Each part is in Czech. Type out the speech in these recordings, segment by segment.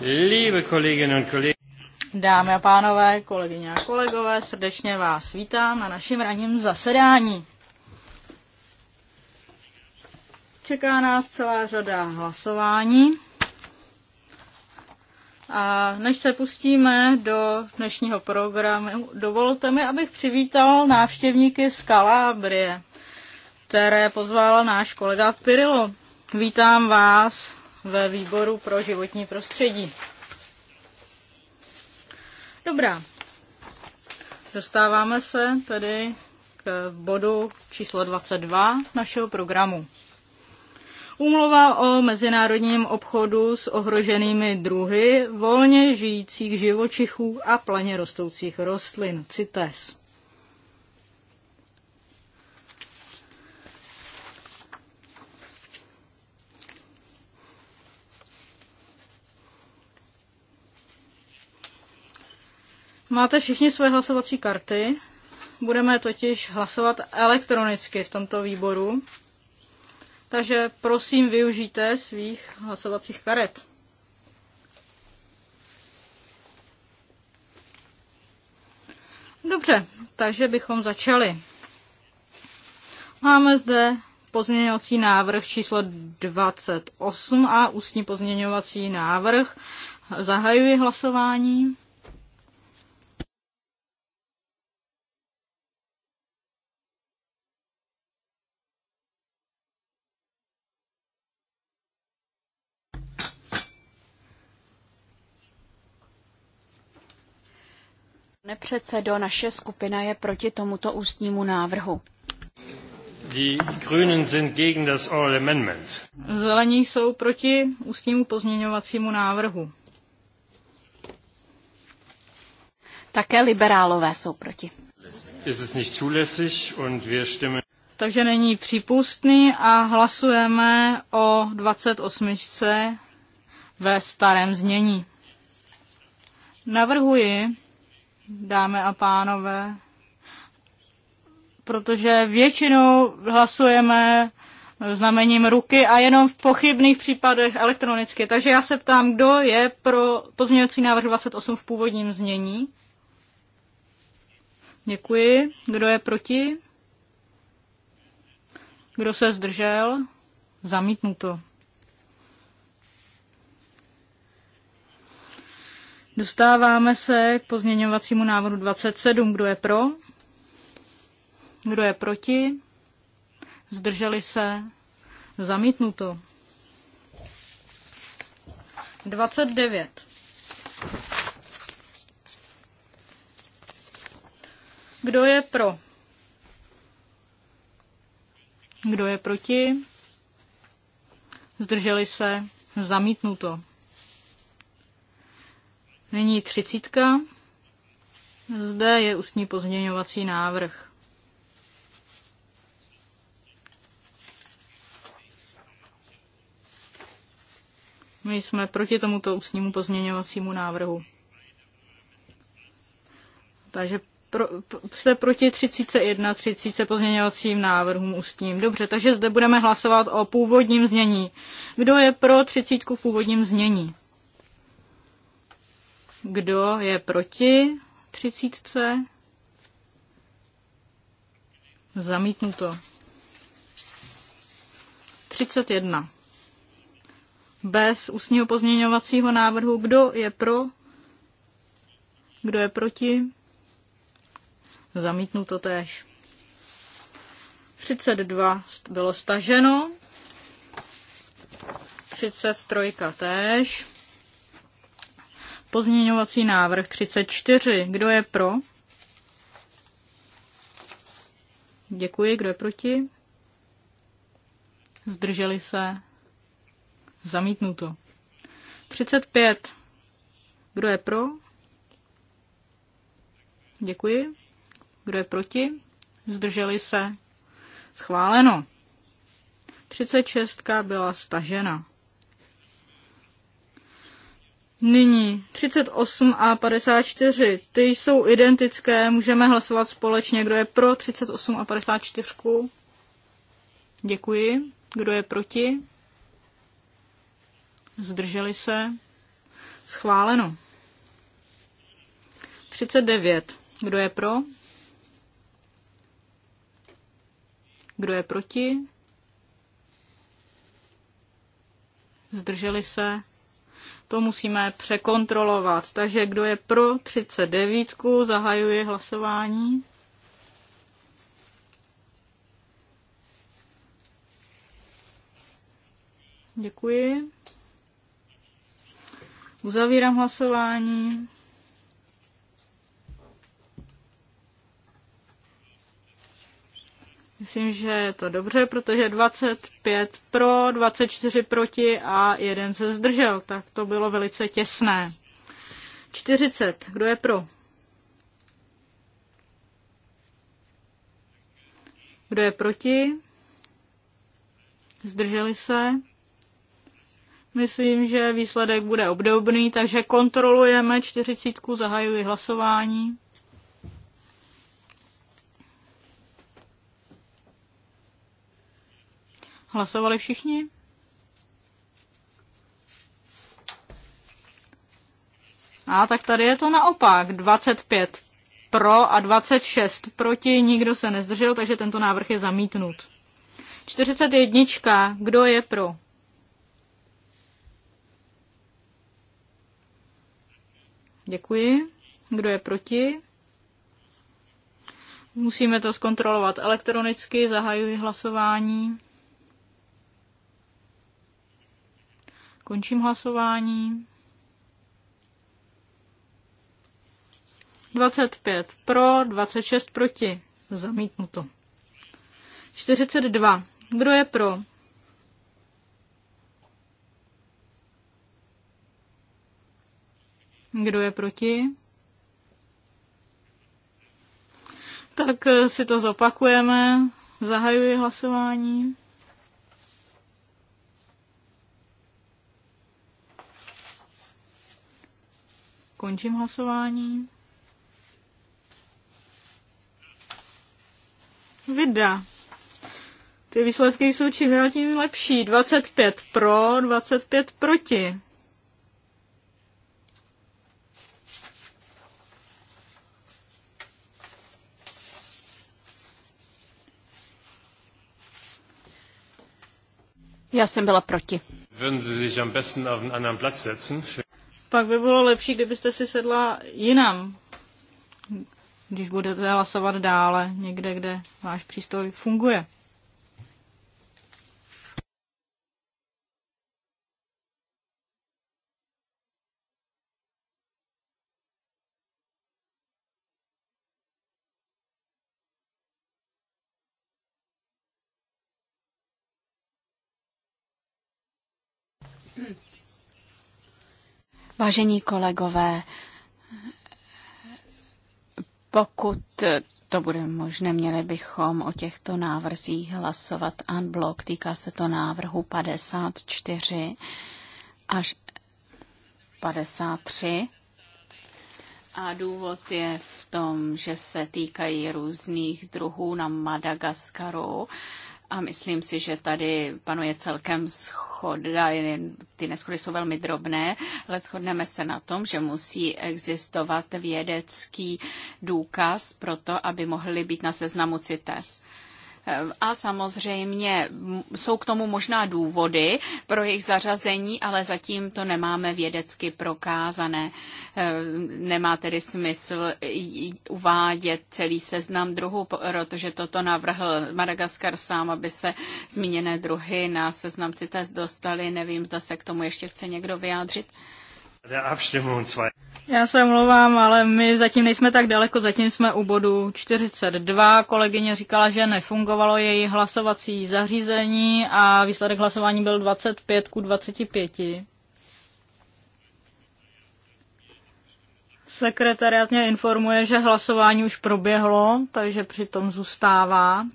Liebe Kolleginnen und Kollegen. Dámy a pánové, kolegyně a kolegové, srdečně vás vítám na našem ranním zasedání. Čeká nás celá řada hlasování. A než se pustíme do dnešního programu, dovolte mi, abych přivítal návštěvníky z Kalábrie, které pozval náš kolega Pirilo. Vítám vás ve výboru pro životní prostředí. Dobrá. Dostáváme se tedy k bodu číslo 22 našeho programu. Úmluva o mezinárodním obchodu s ohroženými druhy volně žijících živočichů a planě rostoucích rostlin, CITES. Máte všichni své hlasovací karty. Budeme totiž hlasovat elektronicky v tomto výboru. Takže prosím využijte svých hlasovacích karet. Dobře, takže bychom začali. Máme zde pozměňovací návrh číslo 28 a ústní pozměňovací návrh. Zahajuji hlasování. předsedo, naše skupina je proti tomuto ústnímu návrhu. Die Grünen sind gegen das Oral Amendment. Zelení jsou proti ústnímu pozměňovacímu návrhu. Také liberálové jsou proti. Ist es nicht zulässig und wir stimmen takže není přípustný a hlasujeme o 28. ve starém znění. Navrhuji, dámy a pánové, protože většinou hlasujeme znamením ruky a jenom v pochybných případech elektronicky. Takže já se ptám, kdo je pro pozměňovací návrh 28 v původním znění? Děkuji. Kdo je proti? Kdo se zdržel? Zamítnuto. Dostáváme se k pozměňovacímu návrhu 27. Kdo je pro? Kdo je proti? Zdrželi se? Zamítnuto. 29. Kdo je pro? Kdo je proti? Zdrželi se? Zamítnuto. Nyní třicítka. Zde je ústní pozměňovací návrh. My jsme proti tomuto ústnímu pozměňovacímu návrhu. Takže pro, jste proti 31, 30 pozměňovacím návrhům ústním. Dobře, takže zde budeme hlasovat o původním znění. Kdo je pro 30 v původním znění? Kdo je proti třicítce? Zamítnuto. 31. Bez ústního pozměňovacího návrhu. Kdo je pro? Kdo je proti? Zamítnuto též. 32 bylo staženo. 33 též. Pozměňovací návrh 34. Kdo je pro? Děkuji. Kdo je proti? Zdrželi se? Zamítnuto. 35. Kdo je pro? Děkuji. Kdo je proti? Zdrželi se? Schváleno. 36 byla stažena. Nyní 38 a 54, ty jsou identické, můžeme hlasovat společně, kdo je pro 38 a 54. Děkuji. Kdo je proti? Zdrželi se? Schváleno. 39. Kdo je pro? Kdo je proti? Zdrželi se? to musíme překontrolovat. Takže kdo je pro 39, zahajuje hlasování. Děkuji. Uzavírám hlasování. Myslím, že je to dobře, protože 25 pro, 24 proti a jeden se zdržel, tak to bylo velice těsné. 40. Kdo je pro? Kdo je proti? Zdrželi se? Myslím, že výsledek bude obdobný, takže kontrolujeme čtyřicítku, zahajuji hlasování. Hlasovali všichni? A tak tady je to naopak. 25 pro a 26 proti, nikdo se nezdržel, takže tento návrh je zamítnut. 41. Kdo je pro? Děkuji. Kdo je proti? Musíme to zkontrolovat elektronicky, zahajuji hlasování. Končím hlasování. 25 pro, 26 proti. Zamítnuto. 42. Kdo je pro? Kdo je proti? Tak eh, si to zopakujeme. Zahajuji hlasování. Končím hlasování. Vida. Ty výsledky jsou čím dál tím lepší. 25 pro, 25 proti. Já jsem byla proti. Würden Sie sich am besten auf einen anderen Platz setzen? pak by bylo lepší, kdybyste si sedla jinam, když budete hlasovat dále někde, kde váš přístroj funguje. Vážení kolegové, pokud to bude možné, měli bychom o těchto návrzích hlasovat blok Týká se to návrhu 54 až 53. A důvod je v tom, že se týkají různých druhů na Madagaskaru a myslím si, že tady panuje celkem schoda, ty neschody jsou velmi drobné, ale shodneme se na tom, že musí existovat vědecký důkaz pro to, aby mohly být na seznamu CITES. A samozřejmě jsou k tomu možná důvody pro jejich zařazení, ale zatím to nemáme vědecky prokázané. Nemá tedy smysl uvádět celý seznam druhů, protože toto navrhl Madagaskar sám, aby se zmíněné druhy na seznam CITES dostaly. Nevím, zda se k tomu ještě chce někdo vyjádřit. Já se omlouvám, ale my zatím nejsme tak daleko, zatím jsme u bodu 42. Kolegyně říkala, že nefungovalo její hlasovací zařízení a výsledek hlasování byl 25 ku 25. Sekretariat mě informuje, že hlasování už proběhlo, takže přitom zůstává.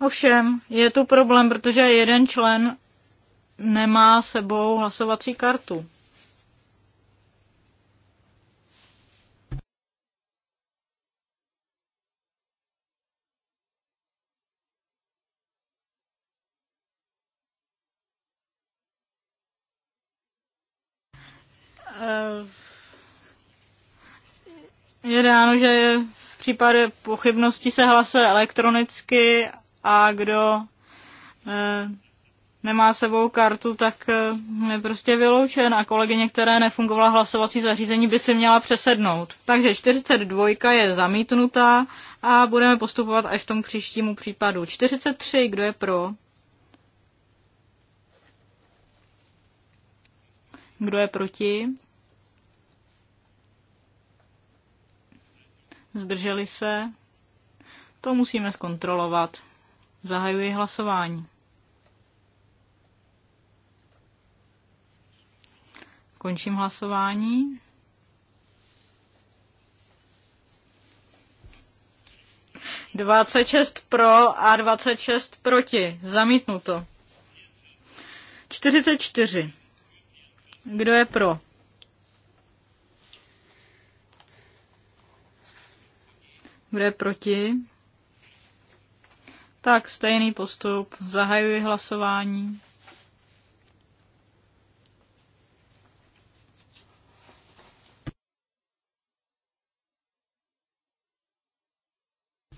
Ovšem, je tu problém, protože jeden člen nemá sebou hlasovací kartu. Eh, je dáno, že v případě pochybnosti se hlasuje elektronicky a kdo eh, nemá sebou kartu, tak eh, je prostě vyloučen a kolegyně, které nefungovala hlasovací zařízení, by si měla přesednout. Takže 42 je zamítnutá a budeme postupovat až v tom příštímu případu. 43, kdo je pro? Kdo je proti? zdrželi se, to musíme zkontrolovat. Zahajuji hlasování. Končím hlasování. Dvacet šest pro a dvacet šest proti. Zamítnuto. Čtyřicet čtyři. Kdo je pro? kdo je proti. Tak stejný postup. Zahajuji hlasování.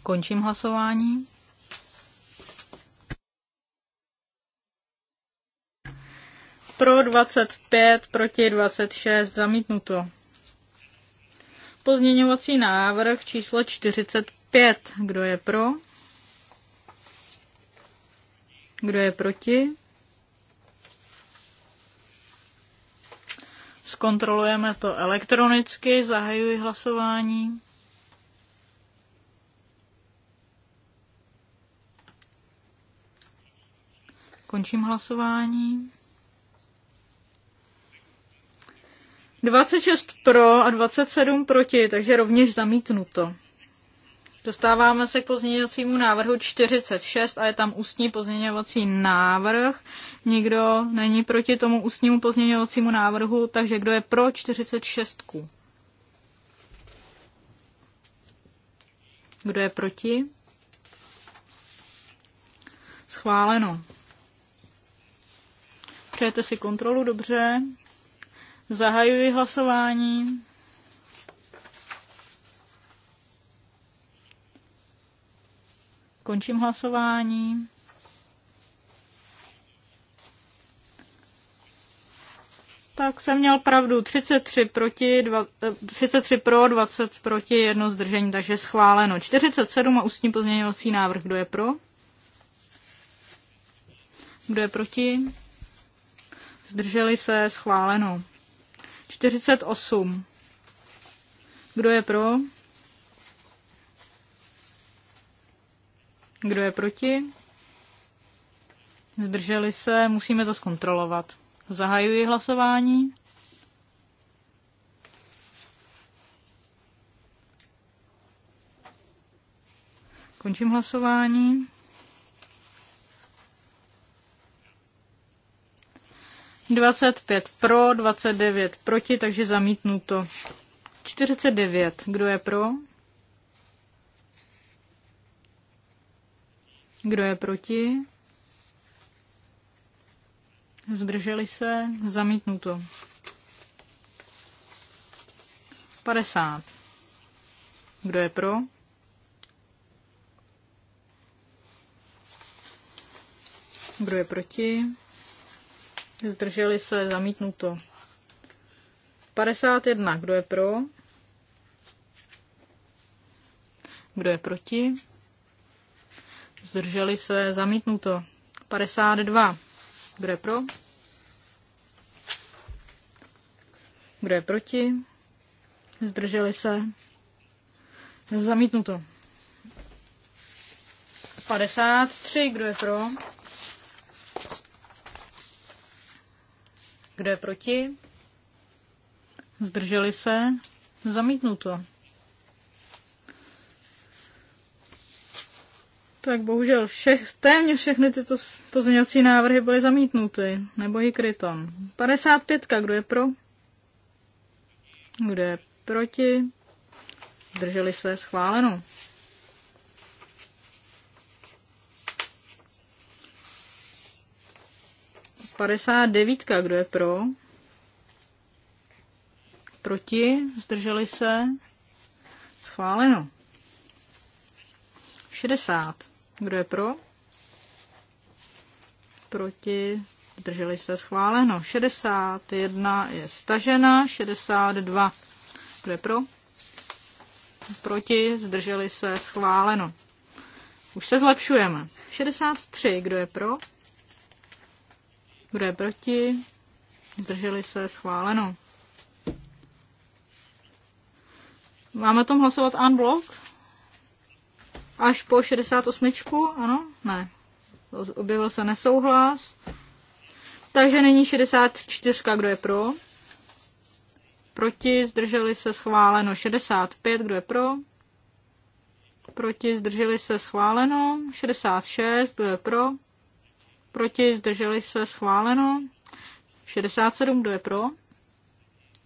Končím hlasování. Pro 25, proti 26, zamítnuto. Pozměňovací návrh číslo 45. Kdo je pro? Kdo je proti? Zkontrolujeme to elektronicky, zahajuji hlasování. Končím hlasování. 26 pro a 27 proti, takže rovněž zamítnuto. Dostáváme se k pozměňovacímu návrhu 46 a je tam ústní pozměňovací návrh. Nikdo není proti tomu ústnímu pozměňovacímu návrhu, takže kdo je pro 46? Kdo je proti? Schváleno. Přejete si kontrolu, dobře. Zahajuji hlasování. Končím hlasování. Tak jsem měl pravdu. 33, proti, dva, 33 eh, pro, 20 proti, jedno zdržení, takže schváleno. 47 a ústní pozměňovací návrh. Kdo je pro? Kdo je proti? Zdrželi se, schváleno. 48. Kdo je pro? Kdo je proti? Zdrželi se, musíme to zkontrolovat. Zahajuji hlasování. Končím hlasování. 25 pro, 29 proti, takže zamítnuto. 49. Kdo je pro? Kdo je proti? Zdrželi se? Zamítnuto. 50. Kdo je pro? Kdo je proti? Zdrželi se zamítnuto. 51. Kdo je pro? Kdo je proti? Zdrželi se zamítnuto. 52. Kdo je pro? Kdo je proti? Zdrželi se. Zamítnuto. 53. Kdo je pro? Kdo je proti? Zdrželi se? Zamítnuto. Tak bohužel všech, téměř všechny tyto pozměňovací návrhy byly zamítnuty, nebo i kryton. 55. Kdo je pro? Kdo je proti? Drželi se schváleno. 59. Kdo je pro? Proti? Zdrželi se? Schváleno. 60. Kdo je pro? Proti? Zdrželi se? Schváleno. 61 je stažena. 62. Kdo je pro? Proti? Zdrželi se? Schváleno. Už se zlepšujeme. 63. Kdo je pro? Kdo je proti? Zdrželi se schváleno. Máme o tom hlasovat unblock? Až po 68, ano? Ne. Objevil se nesouhlas. Takže není 64, kdo je pro? Proti, zdrželi se schváleno 65, kdo je pro? Proti, zdrželi se schváleno 66, kdo je pro? proti, zdrželi se, schváleno. 67, kdo je pro,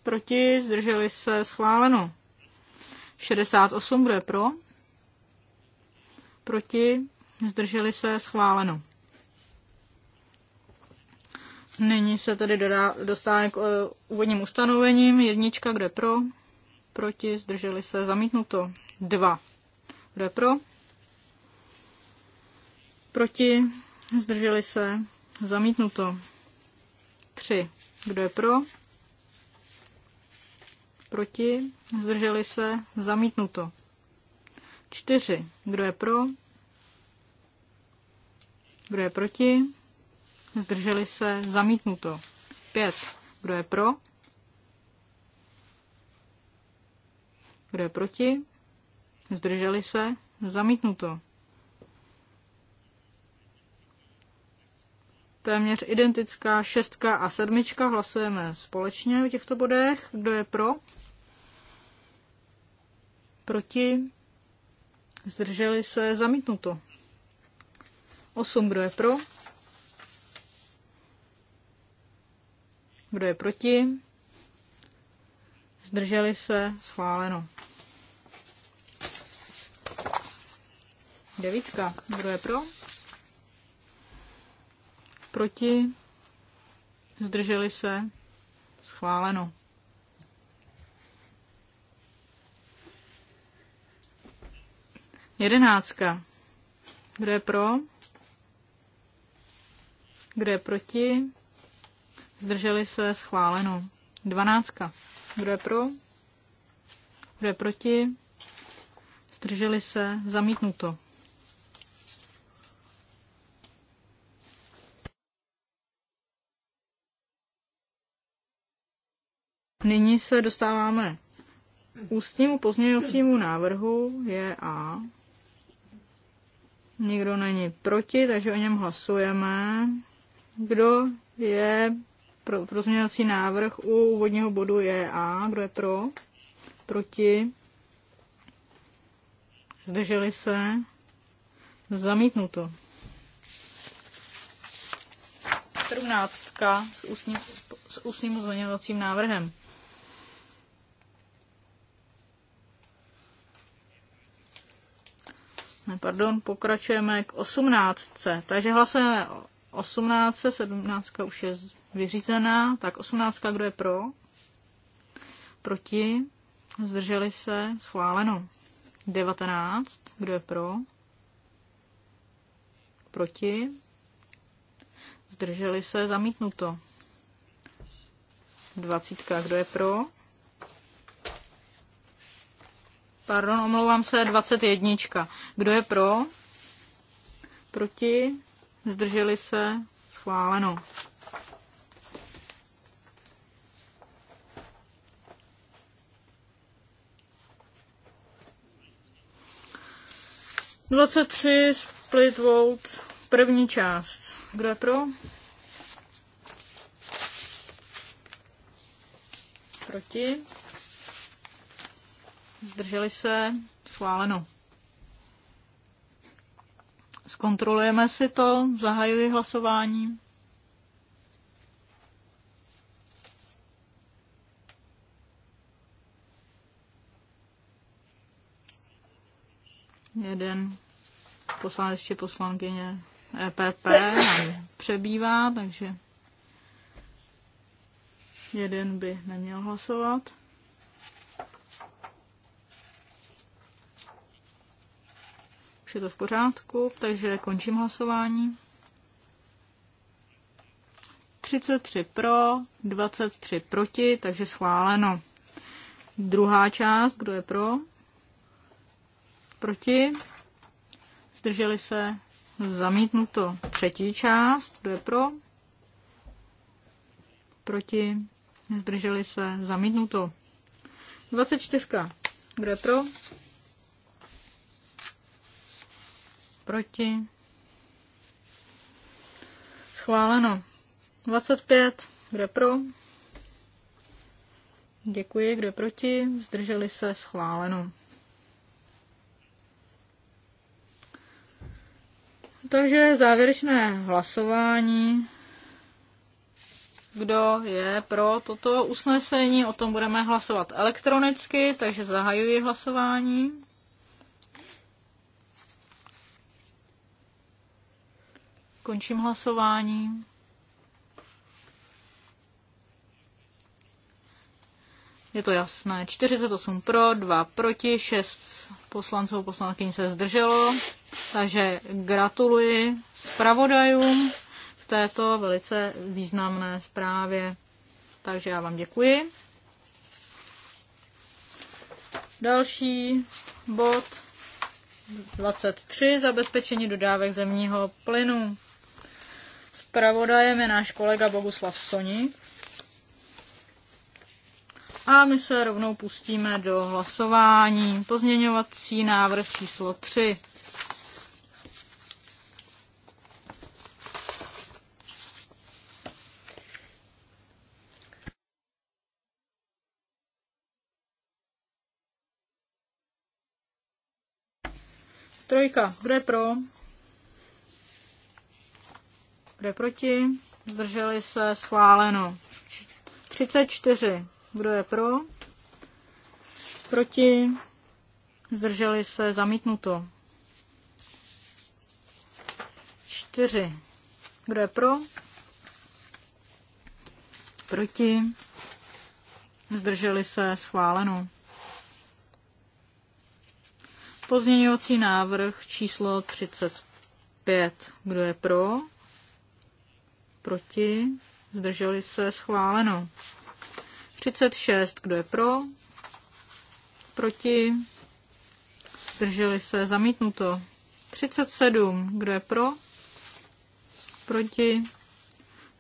proti, zdrželi se, schváleno. 68, kdo je pro, proti, zdrželi se, schváleno. Nyní se tedy dostáváme k uh, úvodním ustanovením. Jednička, je pro, proti, zdrželi se, zamítnuto. Dva, je pro, proti, Zdrželi se? Zamítnuto. tři Kdo je pro? Proti? Zdrželi se? Zamítnuto. čtyři Kdo je pro? Kdo je proti? Zdrželi se? Zamítnuto. pět Kdo je pro? Kdo je proti? Zdrželi se? Zamítnuto. téměř identická šestka a sedmička. Hlasujeme společně o těchto bodech. Kdo je pro? Proti? Zdrželi se zamítnuto. Osm. Kdo je pro? Kdo je proti? Zdrželi se schváleno. Devítka. Kdo je pro? proti, zdrželi se, schváleno. Jedenáctka. Kdo je pro? Kdo je proti? Zdrželi se, schváleno. Dvanáctka. Kdo je pro? Kdo je proti? Zdrželi se, zamítnuto. Nyní se dostáváme k ústnímu pozměňovacímu návrhu je A. Nikdo není proti, takže o něm hlasujeme. Kdo je pro pozměňovací návrh u úvodního bodu je A? Kdo je pro? Proti? Zdrželi se? Zamítnuto. 17. S ústním, s ústním pozměňovacím návrhem. Pardon, pokračujeme k osmnáctce. Takže hlasujeme o osmnáctce, sedmnáctka už je vyřízená, tak osmnáctka, kdo je pro? Proti? Zdrželi se? Schváleno. Devatenáct, kdo je pro? Proti? Zdrželi se? Zamítnuto. Dvacítka, kdo je pro? Pardon, omlouvám se, 21. Kdo je pro? Proti? Zdrželi se? Schváleno. Dvacet tři split vote, první část. Kdo je pro? Proti? zdrželi se, schváleno. Zkontrolujeme si to, zahajuji hlasování. Jeden poslanec či poslankyně EPP nám přebývá, takže jeden by neměl hlasovat. Už je to v pořádku, takže končím hlasování. 33 pro, 23 proti, takže schváleno. Druhá část, kdo je pro? Proti? Zdrželi se? Zamítnuto. Třetí část, kdo je pro? Proti? Zdrželi se? Zamítnuto. 24. Kdo je pro? proti, schváleno. 25, kdo je pro, děkuji, kdo je proti, zdrželi se, schváleno. Takže závěrečné hlasování. Kdo je pro toto usnesení, o tom budeme hlasovat elektronicky, takže zahajuji hlasování. Končím hlasování. Je to jasné. 48 pro, 2 proti, 6 poslanců poslankyň se zdrželo. Takže gratuluji zpravodajům v této velice významné zprávě. Takže já vám děkuji. Další bod 23. Zabezpečení dodávek zemního plynu zpravodajem je náš kolega Boguslav Soni A my se rovnou pustíme do hlasování. Pozměňovací návrh číslo 3. Trojka. Kdo je pro? Kdo je proti? Zdrželi se? Schváleno. 34. Kdo je pro? Proti? Zdrželi se? Zamítnuto. 4. Kdo je pro? Proti? Zdrželi se? Schváleno. Pozměňovací návrh číslo 35. Kdo je pro? proti, zdrželi se, schváleno. 36, kdo je pro, proti, zdrželi se, zamítnuto. 37, kdo je pro, proti,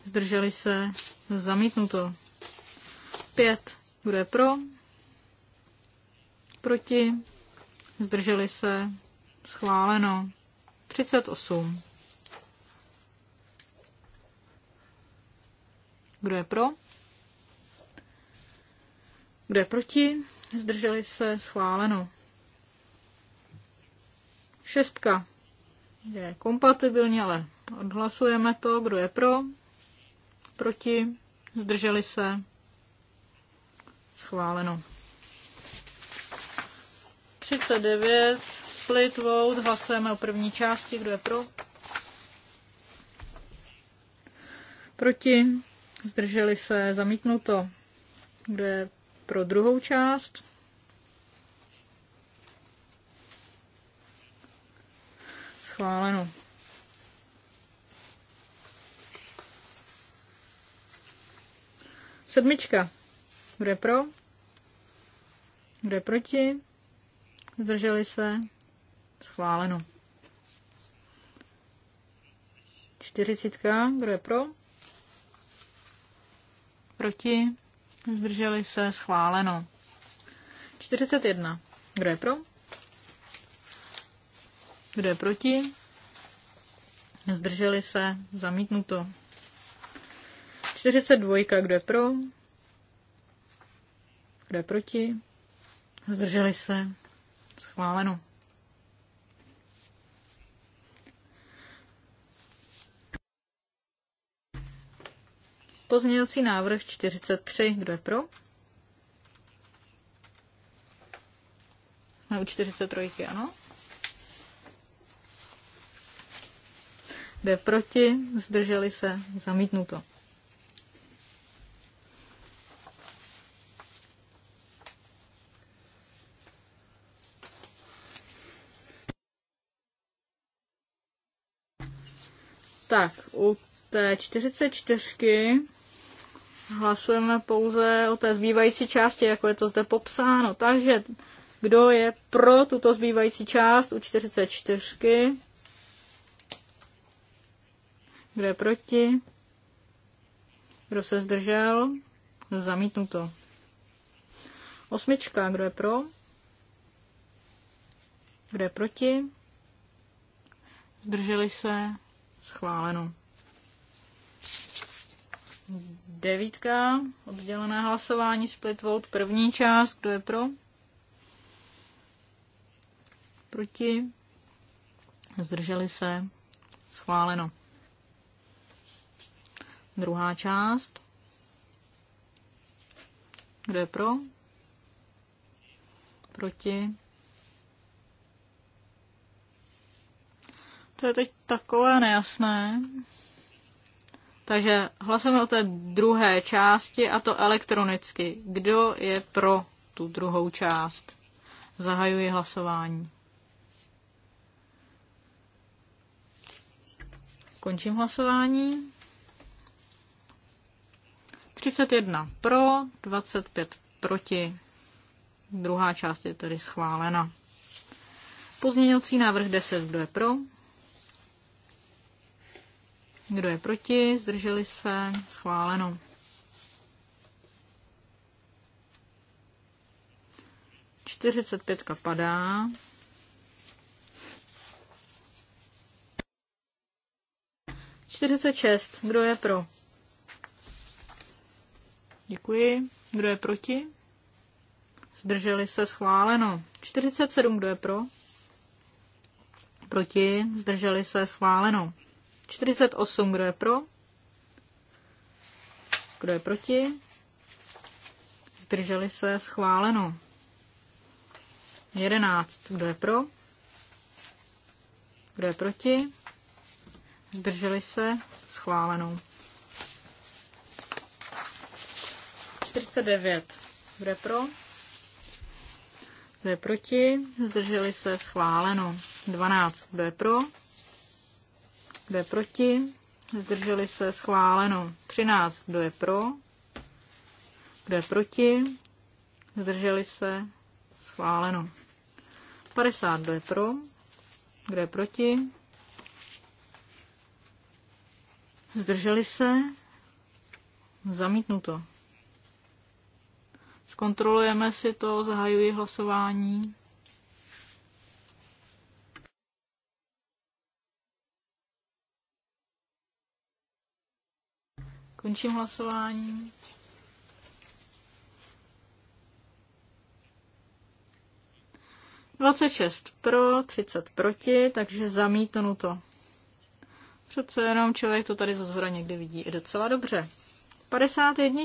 zdrželi se, zamítnuto. 5, kdo je pro, proti, zdrželi se, schváleno. 38. Kdo je pro? Kdo je proti? Zdrželi se schváleno. Šestka. Je kompatibilní, ale odhlasujeme to. Kdo je pro? Proti? Zdrželi se? Schváleno. 39. Split vote. Hlasujeme o první části. Kdo je pro? Proti? Zdrželi se zamítnuto. Kdo je pro druhou část? Schváleno. Sedmička. Kdo je pro? Kdo je proti? Zdrželi se? Schváleno. Čtyřicítka. Kdo je pro? Proti? Zdrželi se? Schváleno. 41. Kdo je pro? Kdo je proti? Zdrželi se? Zamítnuto. 42. Kdo je pro? Kdo je proti? Zdrželi se? Schváleno. Pozměňovací návrh 43. Kdo je pro? Jsme u 43, ano. Jde proti, zdrželi se, zamítnuto. Tak, u té 44 Hlasujeme pouze o té zbývající části, jako je to zde popsáno. Takže kdo je pro tuto zbývající část u 44? Kdo je proti? Kdo se zdržel? Zamítnuto. Osmička, kdo je pro? Kdo je proti? Zdrželi se? Schváleno devítka, oddělené hlasování, split vote, první část, kdo je pro? Proti? Zdrželi se? Schváleno. Druhá část. Kdo je pro? Proti? To je teď takové nejasné. Takže hlasujeme o té druhé části a to elektronicky. Kdo je pro tu druhou část? Zahajuji hlasování. Končím hlasování. 31 pro, 25 proti. Druhá část je tedy schválena. Pozměňovací návrh 10, kdo je pro? Kdo je proti? Zdrželi se? Schváleno. Čtyřicet pětka padá. Čtyřicet šest. Kdo je pro? Děkuji. Kdo je proti? Zdrželi se schváleno. 47, kdo je pro? Proti, zdrželi se schváleno. 48, kdo je pro? Kdo je proti? Zdrželi se schváleno. 11, kdo je pro? Kdo je proti? Zdrželi se schváleno. 49, kdo je pro? Kdo je proti? Zdrželi se schváleno. 12, kdo je pro? Kdo je proti? Zdrželi se schváleno. 13. Kdo je pro? Kdo je proti? Zdrželi se schváleno. 50. Kdo je pro? Kdo je proti? Zdrželi se? Zamítnuto. Zkontrolujeme si to, zahajuji hlasování. Končím hlasování. Dvacet šest pro, třicet proti, takže zamítnuto. Přece jenom člověk to tady ze zhora někdy vidí i docela dobře. 51.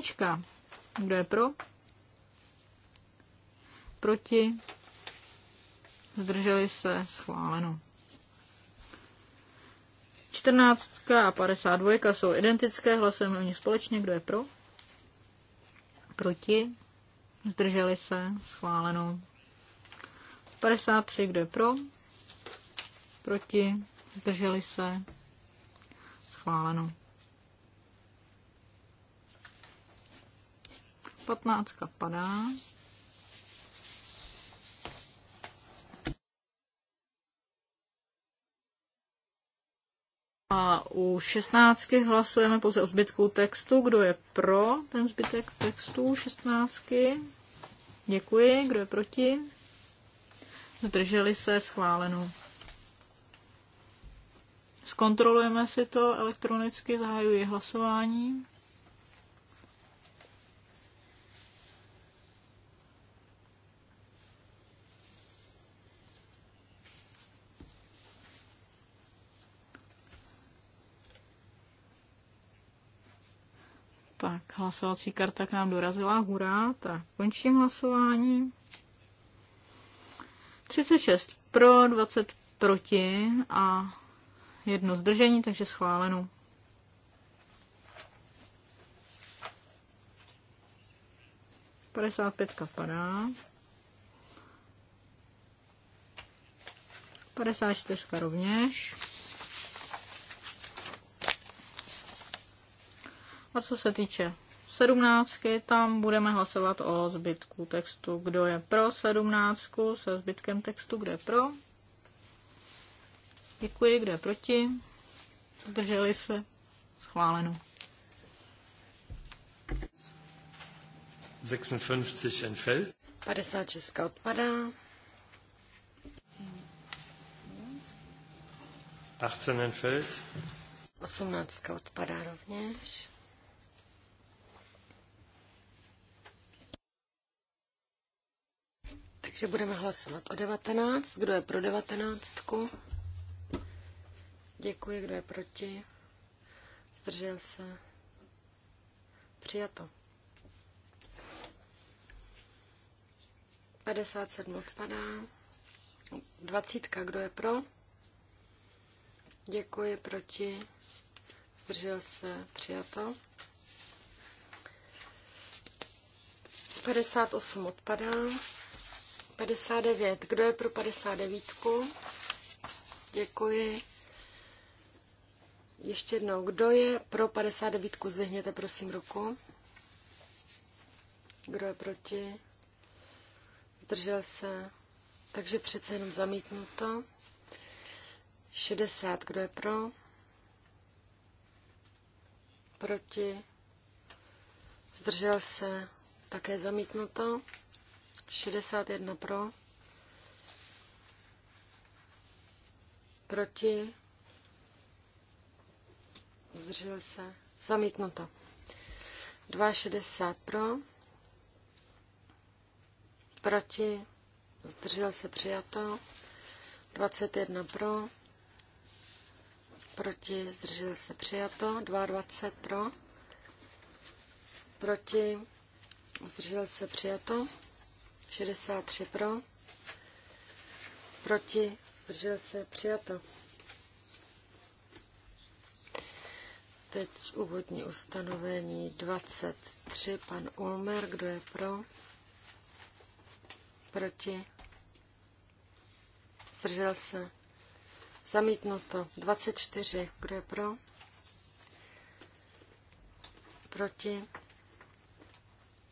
Kdo je pro? Proti? Zdrželi se schváleno. 14 a 52 jsou identické, hlasujeme o nich společně, kdo je pro? Proti? Zdrželi se, schváleno. 53, kdo je pro? Proti? Zdrželi se, schváleno. 15 padá. A u šestnáctky hlasujeme pouze o zbytku textu. Kdo je pro ten zbytek textu šestnáctky? Děkuji. Kdo je proti? Zdrželi se schváleno. Zkontrolujeme si to elektronicky, zahajuji hlasování. Tak, hlasovací karta k nám dorazila. Hurá, tak končím hlasování. 36 pro, 20 proti a jedno zdržení, takže schváleno. Padesát pětka padá. 54 rovněž. A co se týče sedmnáctky, tam budeme hlasovat o zbytku textu. Kdo je pro sedmnáctku se zbytkem textu, kdo je pro? Děkuji, kdo je proti? Zdrželi se? Schváleno. 56 entfällt. 56 odpadá. 18 entfällt. 18 odpadá rovněž. Takže budeme hlasovat o 19. Kdo je pro 19? Děkuji, kdo je proti. Zdržel se. Přijato. 57 odpadá. 20. Kdo je pro? Děkuji, proti. Zdržel se. Přijato. 58 odpadá. 59. Kdo je pro 59? Děkuji. Ještě jednou, kdo je pro 59? Zvihněte prosím ruku. Kdo je proti? Zdržel se. Takže přece jenom zamítnuto. 60. Kdo je pro? Proti? Zdržel se. Také zamítnuto. 61 pro, proti, zdržel se, zamítnuto. 2,60 pro, proti, zdržel se přijato, 21 pro, proti, zdržel se přijato, 22 pro, proti, zdržel se přijato, 63 pro, proti, zdržel se, přijato. Teď úvodní ustanovení 23, pan Ulmer, kdo je pro, proti, zdržel se, zamítnuto. 24, kdo je pro, proti,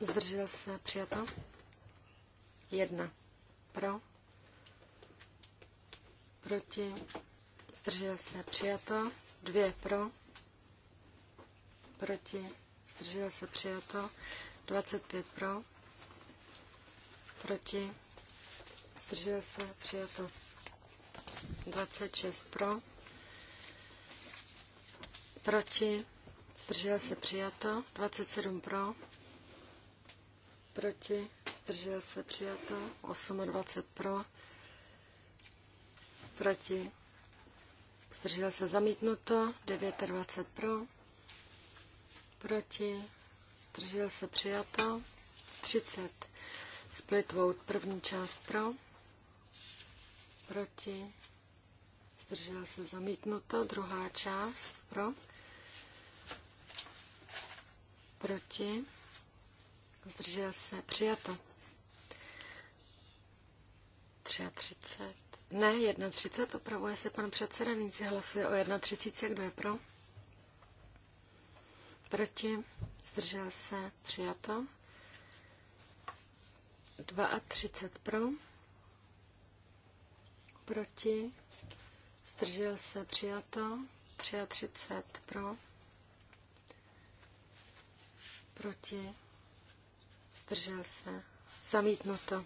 zdržel se, přijato. 1 pro, proti, zdržel se, přijato, 2 pro, proti, zdržel se, přijato, 25 pro, proti, zdržel se, přijato, 26 pro, proti, zdržel se, přijato, 27 pro, proti, zdržel se přijato, 28 pro, proti, zdržel se zamítnuto, 29 pro, proti, zdržel se přijato, 30 split vote, první část pro, proti, zdržel se zamítnuto, druhá část pro, proti, zdržel se přijato. 33. Ne, 1.30, opravuje se pan předseda, nyní se hlasuje o 1.30, kdo je pro? Proti, zdržel se, přijato. 32 pro, proti, zdržel se, přijato. 33 pro, proti, zdržel se, zamítnuto.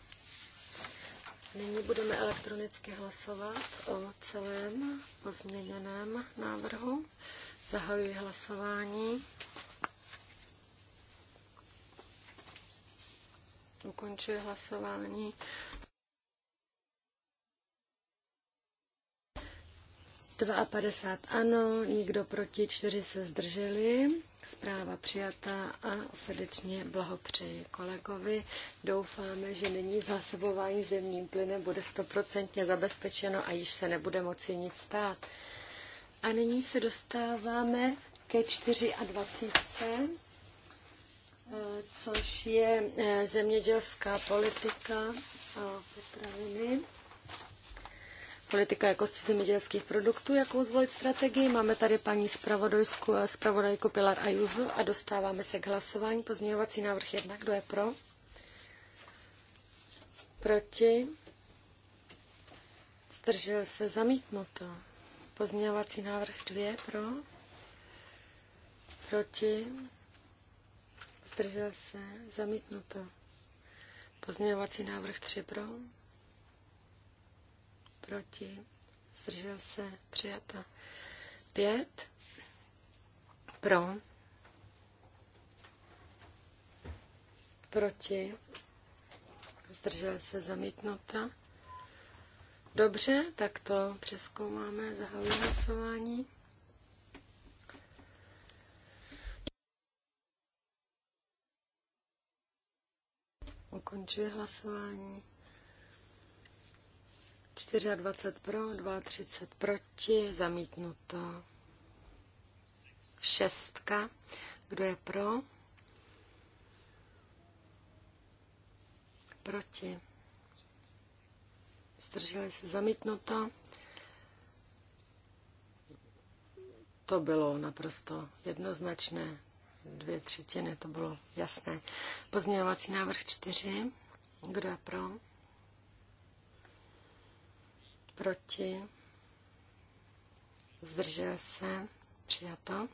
Nyní budeme elektronicky hlasovat o celém pozměněném návrhu. Zahajuji hlasování. Ukončuji hlasování. Dva a padesát ano, nikdo proti, čtyři se zdrželi. Zpráva přijatá a srdečně blahopřeji kolegovi. Doufáme, že nyní zásobování zemním plynem bude stoprocentně zabezpečeno a již se nebude moci nic stát. A nyní se dostáváme ke 24, eh, což je eh, zemědělská politika a potraviny politika jakosti zemědělských produktů, jakou zvolit strategii. Máme tady paní zpravodajku, zpravodajku Pilar Ajuzu a dostáváme se k hlasování. Pozměňovací návrh 1. Kdo je pro? Proti? Zdržel se zamítnuto. Pozměňovací návrh 2. Pro? Proti? Zdržel se zamítnuto. Pozměňovací návrh 3. Pro? proti, zdržel se, přijata. Pět, pro, proti, zdržel se, zamítnuta. Dobře, tak to přeskoumáme, za hlasování. Ukončuji hlasování. 24 pro, 32 proti, zamítnuto. Šestka. Kdo je pro? Proti. Zdrželi se zamítnuto. To bylo naprosto jednoznačné. Dvě třetiny, to bylo jasné. Pozměňovací návrh čtyři. Kdo je pro? proti, zdržel se, přijato.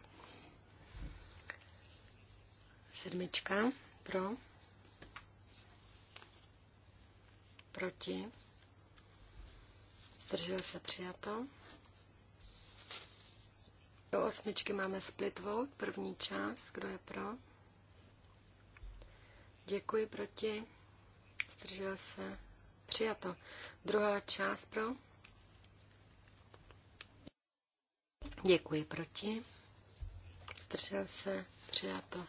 Sedmička pro, proti, zdržel se, přijato. Do osmičky máme split vote, první část, kdo je pro. Děkuji proti, zdržel se, přijato. Druhá část pro Děkuji proti. Zdržel se. Přijato.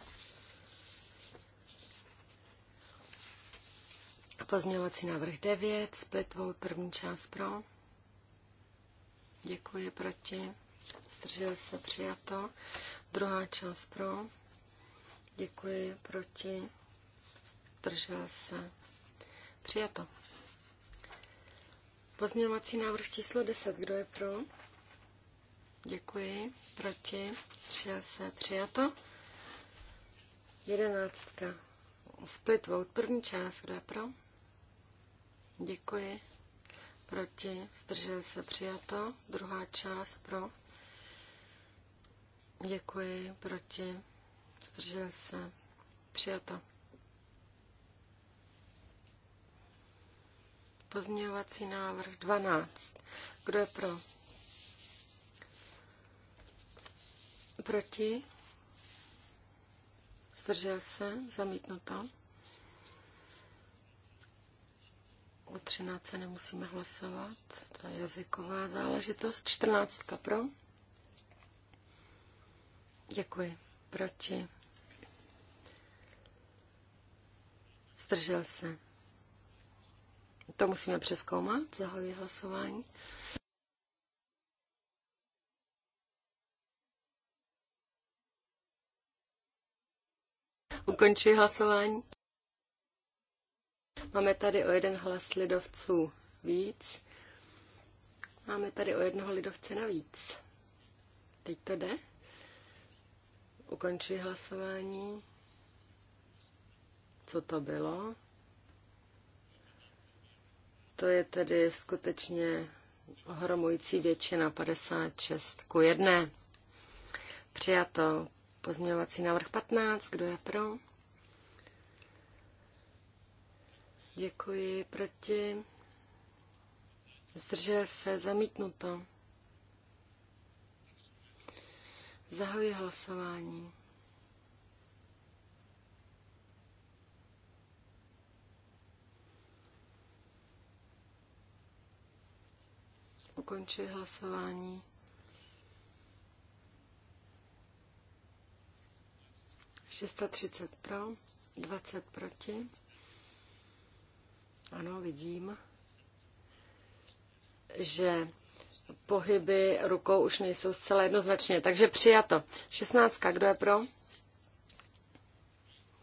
Pozměňovací návrh 9, split vote, první část pro. Děkuji proti. Zdržel se přijato. Druhá část pro. Děkuji proti. Zdržel se přijato. Pozměňovací návrh číslo 10, kdo je pro? Děkuji. Proti. Přijel se. Přijato. Jedenáctka. Split vote. První část. Kdo je pro? Děkuji. Proti. Zdržel se. Přijato. Druhá část. Pro. Děkuji. Proti. Zdržel se. Přijato. Pozměňovací návrh 12. Kdo je pro? Proti? Zdržel se? Zamítnuto? O 13 nemusíme hlasovat, to je jazyková záležitost. 14 pro? Děkuji. Proti? Zdržel se? To musíme přeskoumat, zahoji hlasování. Ukončuji hlasování. Máme tady o jeden hlas lidovců víc. Máme tady o jednoho lidovce navíc. Teď to jde. Ukončuji hlasování. Co to bylo? To je tedy skutečně ohromující většina 56 ku 1. Přijato Pozměňovací návrh 15, kdo je pro? Děkuji, proti? Zdržel se, zamítnuto. Zahajuji hlasování. Ukončuji hlasování. 630 pro, 20 proti. Ano, vidím, že pohyby rukou už nejsou zcela jednoznačně. Takže přijato. 16. Kdo je pro?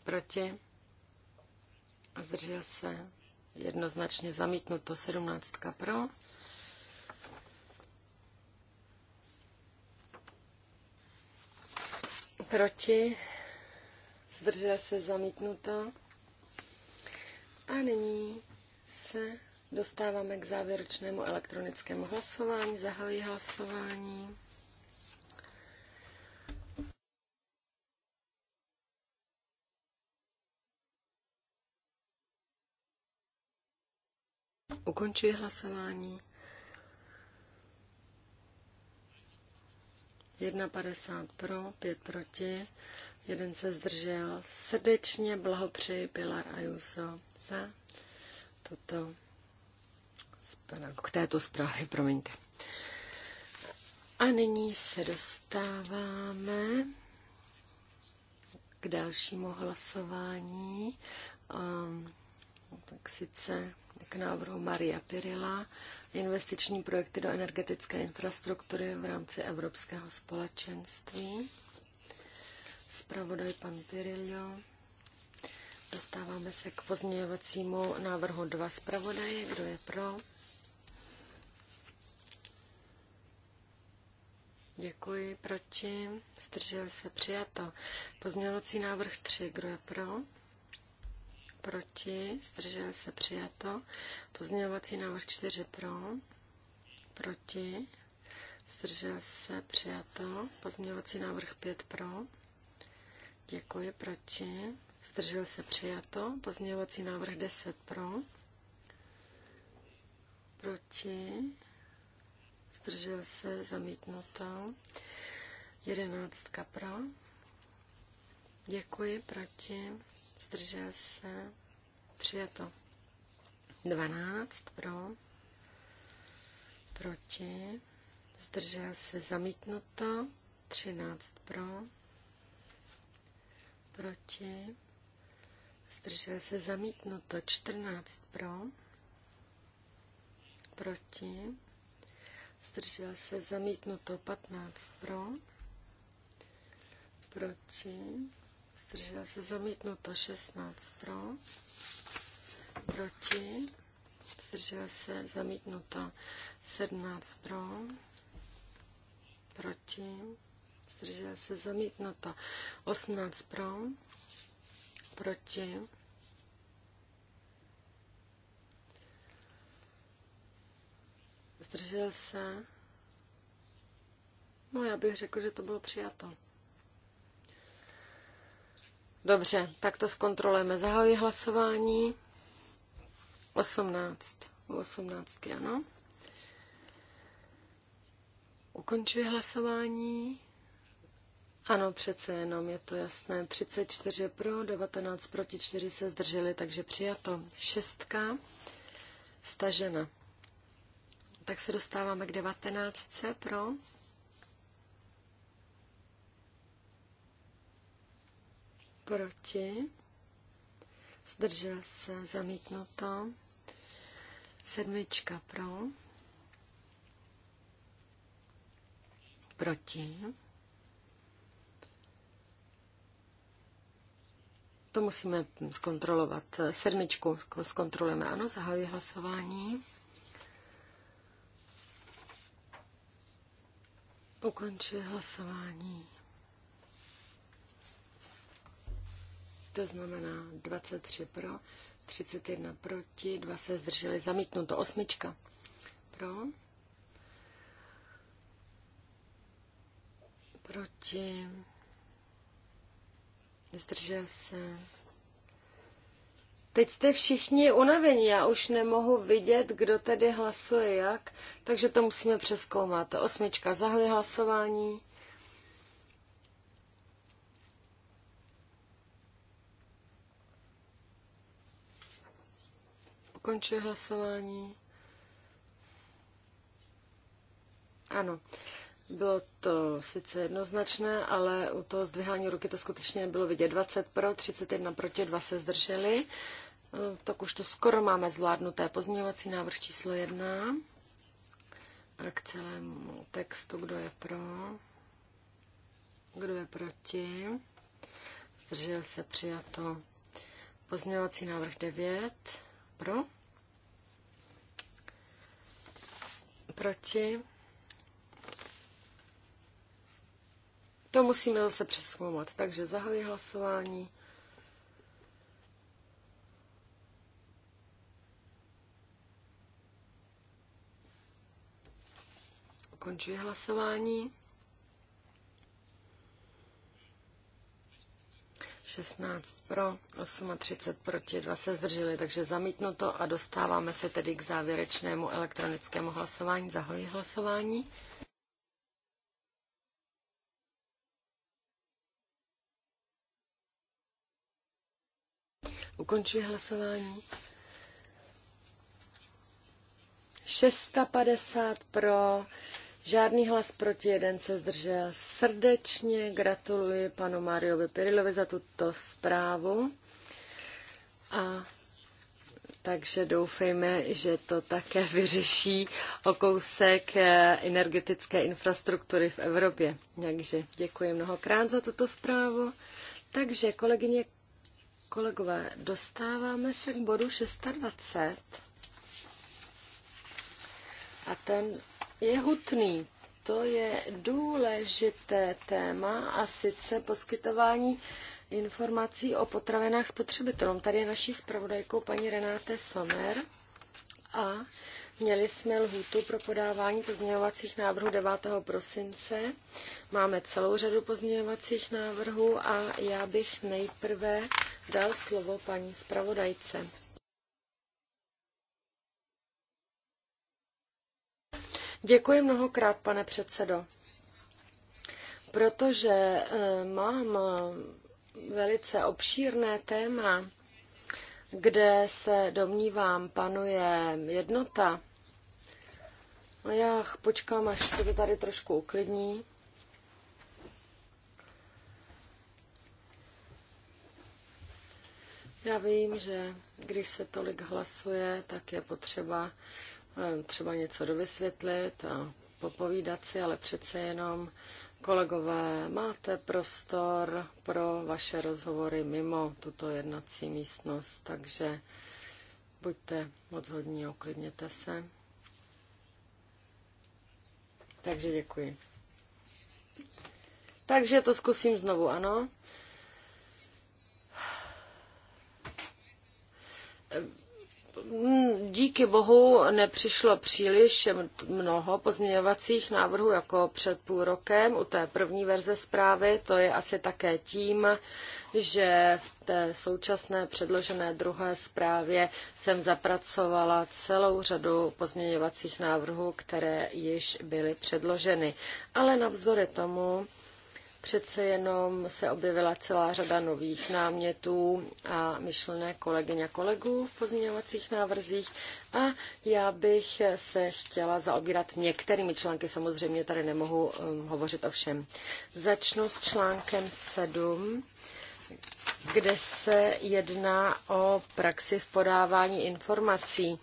Proti? Zdržel se. Jednoznačně zamítnuto. 17. Pro? Proti? zdržela se zamítnutá A nyní se dostáváme k závěrečnému elektronickému hlasování. Zahajuji hlasování. Ukončuji hlasování. 1,50 pro, 5 proti jeden se zdržel. Srdečně blahopřeji Pilar Ayuso za toto, k této zprávě, promiňte. A nyní se dostáváme k dalšímu hlasování, um, tak sice k návrhu Maria Pirila, investiční projekty do energetické infrastruktury v rámci Evropského společenství zpravodaj pan Pirillo. Dostáváme se k pozměňovacímu návrhu dva zpravodaje. Kdo je pro? Děkuji. Proti? Zdrželi se. Přijato. Pozměňovací návrh 3. Kdo je pro? Proti? Zdrželi se. Přijato. Pozměňovací návrh 4. Pro? Proti? Zdržel se. Přijato. Pozměňovací návrh 5. Pro? Děkuji. Proti? Zdržel se přijato. Pozměňovací návrh 10 pro. Proti? Zdržel se zamítnuto. 11 pro. Děkuji. Proti? Zdržel se přijato. 12 pro. Proti? Zdržel se zamítnuto. 13 pro proti, zdržel se zamítnuto 14 pro, proti, zdržel se zamítnuto 15 pro, proti, zdržel se zamítnuto 16 pro, proti, zdržel se zamítnuto 17 pro, proti, zdržel se zamítnuto. 18 pro, proti. Zdržel se. No já bych řekl, že to bylo přijato. Dobře, tak to zkontrolujeme. Zahajuji hlasování. 18. 18, ano. Ukončuji hlasování. Ano, přece jenom je to jasné. 34 pro, 19 proti 4 se zdrželi, takže přijato. Šestka stažena. Tak se dostáváme k 19 pro. Proti. Zdržel se zamítnuto. Sedmička pro. Proti To musíme zkontrolovat. Sedmičku zkontrolujeme. Ano, zahajuji hlasování. Ukončuji hlasování. To znamená 23 pro, 31 proti, 2 se zdrželi zamítnuto. Osmička pro, proti, Zdržel se. Teď jste všichni unavení, já už nemohu vidět, kdo tady hlasuje jak, takže to musíme přeskoumat. Osmička, zahoj hlasování. Ukončuji hlasování. Ano. Bylo to sice jednoznačné, ale u toho zdvihání ruky to skutečně nebylo vidět. 20 pro, 31 proti, 2 se zdrželi. Eh, tak už to skoro máme zvládnuté. Pozměňovací návrh číslo 1 a k celému textu, kdo je pro, kdo je proti. Zdržel se přijato. Pozměňovací návrh 9 pro, proti To musíme zase přeskoumat. Takže zahajuji hlasování. Končuji hlasování. 16 pro, 38 proti, 2 se zdrželi, takže zamítnuto a dostáváme se tedy k závěrečnému elektronickému hlasování. Zahoji hlasování. Ukončuji hlasování. 650 pro, žádný hlas proti, jeden se zdržel. Srdečně gratuluji panu Mariovi Pirilovi za tuto zprávu. A takže doufejme, že to také vyřeší o kousek eh, energetické infrastruktury v Evropě. Takže děkuji mnohokrát za tuto zprávu. Takže kolegyně, Kolegové, dostáváme se k bodu 26 a ten je hutný. To je důležité téma a sice poskytování informací o potravinách spotřebitelům. Tady je naší zpravodajkou paní Renáte Somer a Měli jsme lhůtu pro podávání pozměňovacích návrhů 9. prosince. Máme celou řadu pozměňovacích návrhů a já bych nejprve dal slovo paní zpravodajce. Děkuji mnohokrát, pane předsedo. Protože eh, mám eh, velice obšírné téma, kde se domnívám panuje jednota a já počkám, až se to tady trošku uklidní. Já vím, že když se tolik hlasuje, tak je potřeba eh, třeba něco dovysvětlit a popovídat si, ale přece jenom, kolegové, máte prostor pro vaše rozhovory mimo tuto jednací místnost, takže buďte moc hodní, uklidněte se. Takže děkuji. Takže to zkusím znovu, ano díky bohu nepřišlo příliš mnoho pozměňovacích návrhů jako před půl rokem u té první verze zprávy. To je asi také tím, že v té současné předložené druhé zprávě jsem zapracovala celou řadu pozměňovacích návrhů, které již byly předloženy. Ale navzdory tomu Přece jenom se objevila celá řada nových námětů a myšlené kolegyň a kolegů v pozměňovacích návrzích a já bych se chtěla zaobírat některými články, samozřejmě tady nemohu um, hovořit o všem. Začnu s článkem 7 kde se jedná o praxi v podávání informací.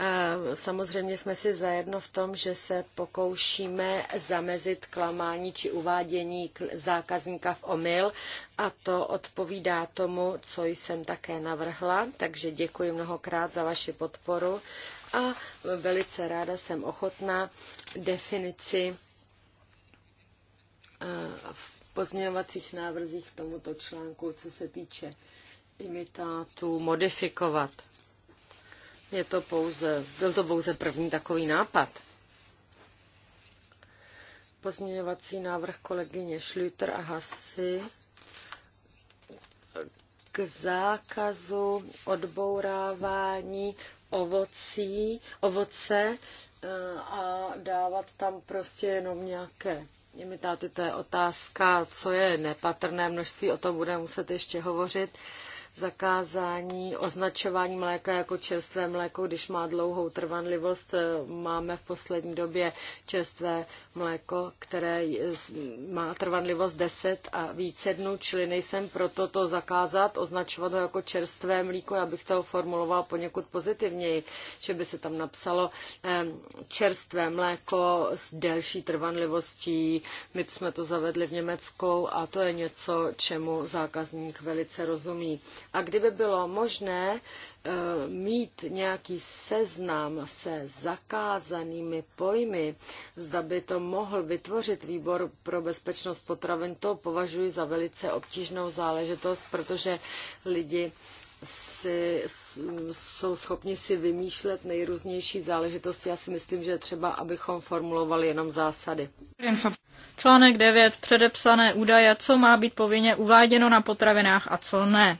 Eh, samozřejmě jsme si zajedno v tom, že se pokoušíme zamezit klamání či uvádění zákazníka v omyl a to odpovídá tomu, co jsem také navrhla, takže děkuji mnohokrát za vaši podporu a velice ráda jsem ochotná definici eh, v pozměňovacích návrzích k tomuto článku, co se týče imitátu modifikovat. Je to pouze, byl to pouze první takový nápad. Pozměňovací návrh kolegyně Schlüter a Hasy k zákazu odbourávání ovocí, ovoce eh, a dávat tam prostě jenom nějaké je mi tady to je otázka, co je nepatrné množství, o tom budeme muset ještě hovořit zakázání označování mléka jako čerstvé mléko, když má dlouhou trvanlivost. E, Máme v poslední době čerstvé mléko, které má trvanlivost 10 a více dnů, čili nejsem proto to zakázat, označovat ho jako čerstvé mléko. Já bych to formuloval poněkud pozitivněji, že by se tam napsalo e, čerstvé mléko s delší trvanlivostí. My jsme to zavedli v Německu a to je něco, čemu zákazník velice rozumí. A kdyby bylo možné eh, mít nějaký seznam se zakázanými pojmy, zda by to mohl vytvořit výbor pro bezpečnost potravin, to považuji za velice obtížnou záležitost, protože lidi si, jsou schopni si vymýšlet nejrůznější záležitosti. Já si myslím, že třeba, abychom formulovali jenom zásady. Článek 9. Předepsané údaje, co má být povinně uváděno na potravinách a co ne.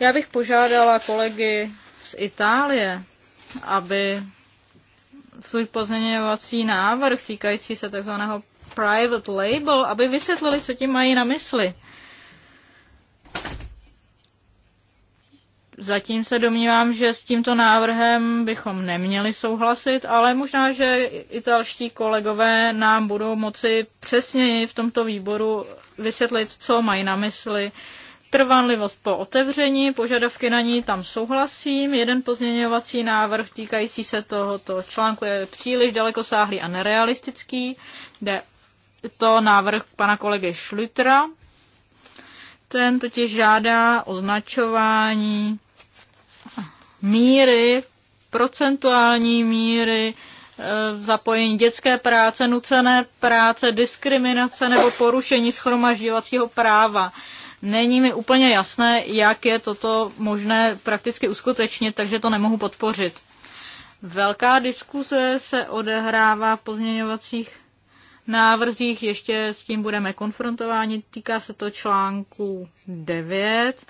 Já bych požádala kolegy z Itálie, aby svůj pozměňovací návrh týkající se takzvaného private label, aby vysvětlili, co tím mají na mysli. Zatím se domnívám, že s tímto návrhem bychom neměli souhlasit, ale možná, že italští kolegové nám budou moci přesněji v tomto výboru vysvětlit, co mají na mysli Trvanlivost po otevření, požadavky na ní tam souhlasím. Jeden pozměňovací návrh týkající se tohoto článku je příliš dalekosáhlý a nerealistický. Jde to návrh pana kolegy Šlutra. Ten totiž žádá označování míry, procentuální míry e, zapojení dětské práce, nucené práce, diskriminace nebo porušení schromažďovacího práva. Není mi úplně jasné, jak je toto možné prakticky uskutečnit, takže to nemohu podpořit. Velká diskuze se odehrává v pozměňovacích návrzích, ještě s tím budeme konfrontováni. Týká se to článku 9,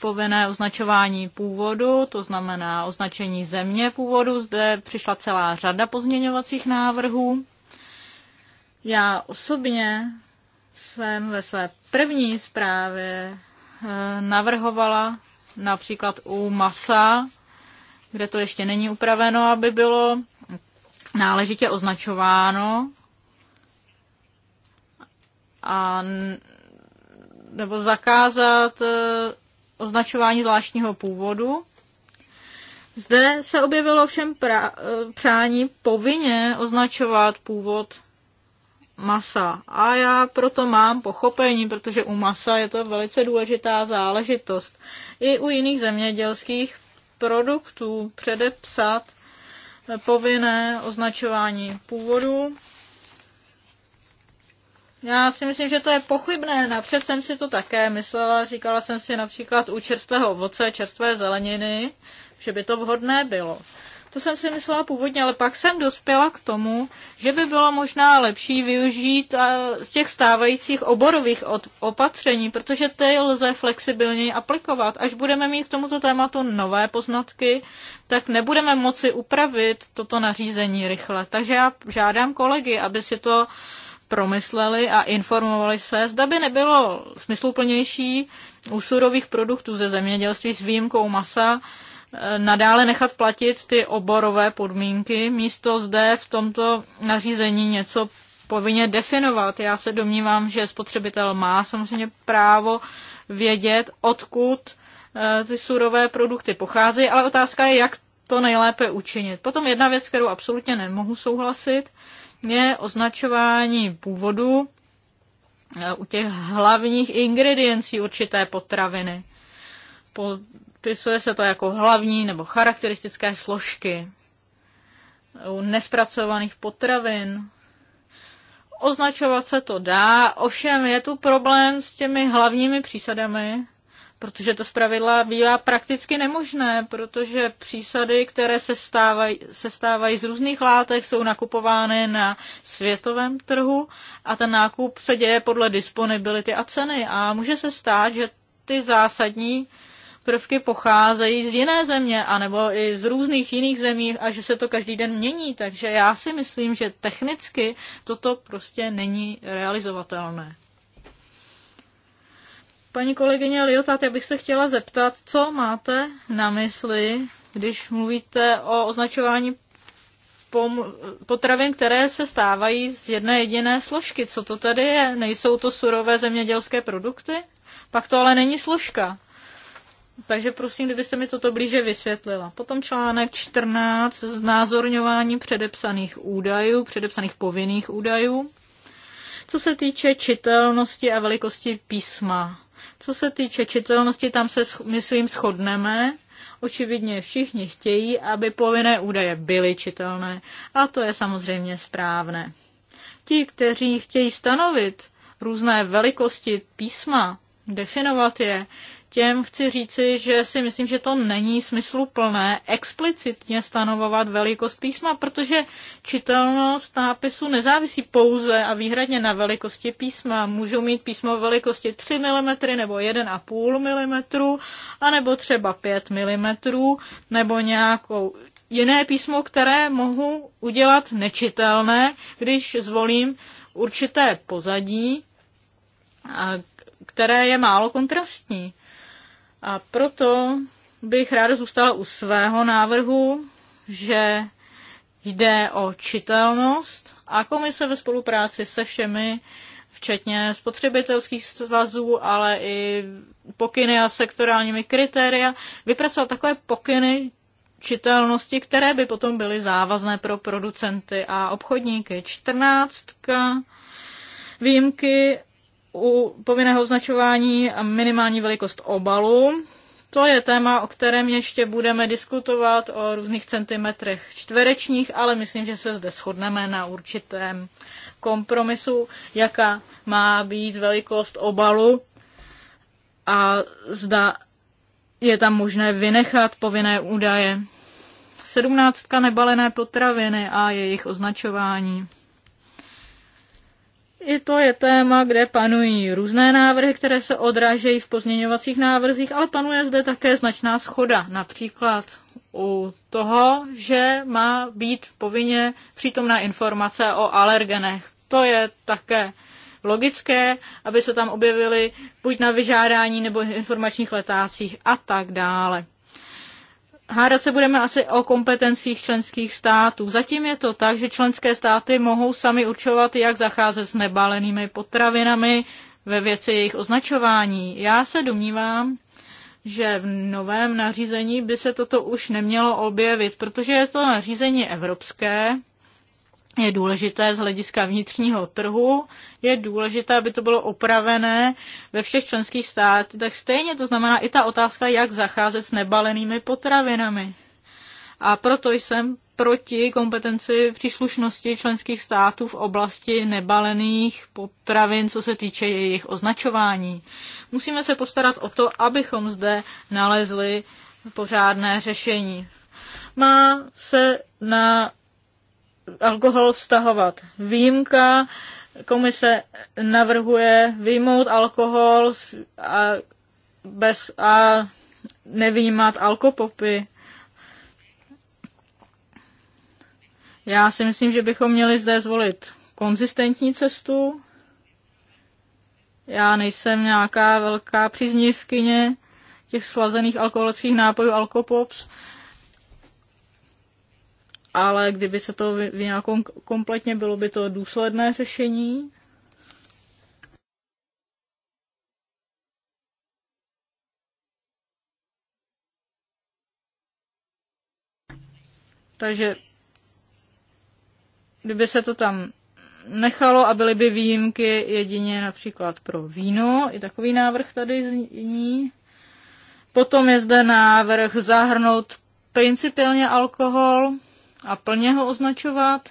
povinné označování původu, to znamená označení země původu. Zde přišla celá řada pozměňovacích návrhů. Já osobně svém ve své první zprávě eh, navrhovala například u masa, kde to ještě není upraveno, aby bylo náležitě označováno a nebo zakázat eh, označování zvláštního původu. Zde se objevilo všem pra, eh, přání povinně označovat původ masa. A já proto mám pochopení, protože u masa je to velice důležitá záležitost. I u jiných zemědělských produktů předepsat povinné označování původu. Já si myslím, že to je pochybné. Napřed jsem si to také myslela. Říkala jsem si například u čerstvého ovoce, čerstvé zeleniny, že by to vhodné bylo. To jsem si myslela původně, ale pak jsem dospěla k tomu, že by bylo možná lepší využít eh, z těch stávajících oborových opatření, protože ty lze flexibilně aplikovat. Až budeme mít k tomuto tématu nové poznatky, tak nebudeme moci upravit toto nařízení rychle. Takže já žádám kolegy, aby si to promysleli a informovali se, zda by nebylo smysluplnější u surových produktů ze zemědělství s výjimkou masa nadále nechat platit ty oborové podmínky, místo zde v tomto nařízení něco povinně definovat. Já se domnívám, že spotřebitel má samozřejmě právo vědět, odkud eh, ty surové produkty pocházejí, ale otázka je, jak to nejlépe učinit. Potom jedna věc, kterou absolutně nemohu souhlasit, je označování původu eh, u těch hlavních ingrediencí určité potraviny. Po Pisuje se to jako hlavní nebo charakteristické složky u nespracovaných potravin. Označovat se to dá, ovšem je tu problém s těmi hlavními přísadami, protože to zpravidla bývá prakticky nemožné, protože přísady, které se stávají, se stávají z různých látek, jsou nakupovány na světovém trhu a ten nákup se děje podle disponibility a ceny. A může se stát, že ty zásadní prvky pocházejí z jiné země, anebo i z různých jiných zemí a že se to každý den mění. Takže já si myslím, že technicky toto prostě není realizovatelné. Paní kolegyně Liotat, já bych se chtěla zeptat, co máte na mysli, když mluvíte o označování potravin, které se stávají z jedné jediné složky. Co to tady je? Nejsou to surové zemědělské produkty? Pak to ale není složka. Takže prosím, kdybyste mi toto blíže vysvětlila. Potom článek 14, znázorňování předepsaných údajů, předepsaných povinných údajů. Co se týče čitelnosti a velikosti písma. Co se týče čitelnosti, tam se, myslím, shodneme. Očividně všichni chtějí, aby povinné údaje byly čitelné. A to je samozřejmě správné. Ti, kteří chtějí stanovit různé velikosti písma, definovat je, těm chci říci, že si myslím, že to není smysluplné explicitně stanovovat velikost písma, protože čitelnost nápisu nezávisí pouze a výhradně na velikosti písma. Můžou mít písmo velikosti 3 mm nebo 1,5 mm, anebo třeba 5 mm, nebo nějakou jiné písmo, které mohu udělat nečitelné, když zvolím určité pozadí, a které je málo kontrastní. A proto bych ráda zůstala u svého návrhu, že jde o čitelnost a komise ve spolupráci se všemi, včetně spotřebitelských svazů, ale i pokyny a sektorálními kritéria, vypracovat takové pokyny čitelnosti, které by potom byly závazné pro producenty a obchodníky. Čtrnáctka výjimky u povinného označování a minimální velikost obalu. To je téma, o kterém ještě budeme diskutovat o různých centimetrech čtverečních, ale myslím, že se zde shodneme na určitém kompromisu, jaká má být velikost obalu a zda je tam možné vynechat povinné údaje. Sedmnáctka nebalené potraviny a jejich označování. I to je téma, kde panují různé návrhy, které se odrážejí v pozměňovacích návrzích, ale panuje zde také značná schoda. Například u toho, že má být povinně přítomná informace o alergenech. To je také logické, aby se tam objevily buď na vyžádání nebo informačních letácích a tak dále. Hádat se budeme asi o kompetencích členských států. Zatím je to tak, že členské státy mohou sami určovat, jak zacházet s nebálenými potravinami ve věci jejich označování. Já se domnívám, že v novém nařízení by se toto už nemělo objevit, protože je to nařízení evropské je důležité z hlediska vnitřního trhu, je důležité, aby to bylo opravené ve všech členských státech. Tak stejně to znamená i ta otázka, jak zacházet s nebalenými potravinami. A proto jsem proti kompetenci příslušnosti členských států v oblasti nebalených potravin, co se týče jejich označování. Musíme se postarat o to, abychom zde nalezli pořádné řešení. Má se na alkohol vztahovat. Výjimka komise navrhuje vyjmout alkohol a, bez, a nevýjímat alkopopy. Já si myslím, že bychom měli zde zvolit konzistentní cestu. Já nejsem nějaká velká příznivkyně těch slazených alkoholických nápojů Alkopops, ale kdyby se to vyňalo kompletně, bylo by to důsledné řešení. Takže kdyby se to tam nechalo a byly by výjimky jedině například pro víno, i takový návrh tady zní. Potom je zde návrh zahrnout principiálně alkohol, a plně ho označovat.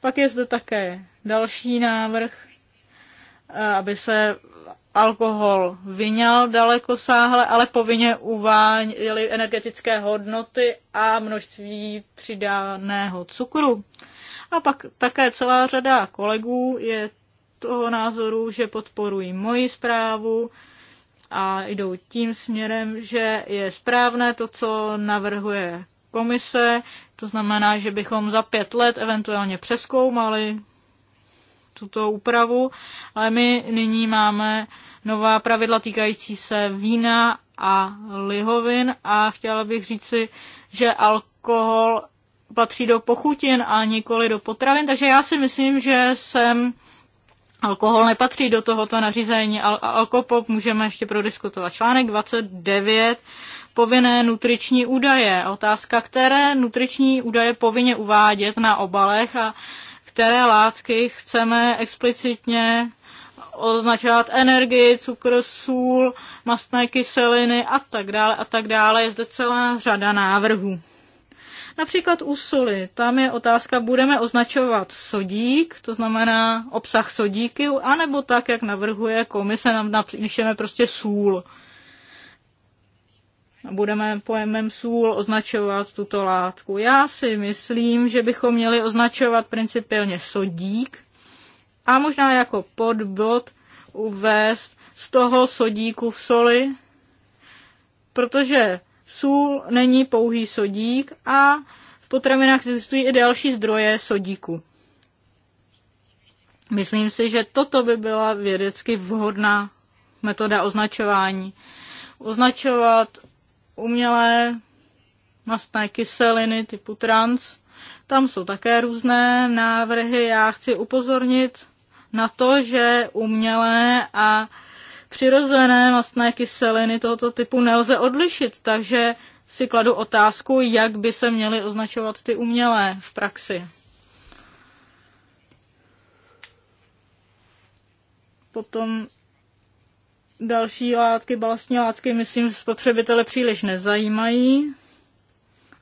Pak je zde také další návrh, eh, aby se alkohol vyňal daleko sáhle, ale povinně uváděly energetické hodnoty a množství přidaného cukru. A pak také celá řada kolegů je toho názoru, že podporují moji zprávu a jdou tím směrem, že je správné to, co navrhuje komise, to znamená, že bychom za pět let eventuálně přeskoumali tuto úpravu, ale my nyní máme nová pravidla týkající se vína a lihovin a chtěla bych říci, že alkohol patří do pochutin a nikoli do potravin, takže já si myslím, že jsem Alkohol nepatří do tohoto nařízení, al- alkopop můžeme ještě prodiskutovat. Článek 29, povinné nutriční údaje. Otázka, které nutriční údaje povinně uvádět na obalech a které látky chceme explicitně označovat energii, cukr, sůl, mastné kyseliny a tak dále a tak dále. Je zde celá řada návrhů. Například u soli, tam je otázka, budeme označovat sodík, to znamená obsah sodíku, anebo tak, jak navrhuje komise, nám napíšeme prostě sůl. Budeme pojemem sůl označovat tuto látku. Já si myslím, že bychom měli označovat principiálně sodík a možná jako podbod uvést z toho sodíku v soli, protože sůl není pouhý sodík a v potravinách existují i další zdroje sodíku. Myslím si, že toto by byla vědecky vhodná metoda označování. Označovat umělé mastné kyseliny typu trans. Tam jsou také různé návrhy. Já chci upozornit na to, že umělé a přirozené mastné kyseliny tohoto typu nelze odlišit, takže si kladu otázku, jak by se měly označovat ty umělé v praxi. Potom další látky, balastní látky, myslím, spotřebitele příliš nezajímají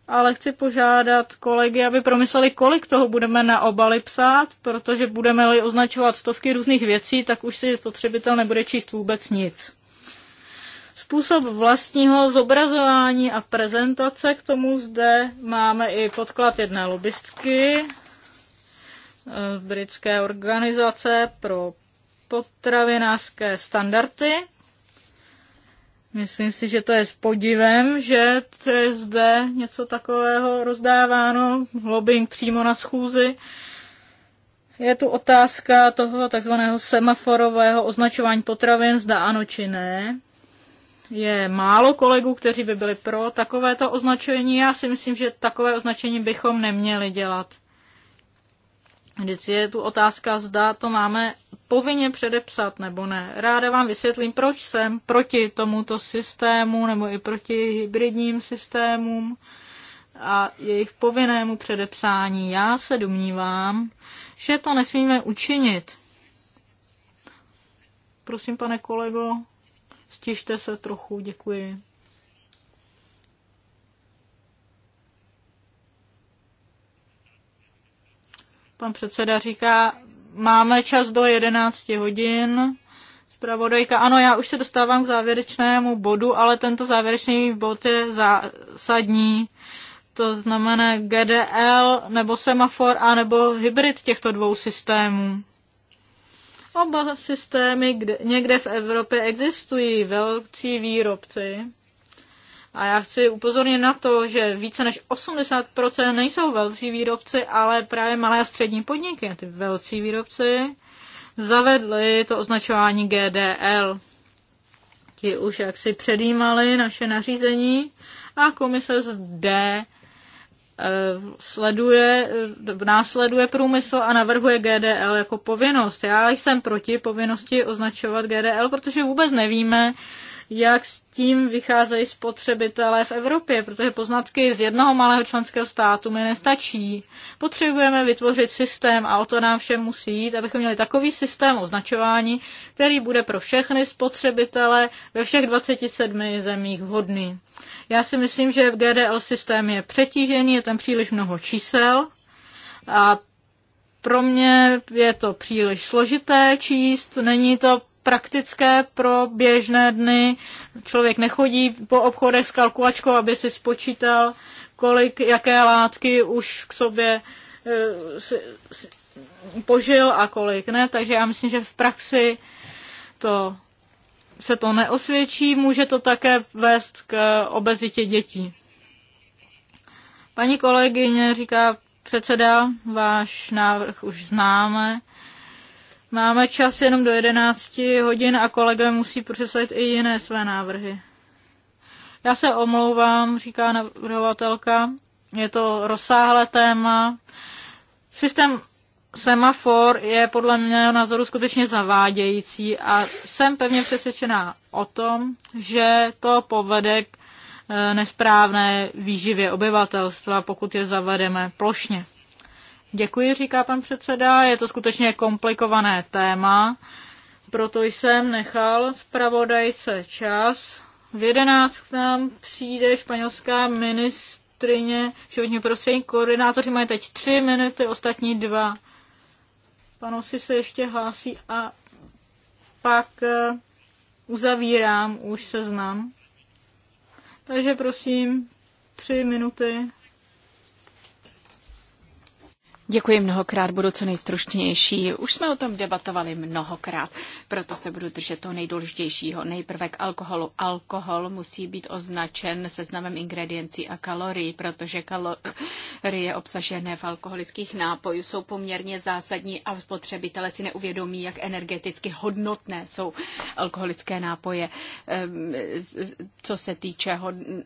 ale chci požádat kolegy, aby promysleli, kolik toho budeme na obaly psát, protože budeme-li označovat stovky různých věcí, tak už si spotřebitel nebude číst vůbec nic. Způsob vlastního zobrazování a prezentace k tomu zde máme i podklad jedné lobbystky eh, britské organizace pro potravinářské standardy. Myslím si, že to je s podivem, že je zde něco takového rozdáváno, lobbying přímo na schůzi. Je tu otázka toho takzvaného semaforového označování potravin, zda ano či ne. Je málo kolegů, kteří by byli pro takovéto označení. Já si myslím, že takové označení bychom neměli dělat. Vždycky je tu otázka, zda to máme povinně předepsat nebo ne. Ráda vám vysvětlím, proč jsem proti tomuto systému nebo i proti hybridním systémům a jejich povinnému předepsání. Já se domnívám, že to nesmíme učinit. Prosím, pane kolego, stižte se trochu, děkuji. Pan předseda říká, máme čas do 11 hodin. Zpravodajka, ano, já už se dostávám k závěrečnému bodu, ale tento závěrečný bod je zásadní. To znamená GDL nebo semafor a nebo hybrid těchto dvou systémů. Oba systémy kde, někde v Evropě existují velcí výrobci, a já chci upozornit na to, že více než 80% nejsou velcí výrobci, ale právě malé a střední podniky. Ty velcí výrobci zavedli to označování GDL. Ti už jaksi předjímali naše nařízení a komise zde eh, sleduje, následuje průmysl a navrhuje GDL jako povinnost. Já jsem proti povinnosti označovat GDL, protože vůbec nevíme, jak s tím vycházejí spotřebitelé v Evropě, protože poznatky z jednoho malého členského státu mi nestačí. Potřebujeme vytvořit systém a o to nám všem musí jít, abychom měli takový systém označování, který bude pro všechny spotřebitele ve všech 27 zemích vhodný. Já si myslím, že v GDL systém je přetížený, je tam příliš mnoho čísel a pro mě je to příliš složité číst, není to praktické pro běžné dny. Člověk nechodí po obchodech s kalkulačkou, aby si spočítal, kolik, jaké látky už k sobě eh, si, si, požil a kolik ne. Takže já myslím, že v praxi to se to neosvědčí, může to také vést k eh, obezitě dětí. Paní kolegyně říká, předseda, váš návrh už známe. Máme čas jenom do 11 hodin a kolega musí přeslat i jiné své návrhy. Já se omlouvám, říká navrhovatelka. Je to rozsáhlé téma. Systém semafor je podle mého názoru skutečně zavádějící a jsem pevně přesvědčená o tom, že to povede k e, nesprávné výživě obyvatelstva, pokud je zavedeme plošně. Děkuji, říká pan předseda. Je to skutečně komplikované téma, proto jsem nechal zpravodajce čas. V jedenáct k nám přijde španělská ministrině životního prostředí. Koordinátoři mají teď tři minuty, ostatní dva. Pan se ještě hlásí a pak eh, uzavírám už seznam. Takže prosím, tři minuty Děkuji mnohokrát, budu co nejstručnější. Už jsme o tom debatovali mnohokrát, proto se budu držet toho nejdůležitějšího. Nejprve k alkoholu. Alkohol musí být označen seznamem ingrediencí a kalorií, protože kalorie obsažené v alkoholických nápojů jsou poměrně zásadní a spotřebitele si neuvědomí, jak energeticky hodnotné jsou alkoholické nápoje. Ehm, co se týče ehm,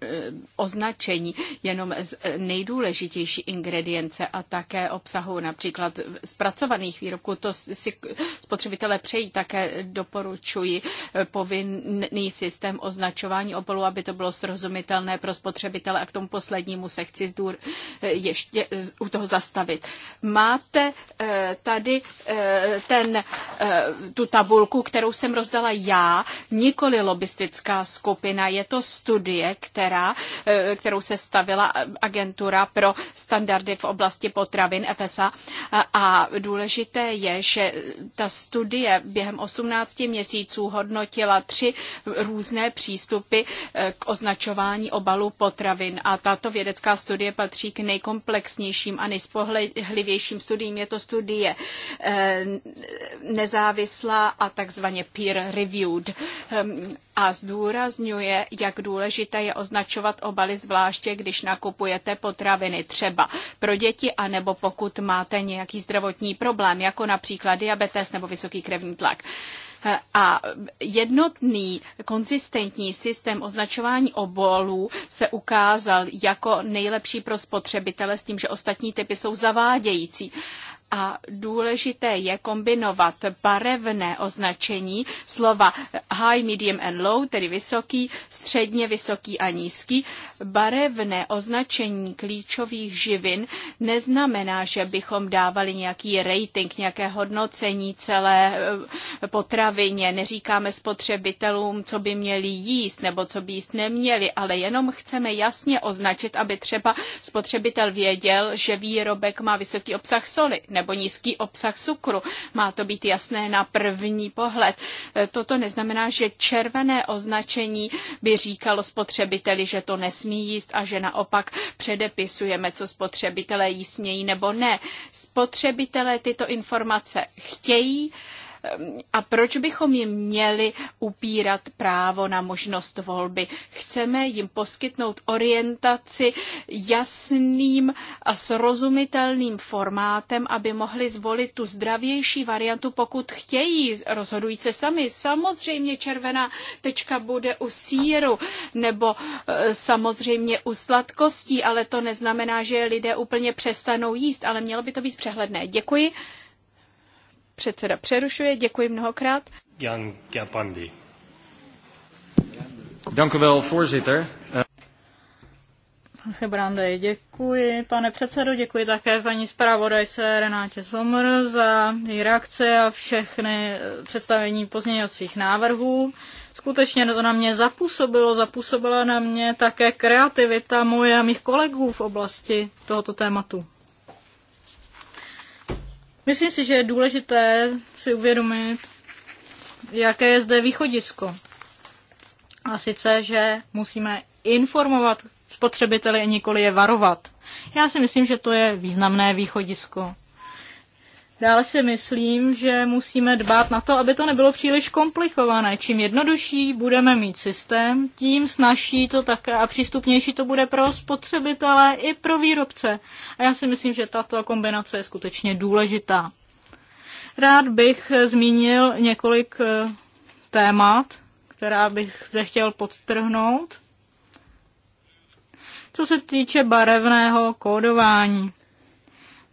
označení, jenom nejdůležitější ingredience a také obsažené obsahu například zpracovaných výrobků. To si spotřebitelé přejí. Také doporučuji eh, povinný systém označování obalů, aby to bylo srozumitelné pro spotřebitele. A k tomu poslednímu se chci zdůr eh, ještě u toho zastavit. Máte eh, tady ten, tu tabulku, kterou jsem rozdala já, nikoli lobistická skupina. Je to studie, která, kterou se stavila agentura pro standardy v oblasti potravin FSA a důležité je, že ta studie během 18 měsíců hodnotila tři různé přístupy eh, k označování obalu potravin a tato vědecká studie patří k nejkomplexnějším a nejspohlivějším studiím. Je to studie eh, nezávislá a takzvaně peer-reviewed. Ehm, a zdůrazňuje, jak důležité je označovat obaly, zvláště když nakupujete potraviny třeba pro děti, a nebo pokud máte nějaký zdravotní problém, jako například diabetes nebo vysoký krevní tlak a jednotný, konzistentní systém označování obolů se ukázal jako nejlepší pro spotřebitele s tím, že ostatní typy jsou zavádějící. A důležité je kombinovat barevné označení slova high, medium and low, tedy vysoký, středně vysoký a nízký, barevné označení klíčových živin neznamená, že bychom dávali nějaký rating, nějaké hodnocení celé eh, potravině. Neříkáme spotřebitelům, co by měli jíst nebo co by jíst neměli, ale jenom chceme jasně označit, aby třeba spotřebitel věděl, že výrobek má vysoký obsah soli nebo nízký obsah cukru. Má to být jasné na první pohled. Eh, toto neznamená, že červené označení by říkalo spotřebiteli, že to nesmí nesmí jíst a že naopak předepisujeme, co spotřebitelé jí smějí nebo ne. Spotřebitelé tyto informace chtějí, a proč bychom jim měli upírat právo na možnost volby? Chceme jim poskytnout orientaci jasným a srozumitelným formátem, aby mohli zvolit tu zdravější variantu, pokud chtějí. Rozhodují se sami. Samozřejmě červená tečka bude u síru nebo e, samozřejmě u sladkostí, ale to neznamená, že lidé úplně přestanou jíst, ale mělo by to být přehledné. Děkuji. Předseda přerušuje, děkuji mnohokrát. Jan Gerbrandi. Děkuji eh, děkuji. Pane předsedo, děkuji také paní zpravodajce Renátě Somr za její reakce a všechny eh, představení pozměňovacích návrhů. Skutečně to na mě zapůsobilo, zapůsobila na mě také kreativita moje a mých kolegů v oblasti tohoto tématu. Myslím si, že je důležité si uvědomit, jaké je zde východisko. A sice, že musíme informovat spotřebiteli, nikoli je varovat. Já si myslím, že to je významné východisko. Dále si myslím, že musíme dbát na to, aby to nebylo příliš komplikované. Čím jednodušší budeme mít systém, tím snažší to také a přístupnější to bude pro spotřebitele i pro výrobce. A já si myslím, že tato kombinace je skutečně důležitá. Rád bych zmínil několik eh, témat, která bych zde chtěl podtrhnout. Co se týče barevného kódování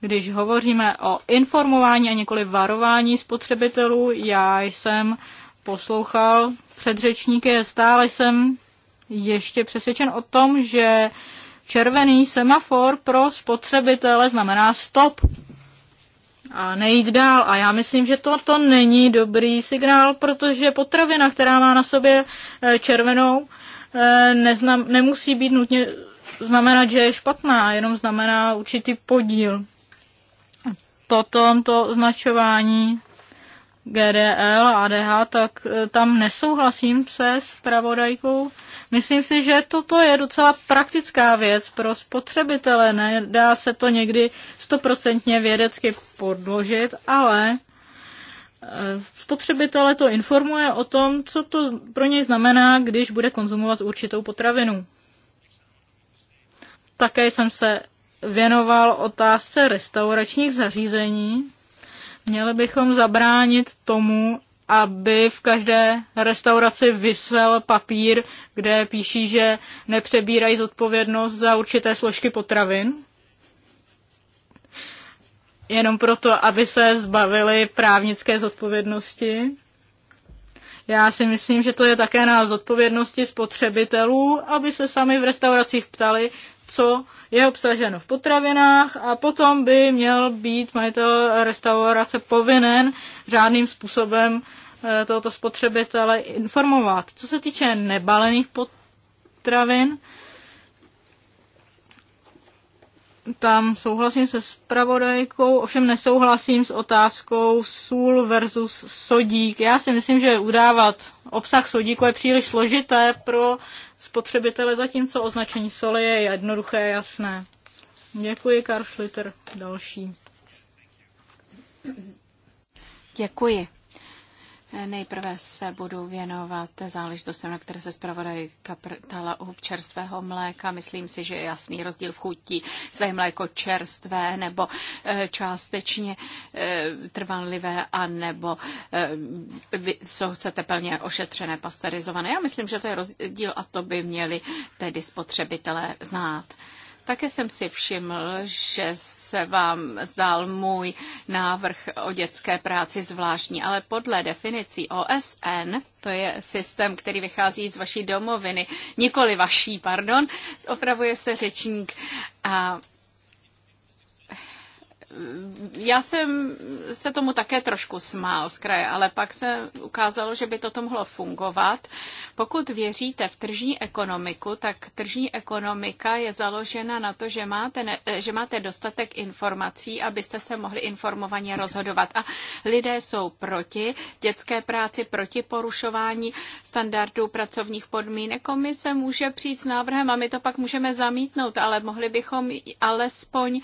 když hovoříme o informování a nikoli varování spotřebitelů, já jsem poslouchal předřečníky, stále jsem ještě přesvědčen o tom, že červený semafor pro spotřebitele znamená stop a nejít dál. A já myslím, že to, to není dobrý signál, protože potravina, která má na sobě eh, červenou, eh, neznam, nemusí být nutně znamenat, že je špatná, jenom znamená určitý podíl potom to označování GDL, ADH, tak e, tam nesouhlasím se s pravodajkou. Myslím si, že toto je docela praktická věc pro spotřebitele. Nedá se to někdy stoprocentně vědecky podložit, ale e, spotřebitele to informuje o tom, co to pro něj znamená, když bude konzumovat určitou potravinu. Také jsem se věnoval otázce restauračních zařízení. Měli bychom zabránit tomu, aby v každé restauraci vysel papír, kde píší, že nepřebírají zodpovědnost za určité složky potravin. Jenom proto, aby se zbavili právnické zodpovědnosti. Já si myslím, že to je také na zodpovědnosti spotřebitelů, aby se sami v restauracích ptali, co je obsaženo v potravinách a potom by měl být majitel restaurace povinen řádným způsobem eh, tohoto spotřebitele informovat. Co se týče nebalených potravin, tam souhlasím se spravodajkou, ovšem nesouhlasím s otázkou sůl versus sodík. Já si myslím, že udávat obsah sodíku je příliš složité pro spotřebitele, zatímco označení soli je jednoduché, jasné. Děkuji, Karl Schlitter. Další. Děkuji. Nejprve se budu věnovat záležitostem, na které se zpravodajka ptala u čerstvého mléka. Myslím si, že je jasný rozdíl v chutí, své mléko čerstvé nebo eh, částečně eh, trvanlivé a nebo eh, se teplně ošetřené, pasterizované. Já myslím, že to je rozdíl a to by měli tedy spotřebitelé znát. Také jsem si všiml, že se vám zdál můj návrh o dětské práci zvláštní, ale podle definicí OSN, to je systém, který vychází z vaší domoviny, nikoli vaší, pardon, opravuje se řečník. A já jsem se tomu také trošku smál z kraje, ale pak se ukázalo, že by toto mohlo fungovat. Pokud věříte v tržní ekonomiku, tak tržní ekonomika je založena na to, že máte, ne, že máte dostatek informací, abyste se mohli informovaně rozhodovat. A lidé jsou proti dětské práci, proti porušování standardů pracovních podmínek. Komise může přijít s návrhem a my to pak můžeme zamítnout, ale mohli bychom alespoň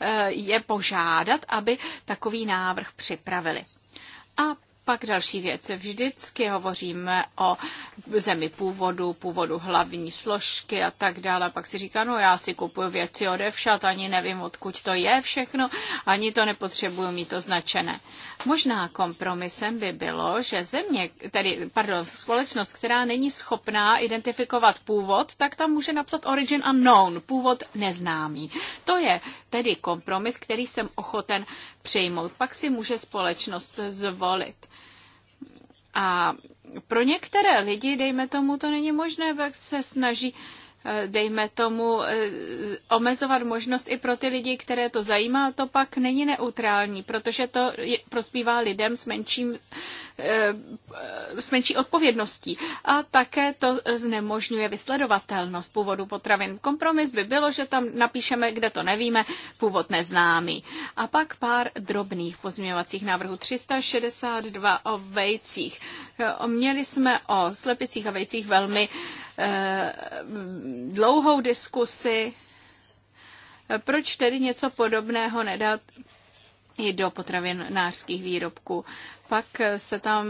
eh, je požádat žádat, aby takový návrh připravili. A pak další věc. Vždycky hovoříme o zemi původu, původu hlavní složky a tak dále. Pak si říká, no já si kupuju věci odevšat, ani nevím, odkud to je všechno, ani to nepotřebuju mít označené. Možná kompromisem by bylo, že země, tedy, pardon, společnost, která není schopná identifikovat původ, tak tam může napsat origin unknown, původ neznámý. To je tedy kompromis, který jsem ochoten přijmout. Pak si může společnost zvolit. A pro některé lidi, dejme tomu, to není možné, jak se snaží uh, Eh, dejme tomu, eh, omezovat možnost i pro ty lidi, které to zajímá, to pak není neutrální, protože to prospívá lidem s menším Eh, s menší odpovědností. A také to znemožňuje vysledovatelnost původu potravin. Kompromis by bylo, že tam napíšeme, kde to nevíme, původ neznámý. A pak pár drobných pozměňovacích návrhů. 362 o vejcích. Eh, měli jsme o slepicích a vejcích velmi eh, dlouhou diskusi. Eh, proč tedy něco podobného nedat i do potravinářských výrobků. Pak se tam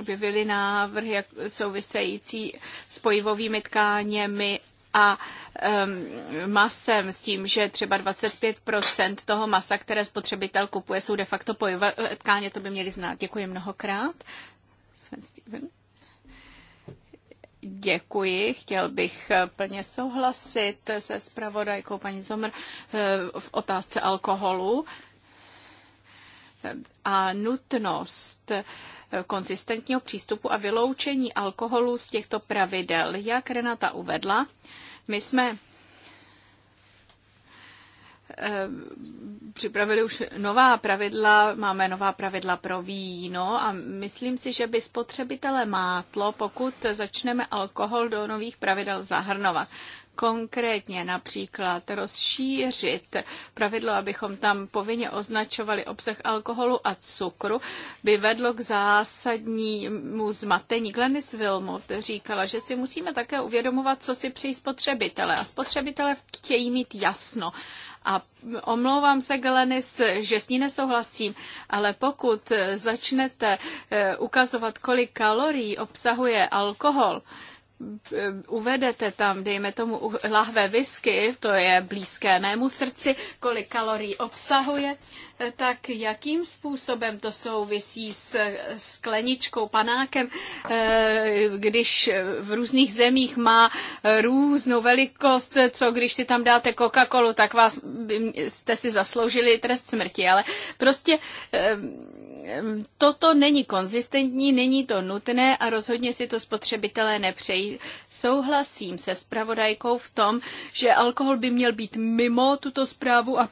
objevily návrhy související s pojivovými tkáněmi a um, masem s tím, že třeba 25% toho masa, které spotřebitel kupuje, jsou de facto pojivové eh, tkáně, to by měli znát. Děkuji mnohokrát. Steven. Děkuji. Chtěl bych eh, plně souhlasit se zpravodajkou paní Zomr eh, v otázce alkoholu a nutnost konzistentního přístupu a vyloučení alkoholu z těchto pravidel. Jak Renata uvedla, my jsme eh, připravili už nová pravidla, máme nová pravidla pro víno a myslím si, že by spotřebitele mátlo, pokud začneme alkohol do nových pravidel zahrnovat konkrétně například rozšířit pravidlo, abychom tam povinně označovali obsah alkoholu a cukru, by vedlo k zásadnímu zmatení. Glenis Wilmot říkala, že si musíme také uvědomovat, co si přejí spotřebitele. A spotřebitele chtějí mít jasno. A omlouvám se, Glenis, že s ní nesouhlasím, ale pokud začnete eh, ukazovat, kolik kalorií obsahuje alkohol, uvedete tam, dejme tomu, lahve whisky, to je blízké mému srdci, kolik kalorií obsahuje, eh, tak jakým způsobem to souvisí s skleničkou, panákem, eh, když v různých zemích má různou velikost, co když si tam dáte Coca-Colu, tak vás jste si zasloužili trest smrti, ale prostě eh, toto není konzistentní, není to nutné a rozhodně si to spotřebitelé nepřejí. Souhlasím se spravodajkou v tom, že alkohol by měl být mimo tuto zprávu a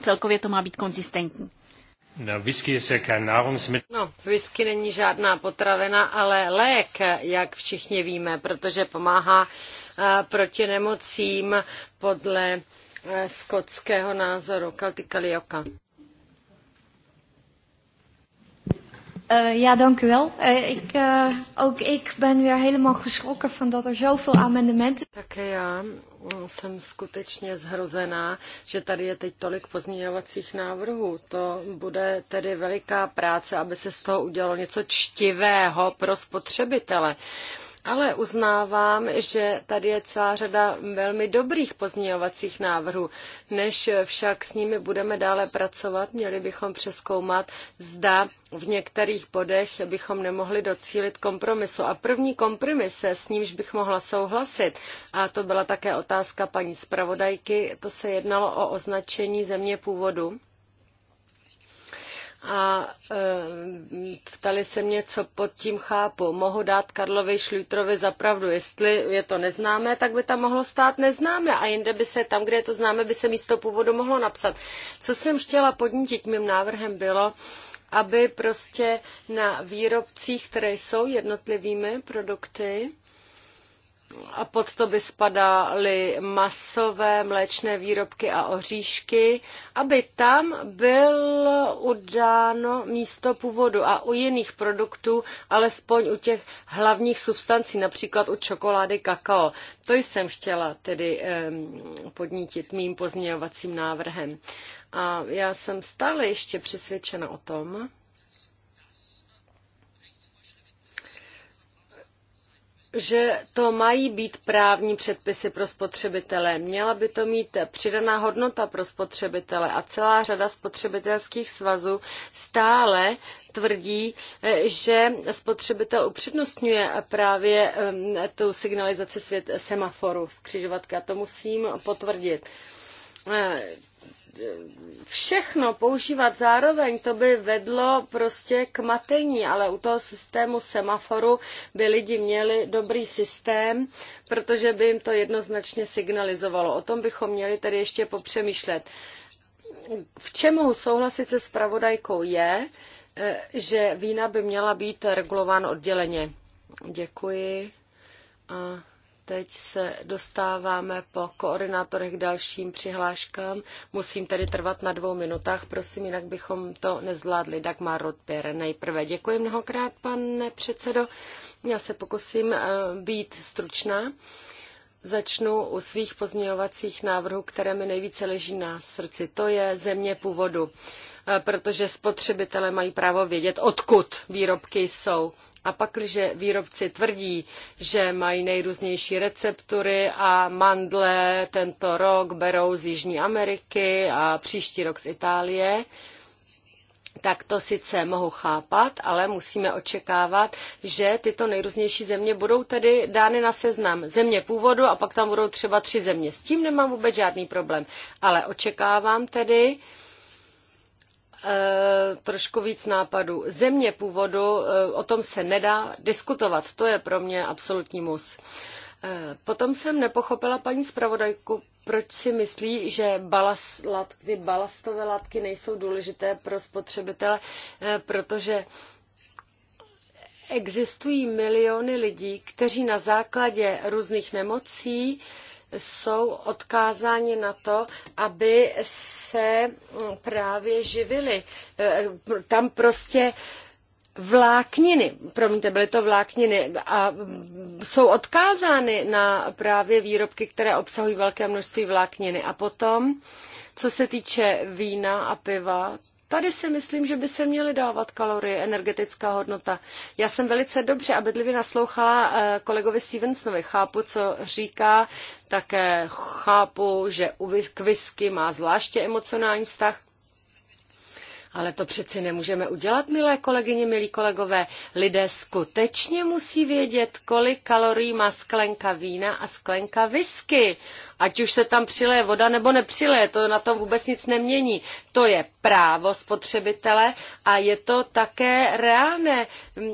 celkově to má být konzistentní. No, whisky je No, whisky není žádná potravena, ale lék, jak všichni víme, protože pomáhá eh, proti nemocím podle eh, skotského názoru Kaltikalioka. Uh, ja, dank u wel. Uh, ik, uh, ook ik ben weer helemaal geschrokken van dat er zoveel amendementen... Také já mm, jsem skutečně zhrozená, že tady je teď tolik pozměňovacích návrhů. To bude tedy veliká práce, aby se z toho udělalo něco čtivého pro spotřebitele. Uh, ale uznávám, že tady je celá řada velmi dobrých pozměňovacích návrhů. Než však s nimi budeme dále pracovat, měli bychom přeskoumat, zda v některých bodech bychom nemohli docílit kompromisu. A první kompromis, s nímž bych mohla souhlasit, a to byla také otázka paní zpravodajky, to se jednalo o označení země původu a e, ptali se mě, co pod tím chápu. Mohu dát Karlovi za zapravdu. Jestli je to neznámé, tak by tam mohlo stát neznámé a jinde by se tam, kde je to známé, by se místo původu mohlo napsat. Co jsem chtěla podnítit mým návrhem bylo, aby prostě na výrobcích, které jsou jednotlivými produkty, a pod to by spadaly masové mléčné výrobky a oříšky, aby tam byl udáno místo původu a u jiných produktů, alespoň u těch hlavních substancí, například u čokolády kakao. To jsem chtěla tedy podnítit mým pozměňovacím návrhem. A já jsem stále ještě přesvědčena o tom, že to mají být právní předpisy pro spotřebitele. Měla by to mít přidaná hodnota pro spotřebitele a celá řada spotřebitelských svazů stále tvrdí, eh, že spotřebitel upřednostňuje právě tu signalizaci semaforu z A To musím potvrdit. Eh, všechno používat zároveň, to by vedlo prostě k matení, ale u toho systému semaforu by lidi měli dobrý systém, protože by jim to jednoznačně signalizovalo. O tom bychom měli tedy ještě popřemýšlet. V čem mohu souhlasit se spravodajkou je, eh, že vína by měla být regulována odděleně. Děkuji. A teď se dostáváme po koordinátorech k dalším přihláškám. Musím tedy trvat na dvou minutách, prosím, jinak bychom to nezvládli. Dagmar Rodběr nejprve. Děkuji mnohokrát, pane předsedo. Já se pokusím eh, být stručná. Začnu u svých pozměňovacích návrhů, které mi nejvíce leží na srdci. To je země původu, eh, protože spotřebitelé mají právo vědět, odkud výrobky jsou a pak, když výrobci tvrdí, že mají nejrůznější receptury a mandle tento rok berou z Jižní Ameriky a příští rok z Itálie, tak to sice mohu chápat, ale musíme očekávat, že tyto nejrůznější země budou tedy dány na seznam země původu a pak tam budou třeba tři země. S tím nemám vůbec žádný problém, ale očekávám tedy, E, trošku víc nápadů. Země původu, e, o tom se nedá diskutovat. To je pro mě absolutní mus. E, potom jsem nepochopila paní zpravodajku, proč si myslí, že balast, látky, balastové látky nejsou důležité pro spotřebitele, protože existují miliony lidí, kteří na základě různých nemocí jsou odkázáni na to, aby se mm, právě živili. E, tam prostě vlákniny, promiňte, byly to vlákniny a jsou odkázány na právě výrobky, které obsahují velké množství vlákniny. A potom, co se týče vína a piva, Tady si myslím, že by se měly dávat kalorie, energetická hodnota. Já jsem velice dobře a bedlivě naslouchala eh, kolegovi Stevensonovi. Chápu, co říká, také chápu, že k whisky má zvláště emocionální vztah. Ale to přeci nemůžeme udělat, milé kolegyně, milí kolegové. Lidé skutečně musí vědět, kolik kalorií má sklenka vína a sklenka whisky. Ať už se tam přileje voda nebo nepřileje, to na tom vůbec nic nemění. To je právo spotřebitele a je to také reálné.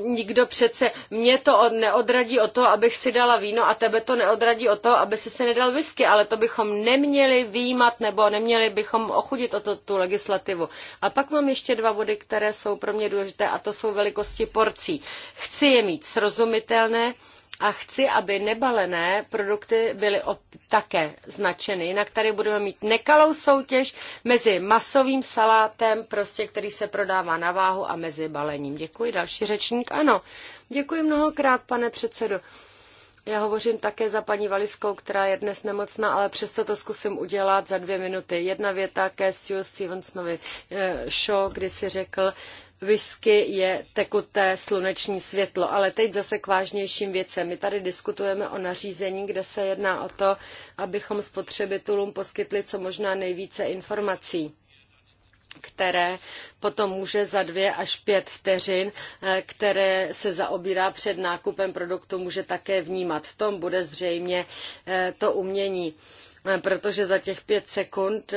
Nikdo přece mě to neodradí o to, abych si dala víno a tebe to neodradí o to, aby si se nedal whisky, ale to bychom neměli výjímat nebo neměli bychom ochudit o to tu legislativu. A pak mám ještě dva body, které jsou pro mě důležité a to jsou velikosti porcí. Chci je mít srozumitelné, a chci, aby nebalené produkty byly také značeny. Jinak tady budeme mít nekalou soutěž mezi masovým salátem, prostě, který se prodává na váhu a mezi balením. Děkuji, další řečník. Ano, děkuji mnohokrát, pane předsedo. Já hovořím také za paní Valiskou, která je dnes nemocná, ale přesto to zkusím udělat za dvě minuty. Jedna věta ke Stu Stevensonovi eh, show, kdy si řekl, whisky je tekuté sluneční světlo. Ale teď zase k vážnějším věcem. My tady diskutujeme o nařízení, kde se jedná o to, abychom spotřebitelům poskytli co možná nejvíce informací které potom může za dvě až pět vteřin, eh, které se zaobírá před nákupem produktu, může také vnímat. V tom bude zřejmě eh, to umění, eh, protože za těch pět sekund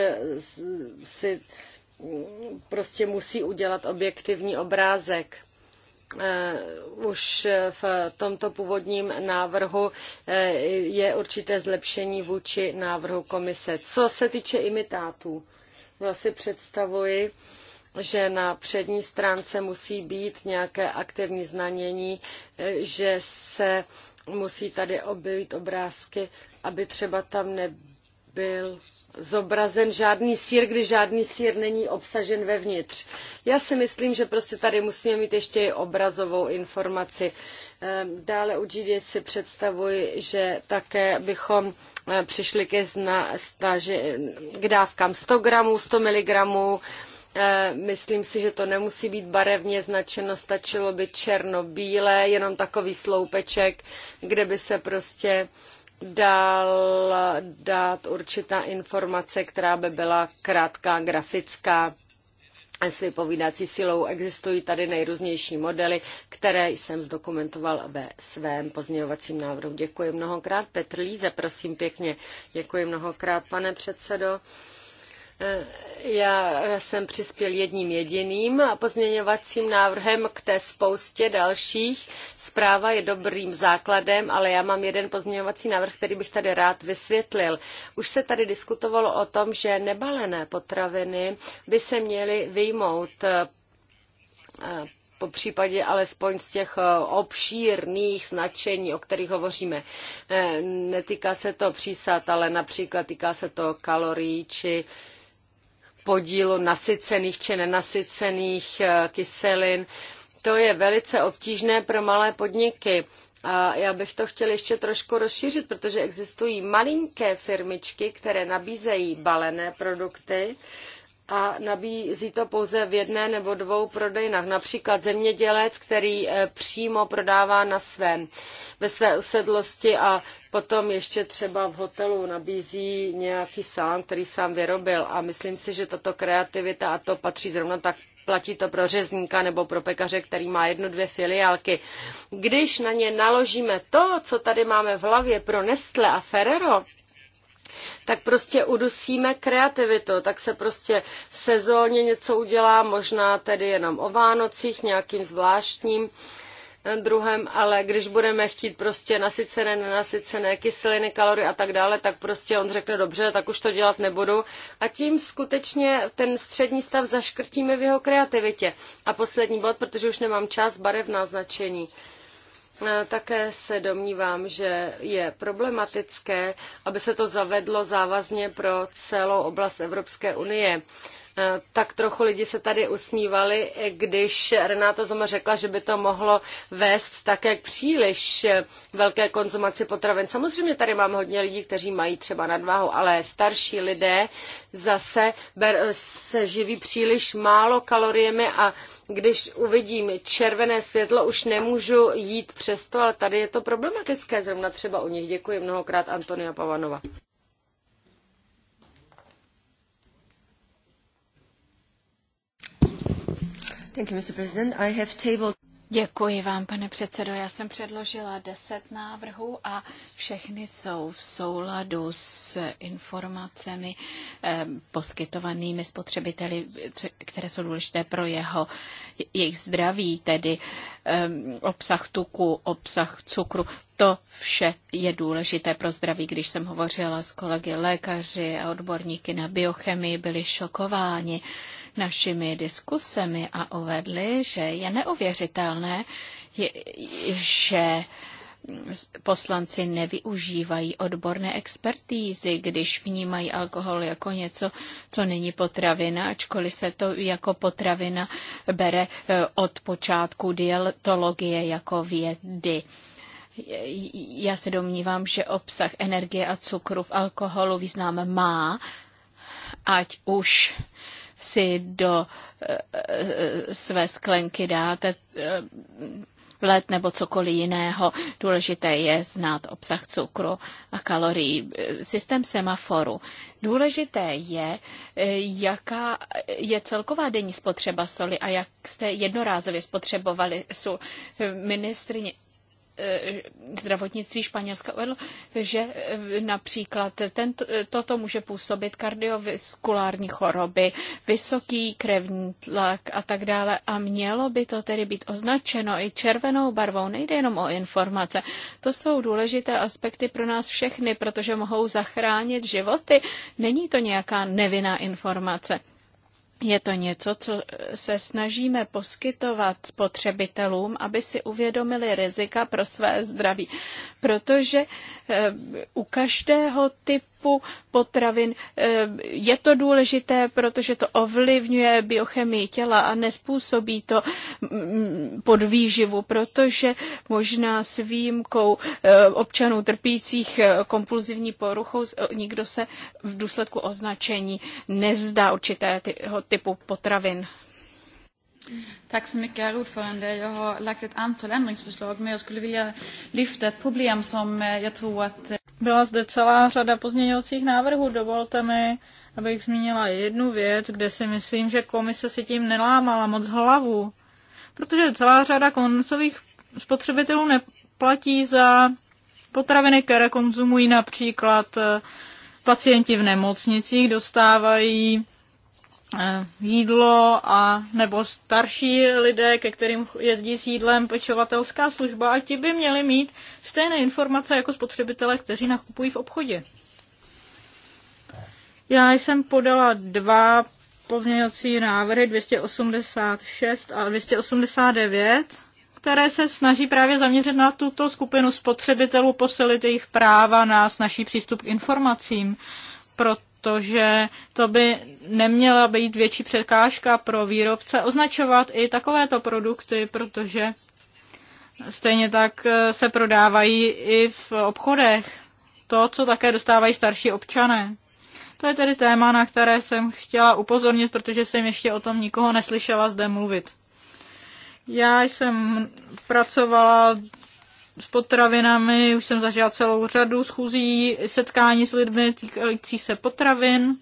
si prostě musí udělat objektivní obrázek eh, už v tomto původním návrhu eh, je určité zlepšení vůči návrhu komise. Co se týče imitátů, já si představuji, že na přední stránce musí být nějaké aktivní znanění, eh, že se musí tady objevit obrázky, aby třeba tam nebyly byl zobrazen žádný sír, když žádný sír není obsažen vevnitř. Já si myslím, že prostě tady musíme mít ještě i obrazovou informaci. Ehm, dále u GDS si představuji, že také bychom eh, přišli ke zna, staži, k dávkám 100 gramů, 100 miligramů, ehm, Myslím si, že to nemusí být barevně značeno, stačilo by černobílé, jenom takový sloupeček, kde by se prostě dal dát určitá informace, která by byla krátká, grafická, s vypovídací silou. Existují tady nejrůznější modely, které jsem zdokumentoval ve svém pozměňovacím návrhu. Děkuji mnohokrát. Petr Líze, prosím pěkně. Děkuji mnohokrát, pane předsedo. Já jsem přispěl jedním jediným pozměňovacím návrhem k té spoustě dalších. Zpráva je dobrým základem, ale já mám jeden pozměňovací návrh, který bych tady rád vysvětlil. Už se tady diskutovalo o tom, že nebalené potraviny by se měly vyjmout eh, po případě alespoň z těch eh, obšírných značení, o kterých hovoříme. Eh, netýká se to přísad, ale například týká se to kalorií či podílu nasycených či nenasycených eh, kyselin. To je velice obtížné pro malé podniky. A já bych to chtěl ještě trošku rozšířit, protože existují malinké firmičky, které nabízejí balené produkty, a nabízí to pouze v jedné nebo dvou prodejnách. Například zemědělec, který eh, přímo prodává na svém, ve své usedlosti a potom ještě třeba v hotelu nabízí nějaký sám, který sám vyrobil. A myslím si, že tato kreativita a to patří zrovna tak platí to pro řezníka nebo pro pekaře, který má jednu, dvě filiálky. Když na ně naložíme to, co tady máme v hlavě pro Nestle a Ferrero, tak prostě udusíme kreativitu, tak se prostě sezóně něco udělá, možná tedy jenom o Vánocích, nějakým zvláštním eh, druhem, ale když budeme chtít prostě nasycené, nenasycené kyseliny, kalory a tak dále, tak prostě on řekne dobře, tak už to dělat nebudu. A tím skutečně ten střední stav zaškrtíme v jeho kreativitě. A poslední bod, protože už nemám čas, barevná značení. Také se domnívám, že je problematické, aby se to zavedlo závazně pro celou oblast Evropské unie. Eh, tak trochu lidi se tady usmívali, když Renáta Zoma řekla, že by to mohlo vést také k příliš eh, velké konzumaci potravin. Samozřejmě tady mám hodně lidí, kteří mají třeba nadváhu, ale starší lidé zase ber, se živí příliš málo kaloriemi a když uvidím červené světlo, už nemůžu jít přesto, ale tady je to problematické, zrovna třeba u nich. Děkuji mnohokrát Antonia Pavanova. Děkuji vám, pane předsedo. Já jsem předložila deset návrhů a všechny jsou v souladu s informacemi eh, poskytovanými spotřebiteli, které jsou důležité pro jeho, jejich zdraví, tedy Ehm, obsah tuku, obsah cukru. To vše je důležité pro zdraví. Když jsem hovořila s kolegy lékaři a odborníky na biochemii, byli šokováni našimi diskusemi a uvedli, že je neuvěřitelné, že poslanci nevyužívají odborné expertízy, když vnímají alkohol jako něco, co není potravina, ačkoliv se to jako potravina bere eh, od počátku dietologie jako vědy. Já se domnívám, že obsah energie a cukru v alkoholu význam má, ať už si do eh, eh, své sklenky dáte let nebo cokoliv jiného. Důležité je znát obsah cukru a kalorií. Systém semaforu. Důležité je, eh, jaká je celková denní spotřeba soli a jak jste jednorázově spotřebovali sůl. Ministrině Eh, zdravotnictví Španělska uvedlo, že eh, například tento, toto může působit kardiovaskulární choroby, vysoký krevní tlak a tak dále. A mělo by to tedy být označeno i červenou barvou. Nejde jenom o informace. To jsou důležité aspekty pro nás všechny, protože mohou zachránit životy. Není to nějaká nevinná informace. Je to něco, co eh, se snažíme poskytovat spotřebitelům, aby si uvědomili rizika pro své zdraví. Protože eh, u každého typu typu potravin. Eh, je to důležité, protože to ovlivňuje biochemii těla a nespůsobí to mm, podvýživu, protože možná s výjimkou eh, občanů trpících eh, kompulzivní poruchou nikdo se v důsledku označení nezdá určitého typu potravin. Tack så mycket, herr ordförande. Jag har lagt ett antal ändringsförslag, men jag skulle vilja lyfta ett problem som jag tror att byla zde celá řada pozměňovacích návrhů. Dovolte mi, abych zmínila jednu věc, kde si myslím, že komise si tím nelámala moc hlavu. Protože celá řada koncových spotřebitelů neplatí za potraviny, které konzumují například eh, pacienti v nemocnicích, dostávají Eh, jídlo a nebo starší lidé, ke kterým jezdí s jídlem pečovatelská služba a ti by měli mít stejné informace jako spotřebitele, kteří nakupují v obchodě. Já jsem podala dva pozměňovací návrhy 286 a 289, které se snaží právě zaměřit na tuto skupinu spotřebitelů, posilit jejich práva na snažší přístup k informacím, proto protože to by neměla být větší překážka pro výrobce označovat i takovéto produkty, protože stejně tak eh, se prodávají i v obchodech. To, co také dostávají starší občané. To je tedy téma, na které jsem chtěla upozornit, protože jsem ještě o tom nikoho neslyšela zde mluvit. Já jsem pracovala s potravinami, už jsem zažila celou řadu schůzí, setkání s lidmi týkající se potravin.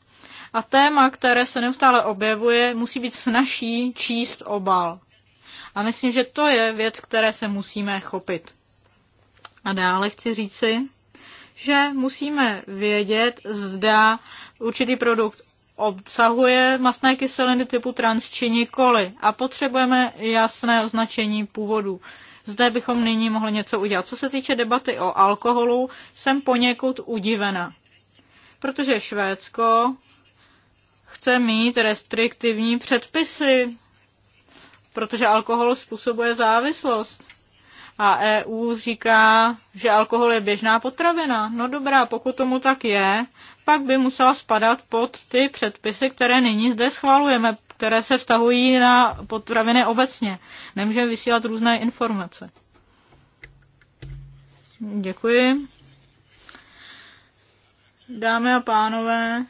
A téma, které se neustále objevuje, musí být snažší číst obal. A myslím, že to je věc, které se musíme chopit. A dále chci říci, že musíme vědět, zda určitý produkt obsahuje masné kyseliny typu trans či nikoli a potřebujeme jasné označení původu. Zde bychom nyní mohli něco udělat. Co se týče debaty o alkoholu, jsem poněkud udivena, protože Švédsko chce mít restriktivní předpisy, protože alkohol způsobuje závislost. A EU říká, že alkohol je běžná potravina. No dobrá, pokud tomu tak je, pak by musela spadat pod ty předpisy, které nyní zde schvalujeme které se vztahují na potraviny obecně. Nemůžeme vysílat různé informace. Děkuji. Dámy a pánové,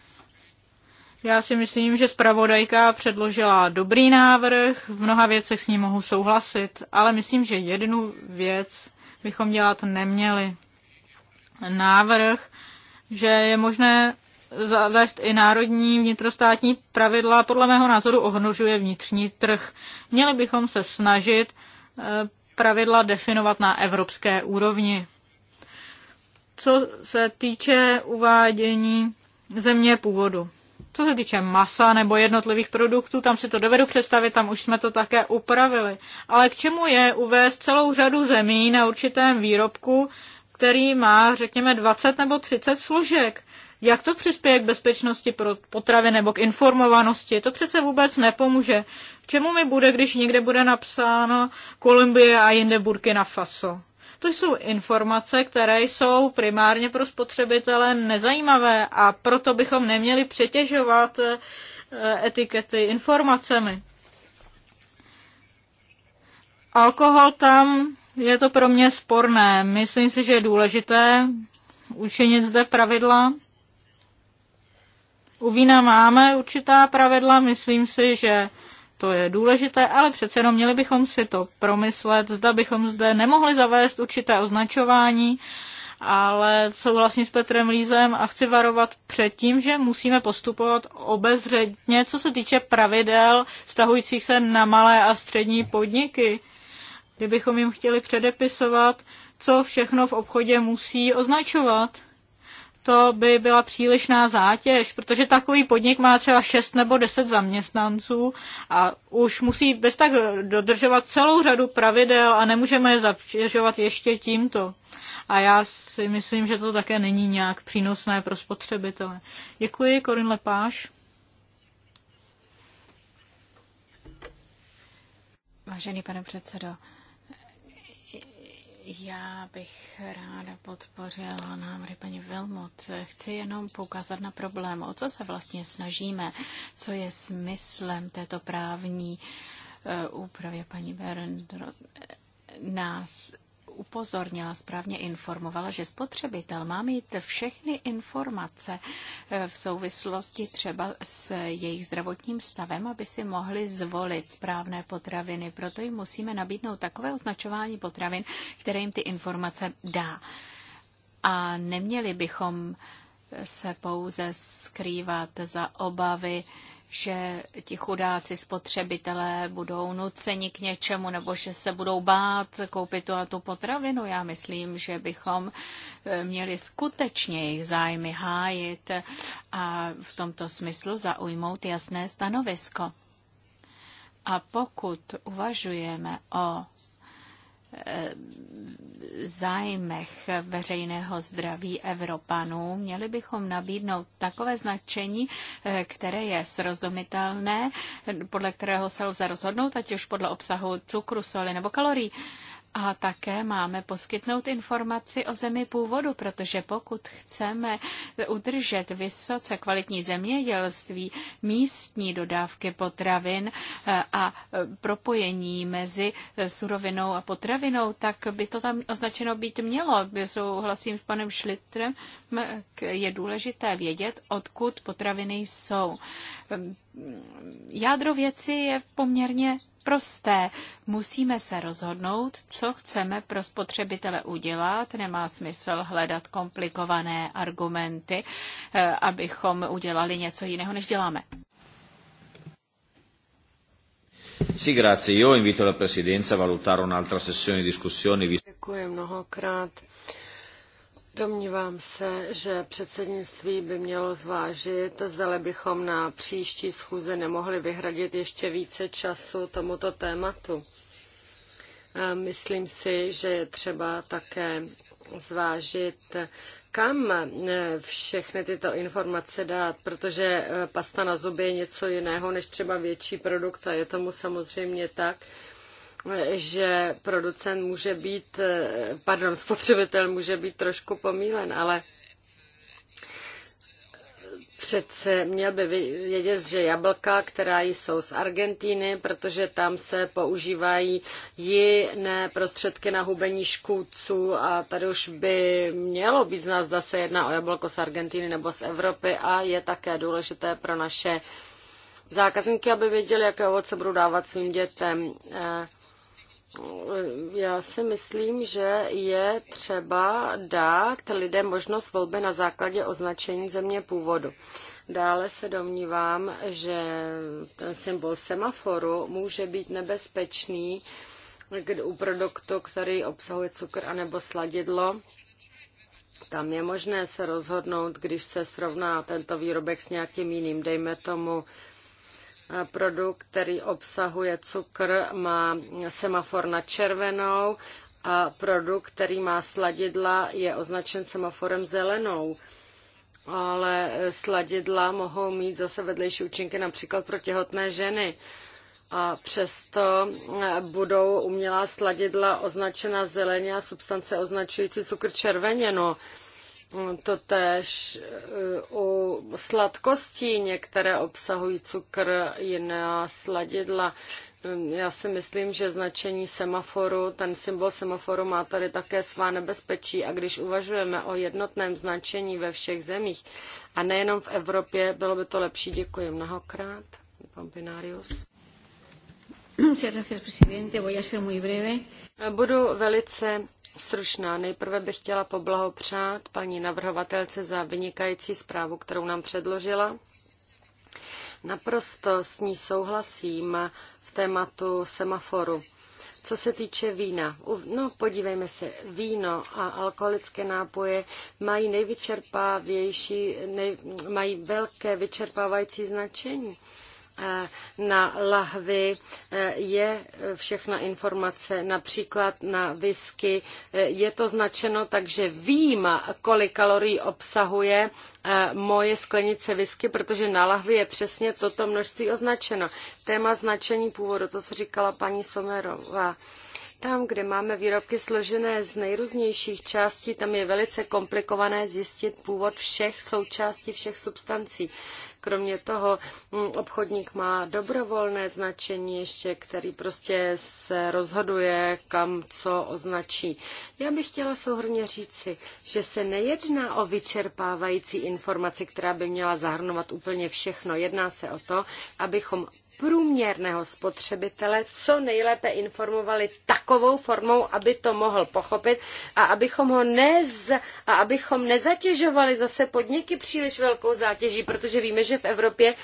já si myslím, že zpravodajka předložila dobrý návrh, v mnoha věcech s ním mohu souhlasit, ale myslím, že jednu věc bychom dělat neměli. Návrh, že je možné zavést i národní vnitrostátní pravidla podle mého názoru ohnožuje vnitřní trh. Měli bychom se snažit eh, pravidla definovat na evropské úrovni. Co se týče uvádění země původu. Co se týče masa nebo jednotlivých produktů, tam si to dovedu představit, tam už jsme to také upravili. Ale k čemu je uvést celou řadu zemí na určitém výrobku, který má, řekněme, 20 nebo 30 složek? Jak to přispěje k bezpečnosti pro potravy nebo k informovanosti? To přece vůbec nepomůže. K čemu mi bude, když někde bude napsáno Kolumbie a jinde Burkina Faso? To jsou informace, které jsou primárně pro spotřebitele nezajímavé a proto bychom neměli přetěžovat eh, etikety informacemi. Alkohol tam je to pro mě sporné. Myslím si, že je důležité učinit zde pravidla u vína máme určitá pravidla, myslím si, že to je důležité, ale přece jenom měli bychom si to promyslet, zda bychom zde nemohli zavést určité označování, ale souhlasím s Petrem Lízem a chci varovat před tím, že musíme postupovat obezřetně, co se týče pravidel vztahujících se na malé a střední podniky. Kdybychom jim chtěli předepisovat, co všechno v obchodě musí označovat to by byla přílišná zátěž, protože takový podnik má třeba 6 nebo 10 zaměstnanců a už musí bez tak dodržovat celou řadu pravidel a nemůžeme je zatěžovat ještě tímto. A já si myslím, že to také není nějak přínosné pro spotřebitele. Děkuji, Korin Lepáš. Vážený pane předsedo, já bych ráda podpořila nám, paní Vilmot. Chci jenom poukázat na problém, o co se vlastně snažíme, co je smyslem této právní eh, úpravy, paní Berendro? nás upozornila, správně informovala, že spotřebitel má mít všechny informace eh, v souvislosti třeba s jejich zdravotním stavem, aby si mohli zvolit správné potraviny. Proto jim musíme nabídnout takové označování potravin, které jim ty informace dá. A neměli bychom se pouze skrývat za obavy, že ti chudáci spotřebitelé budou nuceni k něčemu nebo že se budou bát koupit tu a tu potravinu. Já myslím, že bychom eh, měli skutečně jejich zájmy hájit a v tomto smyslu zaujmout jasné stanovisko. A pokud uvažujeme o Eh, zájmech veřejného zdraví Evropanů. Měli bychom nabídnout takové značení, eh, které je srozumitelné, podle kterého se lze rozhodnout, ať už podle obsahu cukru, soli nebo kalorií. A také máme poskytnout informaci o zemi původu, protože pokud chceme udržet vysoce kvalitní zemědělství, místní dodávky potravin eh, a eh, propojení mezi eh, surovinou a potravinou, tak by to tam označeno být mělo. Souhlasím s panem Šlitrem, je důležité vědět, odkud potraviny jsou. Ehm, jádro věci je poměrně prosté. Musíme se rozhodnout, co chceme pro spotřebitele udělat. Nemá smysl hledat komplikované argumenty, eh, abychom udělali něco jiného, než děláme. Sì, grazie. Io invito la Presidenza a valutare un'altra sessione di discussione. Děkuji mnohokrát. Domnívám se, že předsednictví by mělo zvážit, zdali bychom na příští schůze nemohli vyhradit ještě více času tomuto tématu. Myslím si, že je třeba také zvážit, kam e, všechny tyto informace dát, protože e, pasta na zuby je něco jiného než třeba větší produkt a je tomu samozřejmě tak, že producent může být, pardon, spotřebitel může být trošku pomílen, ale přece měl by vědět, že jablka, která jsou z Argentíny, protože tam se používají jiné prostředky na hubení škůdců a tady už by mělo být z nás, zda se jedná o jablko z Argentíny nebo z Evropy a je také důležité pro naše zákazníky, aby věděli, jaké ovoce budou dávat svým dětem. Eh, já si myslím, že je třeba dát lidem možnost volby na základě označení země původu. Dále se domnívám, že ten symbol semaforu může být nebezpečný u produktu, který obsahuje cukr anebo sladidlo. Tam je možné se rozhodnout, když se srovná tento výrobek s nějakým jiným, dejme tomu Produkt, který obsahuje cukr, má semafor na červenou a produkt, který má sladidla, je označen semaforem zelenou. Ale sladidla mohou mít zase vedlejší účinky například pro těhotné ženy. A přesto eh, budou umělá sladidla označena zeleně a substance označující cukr červeně. No, Totež eh, u sladkostí některé obsahují cukr, jiné sladidla. Hm, já si myslím, že značení semaforu, ten symbol semaforu má tady také svá nebezpečí a když uvažujeme o jednotném značení ve všech zemích a nejenom v Evropě, bylo by to lepší. Děkuji mnohokrát. Pan Pinarius. Budu velice stručná. Nejprve bych chtěla poblahopřát paní navrhovatelce za vynikající zprávu, kterou nám předložila. Naprosto s ní souhlasím v tématu semaforu. Co se týče vína, no podívejme se, víno a alkoholické nápoje mají nejvyčerpávější, nej, mají velké vyčerpávající značení na lahvi e, je všechna informace, například na whisky. E, je to značeno, takže vím, kolik kalorií obsahuje e, moje sklenice whisky, protože na lahvi je přesně toto množství označeno. Téma značení původu, to, co říkala paní Somerová. Tam, kde máme výrobky složené z nejrůznějších částí, tam je velice komplikované zjistit původ všech součástí, všech substancí. Kromě toho mm, obchodník má dobrovolné značení ještě, který prostě se rozhoduje, kam co označí. Já bych chtěla souhrně říci, že se nejedná o vyčerpávající informaci, která by měla zahrnovat úplně všechno. Jedná se o to, abychom průměrného spotřebitele co nejlépe informovali takovou formou, aby to mohl pochopit a abychom ho nez, a abychom nezatěžovali zase podniky příliš velkou zátěží, protože víme, že v Evropě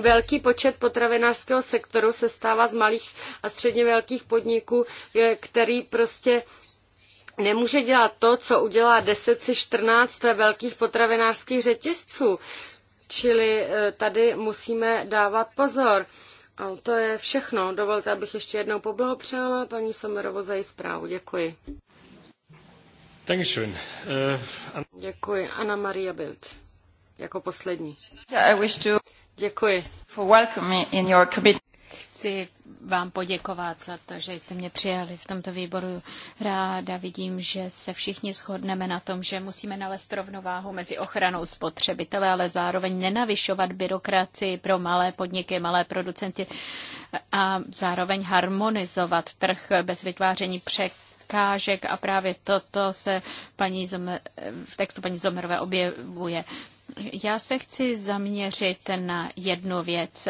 velký počet potravinářského sektoru se stává z malých a středně velkých podniků, který prostě nemůže dělat to, co udělá 10 či 14 velkých potravinářských řetězců. Čili eh, tady musíme dávat pozor. A to je všechno. Dovolte, abych ještě jednou poblahopřála paní Somerovo za její zprávu. Děkuji. Dankeschön. Eh, Děkuji. Anna Maria Bild. Jako poslední. I wish to... Děkuji. For welcoming in your committee chci vám poděkovat za to, že jste mě přijali v tomto výboru. Ráda vidím, že se všichni shodneme na tom, že musíme nalézt rovnováhu mezi ochranou spotřebitele, ale zároveň nenavyšovat byrokracii pro malé podniky, malé producenty a zároveň harmonizovat trh bez vytváření překážek a právě toto se paní Zomer, v textu paní Zomerové objevuje. Já se chci zaměřit na jednu věc.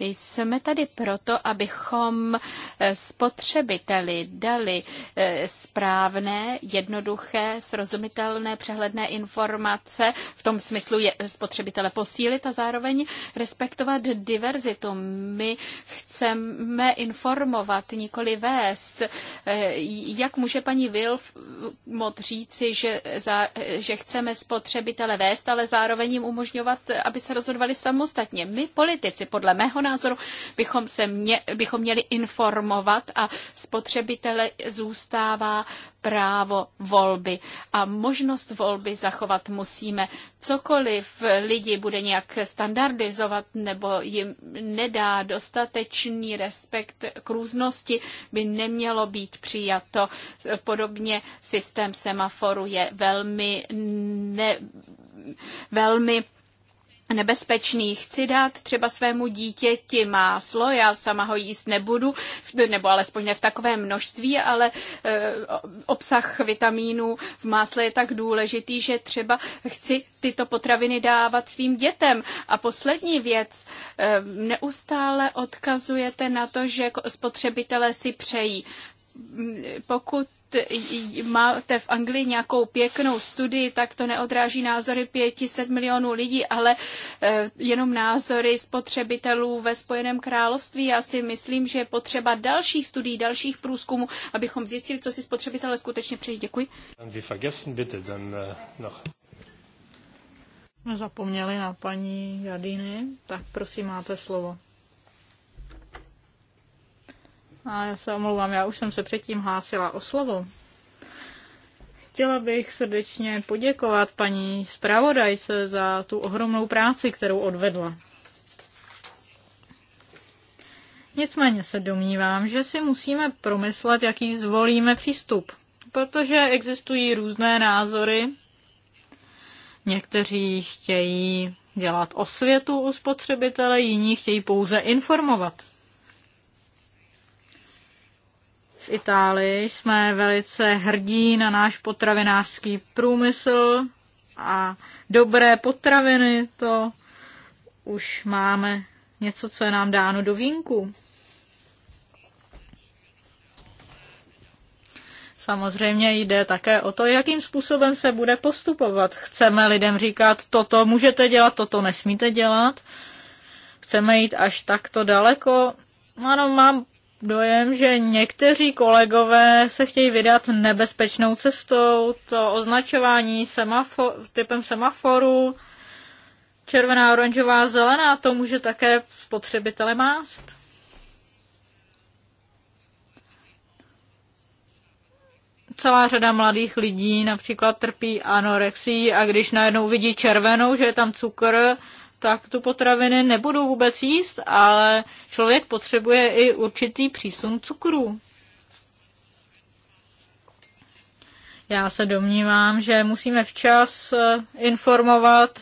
Jsme tady proto, abychom eh, spotřebiteli dali eh, správné, jednoduché, srozumitelné, přehledné informace, v tom smyslu je spotřebitele posílit a zároveň respektovat diverzitu. My chceme informovat, nikoli vést. Eh, jak může paní Wilf moc říci, že, že chceme spotřebitele vést, ale zároveň zároveň jim umožňovat, aby se rozhodovali samostatně. My politici, podle mého názoru, bychom, se mě, bychom měli informovat a spotřebitele zůstává právo volby a možnost volby zachovat musíme. Cokoliv lidi bude nějak standardizovat nebo jim nedá dostatečný respekt k různosti, by nemělo být přijato. Podobně systém semaforu je velmi ne velmi nebezpečný. Chci dát třeba svému dítěti máslo, já sama ho jíst nebudu, nebo alespoň ne v takovém množství, ale e, obsah vitamínů v másle je tak důležitý, že třeba chci tyto potraviny dávat svým dětem. A poslední věc, e, neustále odkazujete na to, že spotřebitelé si přejí pokud máte v Anglii nějakou pěknou studii, tak to neodráží názory 500 milionů lidí, ale eh, jenom názory spotřebitelů ve Spojeném království. Já si myslím, že je potřeba dalších studií, dalších průzkumů, abychom zjistili, co si spotřebitelé skutečně přejí. Děkuji. Eh, Zapomněli na paní Jadiny, tak prosím, máte slovo. A já se omlouvám, já už jsem se předtím hlásila o slovo. Chtěla bych srdečně poděkovat paní zpravodajce za tu ohromnou práci, kterou odvedla. Nicméně se domnívám, že si musíme promyslet, jaký zvolíme přístup, protože existují různé názory. Někteří chtějí dělat osvětu u spotřebitele, jiní chtějí pouze informovat. v Itálii jsme velice hrdí na náš potravinářský průmysl a dobré potraviny, to už máme něco, co je nám dáno do vínku. Samozřejmě jde také o to, jakým způsobem se bude postupovat. Chceme lidem říkat, toto můžete dělat, toto nesmíte dělat. Chceme jít až takto daleko. Ano, mám dojem, že někteří kolegové se chtějí vydat nebezpečnou cestou, to označování semafo- typem semaforu, červená, oranžová, zelená, to může také spotřebitele mást. Celá řada mladých lidí například trpí anorexí a když najednou vidí červenou, že je tam cukr, tak tu potraviny nebudou vůbec jíst, ale člověk potřebuje i určitý přísun cukru. Já se domnívám, že musíme včas eh, informovat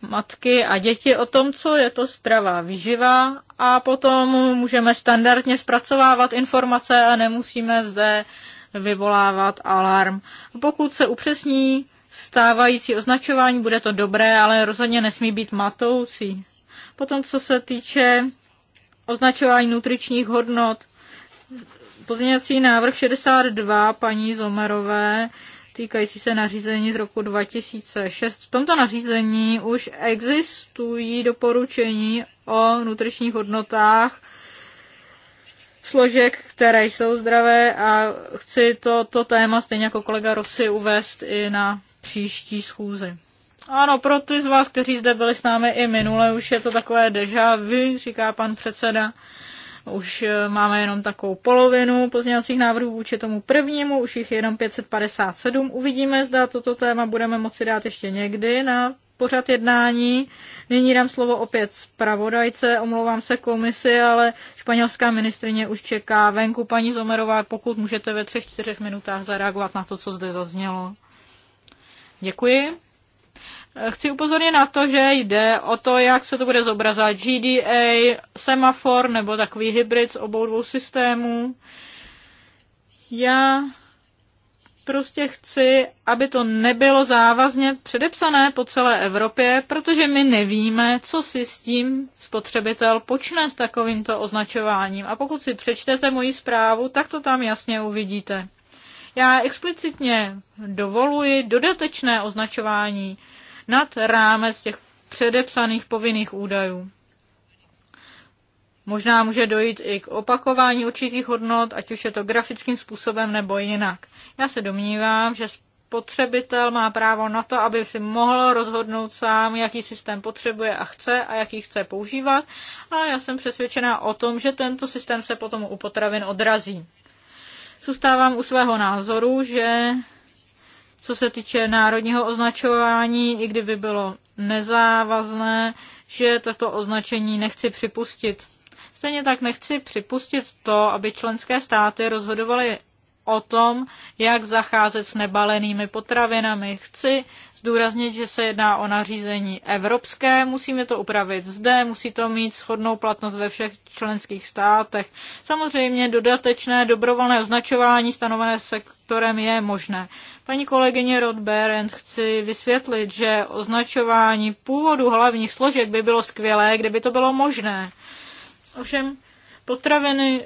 matky a děti o tom, co je to zdravá výživa a potom můžeme standardně zpracovávat informace a nemusíme zde vyvolávat alarm. Pokud se upřesní stávající označování, bude to dobré, ale rozhodně nesmí být matoucí. Potom, co se týče označování nutričních hodnot, pozměňovací návrh 62 paní Zomerové týkající se nařízení z roku 2006. V tomto nařízení už existují doporučení o nutričních hodnotách složek, které jsou zdravé a chci toto to téma stejně jako kolega Rosy uvést i na příští schůzi. Ano, pro ty z vás, kteří zde byli s námi i minule, už je to takové deja vu, říká pan předseda. Už e, máme jenom takovou polovinu pozměňovacích návrhů vůči tomu prvnímu, už jich je jenom 557. Uvidíme, zda toto téma budeme moci dát ještě někdy na pořad jednání. Nyní dám slovo opět zpravodajce, omlouvám se komisi, ale španělská ministrině už čeká venku. Paní Zomerová, pokud můžete ve třech, čtyřech minutách zareagovat na to, co zde zaznělo. Děkuji. Chci upozornit na to, že jde o to, jak se to bude zobrazovat GDA, semafor nebo takový hybrid z obou dvou systémů. Já prostě chci, aby to nebylo závazně předepsané po celé Evropě, protože my nevíme, co si s tím spotřebitel počne s takovýmto označováním. A pokud si přečtete moji zprávu, tak to tam jasně uvidíte. Já explicitně dovoluji dodatečné označování nad rámec těch předepsaných povinných údajů. Možná může dojít i k opakování určitých hodnot, ať už je to grafickým způsobem nebo jinak. Já se domnívám, že spotřebitel má právo na to, aby si mohl rozhodnout sám, jaký systém potřebuje a chce a jaký chce používat. A já jsem přesvědčená o tom, že tento systém se potom u potravin odrazí. Zůstávám u svého názoru, že co se týče národního označování, i kdyby bylo nezávazné, že toto označení nechci připustit. Stejně tak nechci připustit to, aby členské státy rozhodovaly o tom, jak zacházet s nebalenými potravinami. Chci zdůraznit, že se jedná o nařízení evropské, musíme to upravit zde, musí to mít shodnou platnost ve všech členských státech. Samozřejmě dodatečné dobrovolné označování stanovené sektorem je možné. Paní kolegyně Rodberend Berend chci vysvětlit, že označování původu hlavních složek by bylo skvělé, kdyby to bylo možné. Ovšem, potraviny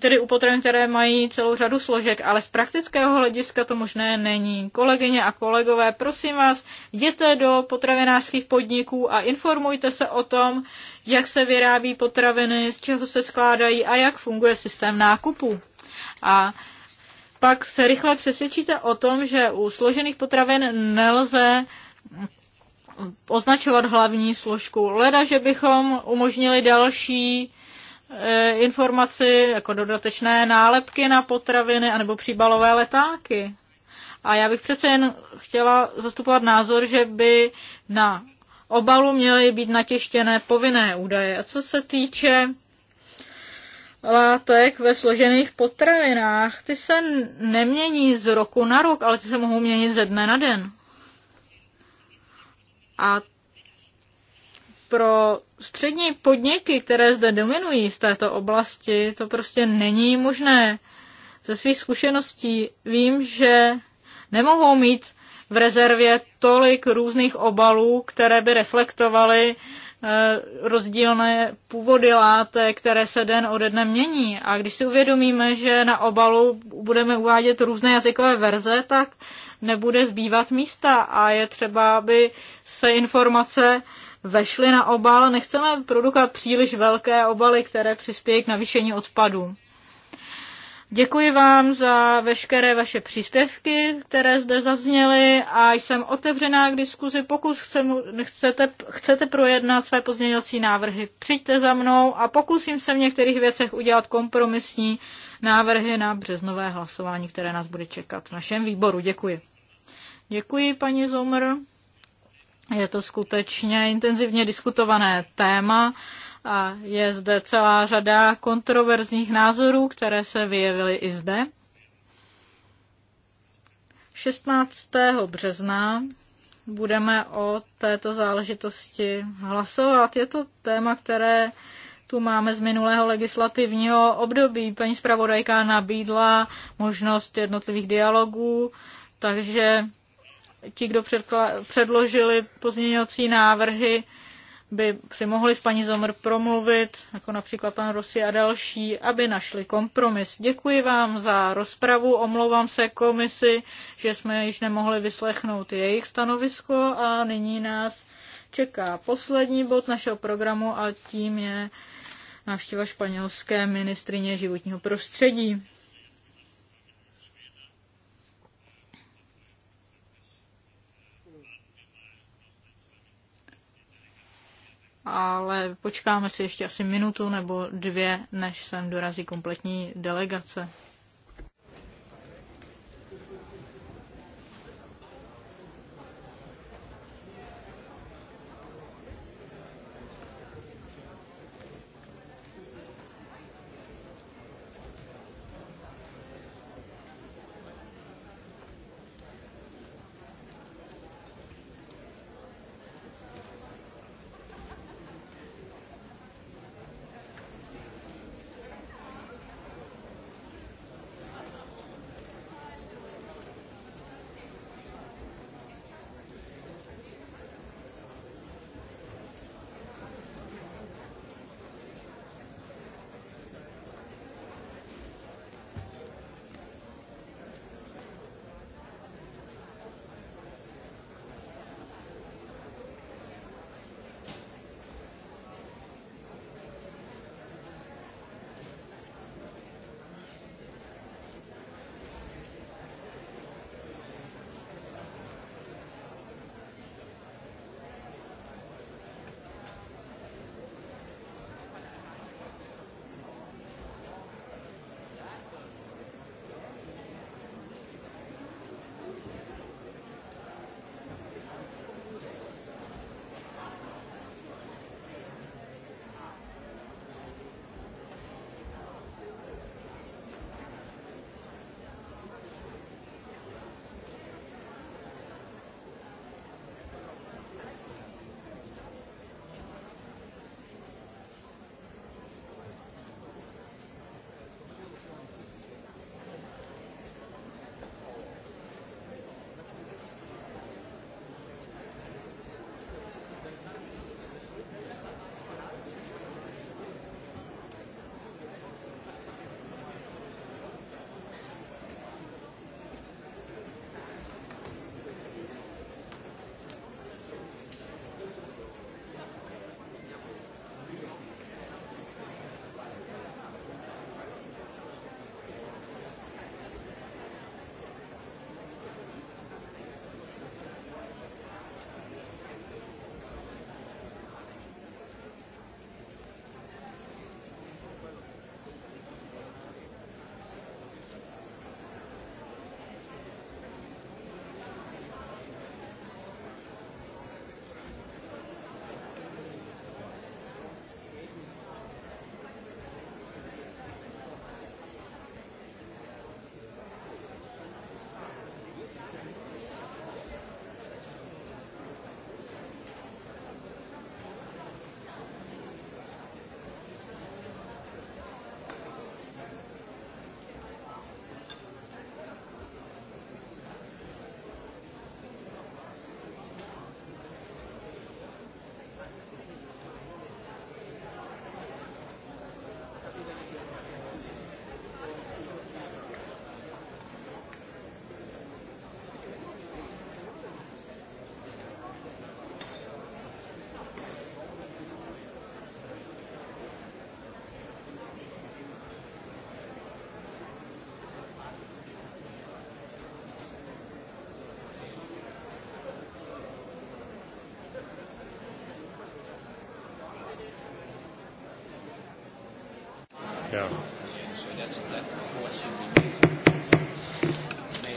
tedy u potravin, které mají celou řadu složek, ale z praktického hlediska to možné není. Kolegyně a kolegové, prosím vás, jděte do potravinářských podniků a informujte se o tom, jak se vyrábí potraviny, z čeho se skládají a jak funguje systém nákupu. A pak se rychle přesvědčíte o tom, že u složených potravin nelze označovat hlavní složku. Leda, že bychom umožnili další Eh, informaci jako dodatečné nálepky na potraviny anebo příbalové letáky. A já bych přece jen chtěla zastupovat názor, že by na obalu měly být natěštěné povinné údaje. A co se týče látek ve složených potravinách, ty se nemění z roku na rok, ale ty se mohou měnit ze dne na den. A pro střední podniky, které zde dominují v této oblasti, to prostě není možné. Ze svých zkušeností vím, že nemohou mít v rezervě tolik různých obalů, které by reflektovaly eh, rozdílné původy látek, které se den ode dne mění. A když si uvědomíme, že na obalu budeme uvádět různé jazykové verze, tak nebude zbývat místa a je třeba, aby se informace vešly na obal. Nechceme produkovat příliš velké obaly, které přispějí k navýšení odpadů. Děkuji vám za veškeré vaše příspěvky, které zde zazněly a jsem otevřená k diskuzi. Pokud chcete, chcete projednat své pozměňovací návrhy, přijďte za mnou a pokusím se v některých věcech udělat kompromisní návrhy na březnové hlasování, které nás bude čekat v našem výboru. Děkuji. Děkuji, paní Zomr. Je to skutečně intenzivně diskutované téma a je zde celá řada kontroverzních názorů, které se vyjevily i zde. 16. března budeme o této záležitosti hlasovat. Je to téma, které tu máme z minulého legislativního období. Paní zpravodajka nabídla možnost jednotlivých dialogů, takže ti, kdo předložili pozměňovací návrhy, by si mohli s paní Zomr promluvit, jako například pan Rosy a další, aby našli kompromis. Děkuji vám za rozpravu, omlouvám se komisi, že jsme již nemohli vyslechnout jejich stanovisko a nyní nás čeká poslední bod našeho programu a tím je návštěva španělské ministrině životního prostředí. ale počkáme si ještě asi minutu nebo dvě, než sem dorazí kompletní delegace.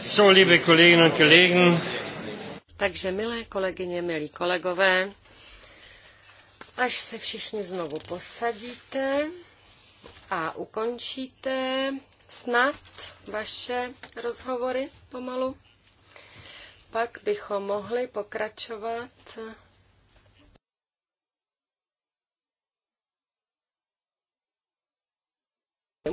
So, liebe Kolleginnen und Kollegen. Takže milé kolegyně, milí kolegové, až se všichni znovu posadíte a ukončíte snad vaše rozhovory pomalu, pak bychom mohli pokračovat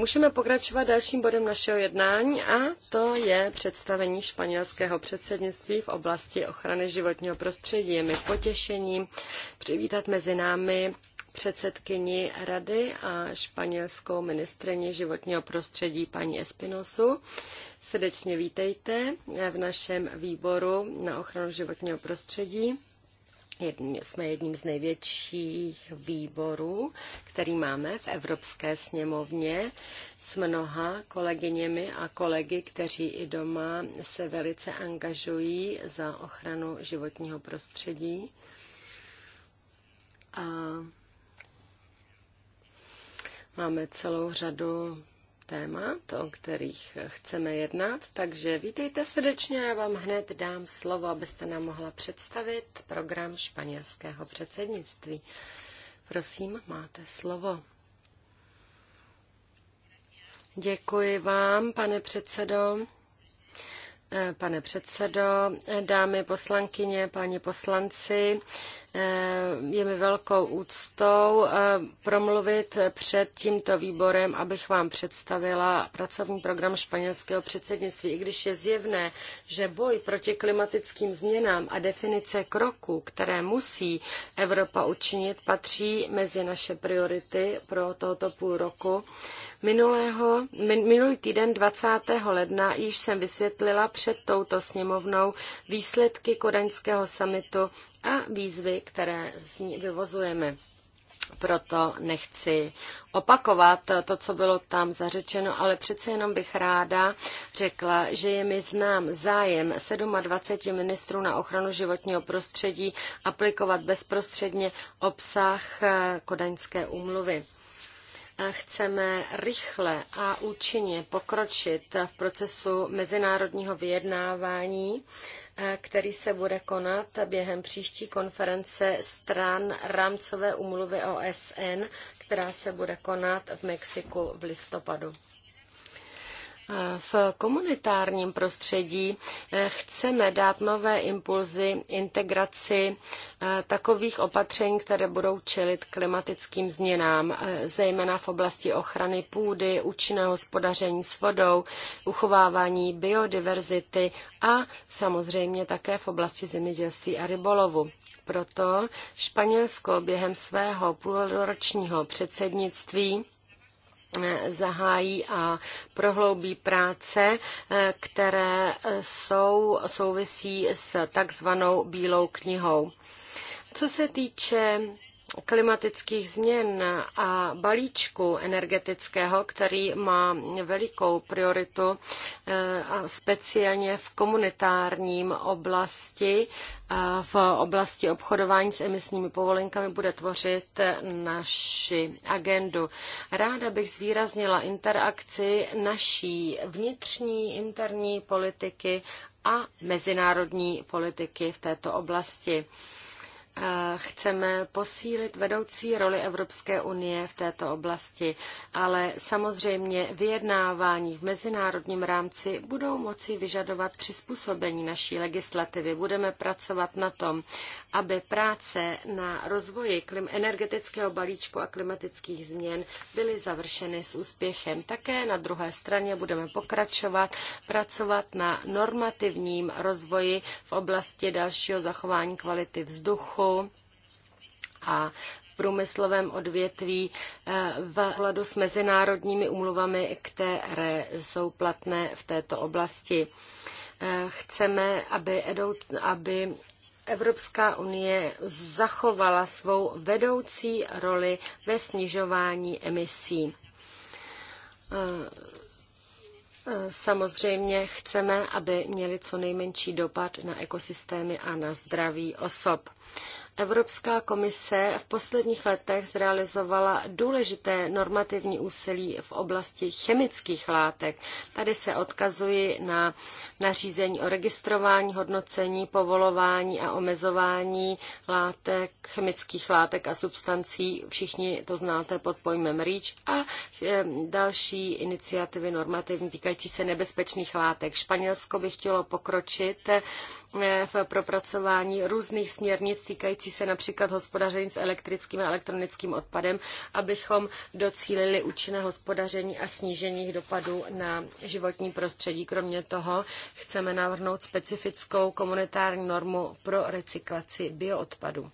Můžeme pokračovat dalším bodem našeho jednání a to je představení španělského předsednictví v oblasti ochrany životního prostředí. Je mi potěšením přivítat mezi námi předsedkyni rady a španělskou ministrině životního prostředí paní Espinosu. Srdečně vítejte v našem výboru na ochranu životního prostředí jsme jedním z největších výborů, který máme v Evropské sněmovně s mnoha kolegyněmi a kolegy, kteří i doma se velice angažují za ochranu životního prostředí. A máme celou řadu témat, o kterých chceme jednat, takže vítejte srdečně, já vám hned dám slovo, abyste nám mohla představit program španělského předsednictví. Prosím, máte slovo. Děkuji vám, pane předsedo. Eh, pane předsedo, eh, dámy poslankyně, páni poslanci, Eh, je mi velkou úctou eh, promluvit před tímto výborem, abych vám představila pracovní program španělského předsednictví. I když je zjevné, že boj proti klimatickým změnám a definice kroků, které musí Evropa učinit, patří mezi naše priority pro tohoto půl roku. Minulého, minulý týden 20. ledna již jsem vysvětlila před touto sněmovnou výsledky kodaňského samitu a výzvy, které z ní vyvozujeme. Proto nechci opakovat to, co bylo tam zařečeno, ale přece jenom bych ráda řekla, že je mi znám zájem 27 ministrů na ochranu životního prostředí aplikovat bezprostředně obsah eh, Kodaňské úmluvy chceme rychle a účinně pokročit v procesu mezinárodního vyjednávání který se bude konat během příští konference stran rámcové umluvy OSN, která se bude konat v Mexiku v listopadu. V komunitárním prostředí eh, chceme dát nové impulzy integraci eh, takových opatření, které budou čelit klimatickým změnám, eh, zejména v oblasti ochrany půdy, účinného hospodaření s vodou, uchovávání biodiverzity a samozřejmě také v oblasti zemědělství a rybolovu. Proto Španělsko během svého půlročního předsednictví zahájí a prohloubí práce, eh, které jsou, souvisí s takzvanou bílou knihou. Co se týče klimatických změn a balíčku energetického, který má velikou prioritu eh, a speciálně v komunitárním oblasti, a v oblasti obchodování s emisními povolenkami bude tvořit naši agendu. Ráda bych zvýraznila interakci naší vnitřní interní politiky a mezinárodní politiky v této oblasti chceme posílit vedoucí roli Evropské unie v této oblasti, ale samozřejmě vyjednávání v mezinárodním rámci budou moci vyžadovat přizpůsobení naší legislativy. Budeme pracovat na tom, aby práce na rozvoji klim energetického balíčku a klimatických změn byly završeny s úspěchem. Také na druhé straně budeme pokračovat, pracovat na normativním rozvoji v oblasti dalšího zachování kvality vzduchu a v průmyslovém odvětví v hladu s mezinárodními umluvami, které jsou platné v této oblasti. Chceme, aby, aby Evropská unie zachovala svou vedoucí roli ve snižování emisí. Eh, samozřejmě chceme, aby měly co nejmenší dopad na ekosystémy a na zdraví osob. Evropská komise v posledních letech zrealizovala důležité normativní úsilí v oblasti chemických látek. Tady se odkazuji na nařízení o registrování, hodnocení, povolování a omezování látek, chemických látek a substancí. Všichni to znáte pod pojmem REACH a e, další iniciativy normativní týkající se nebezpečných látek. Španělsko by chtělo pokročit v propracování různých směrnic týkající se například hospodaření s elektrickým a elektronickým odpadem, abychom docílili účinné hospodaření a snížení dopadů na životní prostředí. Kromě toho chceme navrhnout specifickou komunitární normu pro recyklaci bioodpadu.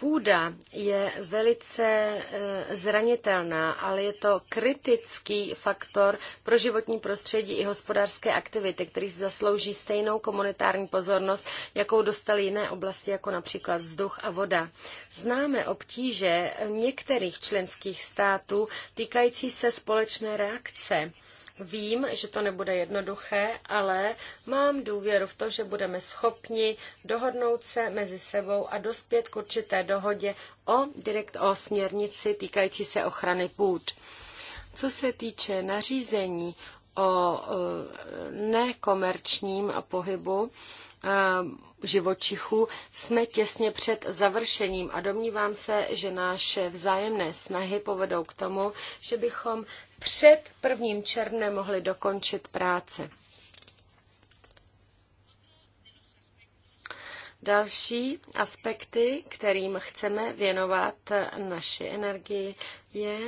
Půda je velice eh, zranitelná, ale je to kritický faktor pro životní prostředí i hospodářské aktivity, který si zaslouží stejnou komunitární pozornost, jakou dostaly jiné oblasti, jako například vzduch a voda. Známe obtíže některých členských států týkající se společné reakce Vím, že to nebude jednoduché, ale mám důvěru v to, že budeme schopni dohodnout se mezi sebou a dospět k určité dohodě o, direkt, o směrnici týkající se ochrany půd. Co se týče nařízení o eh, nekomerčním pohybu, eh, živočichů jsme těsně před završením a domnívám se, že naše vzájemné snahy povedou k tomu, že bychom před prvním červnem mohli dokončit práce. Další aspekty, kterým chceme věnovat naši energii, je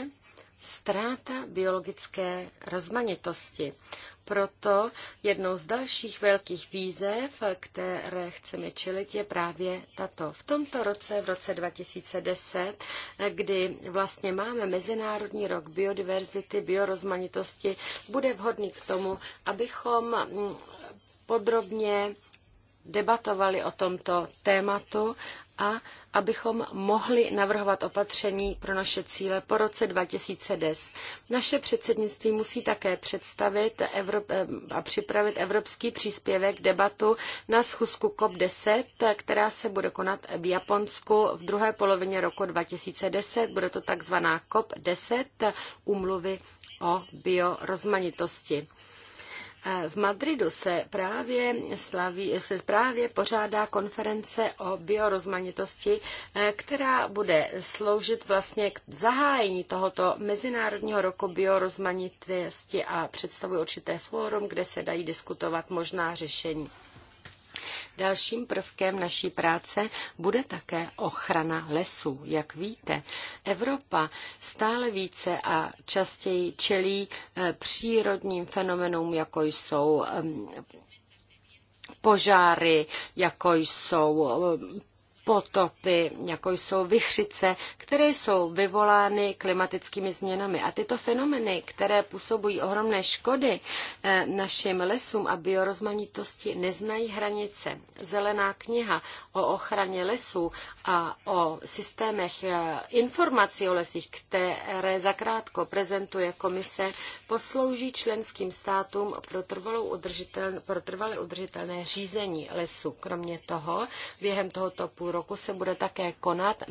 ztráta biologické rozmanitosti proto jednou z dalších velkých výzev, které chceme čelit, je právě tato. V tomto roce, v roce 2010, kdy vlastně máme Mezinárodní rok biodiverzity, biorozmanitosti, bude vhodný k tomu, abychom podrobně debatovali o tomto tématu a abychom mohli navrhovat opatření pro naše cíle po roce 2010. Naše předsednictví musí také představit eh, a připravit evropský příspěvek debatu na schůzku COP10, která se bude konat v Japonsku v druhé polovině roku 2010. Bude to takzvaná COP10 umluvy o biorozmanitosti. V Madridu se právě, slaví, se právě pořádá konference o biorozmanitosti, eh, která bude sloužit vlastně k zahájení tohoto Mezinárodního roku biorozmanitosti a představuje určité fórum, kde se dají diskutovat možná řešení. Dalším prvkem naší práce bude také ochrana lesů. Jak víte, Evropa stále více a častěji čelí eh, přírodním fenomenům, jako jsou ehm, požáry, jako jsou ehm, potopy, jako jsou vychřice, které jsou vyvolány klimatickými změnami. A tyto fenomeny, které působují ohromné škody eh, našim lesům a biorozmanitosti, neznají hranice. Zelená kniha o ochraně lesů a o systémech eh, informací o lesích, které zakrátko prezentuje komise, poslouží členským státům pro, trvalou udržitel, pro trvalé udržitelné řízení lesů. Kromě toho, během tohoto půl roku se bude také konat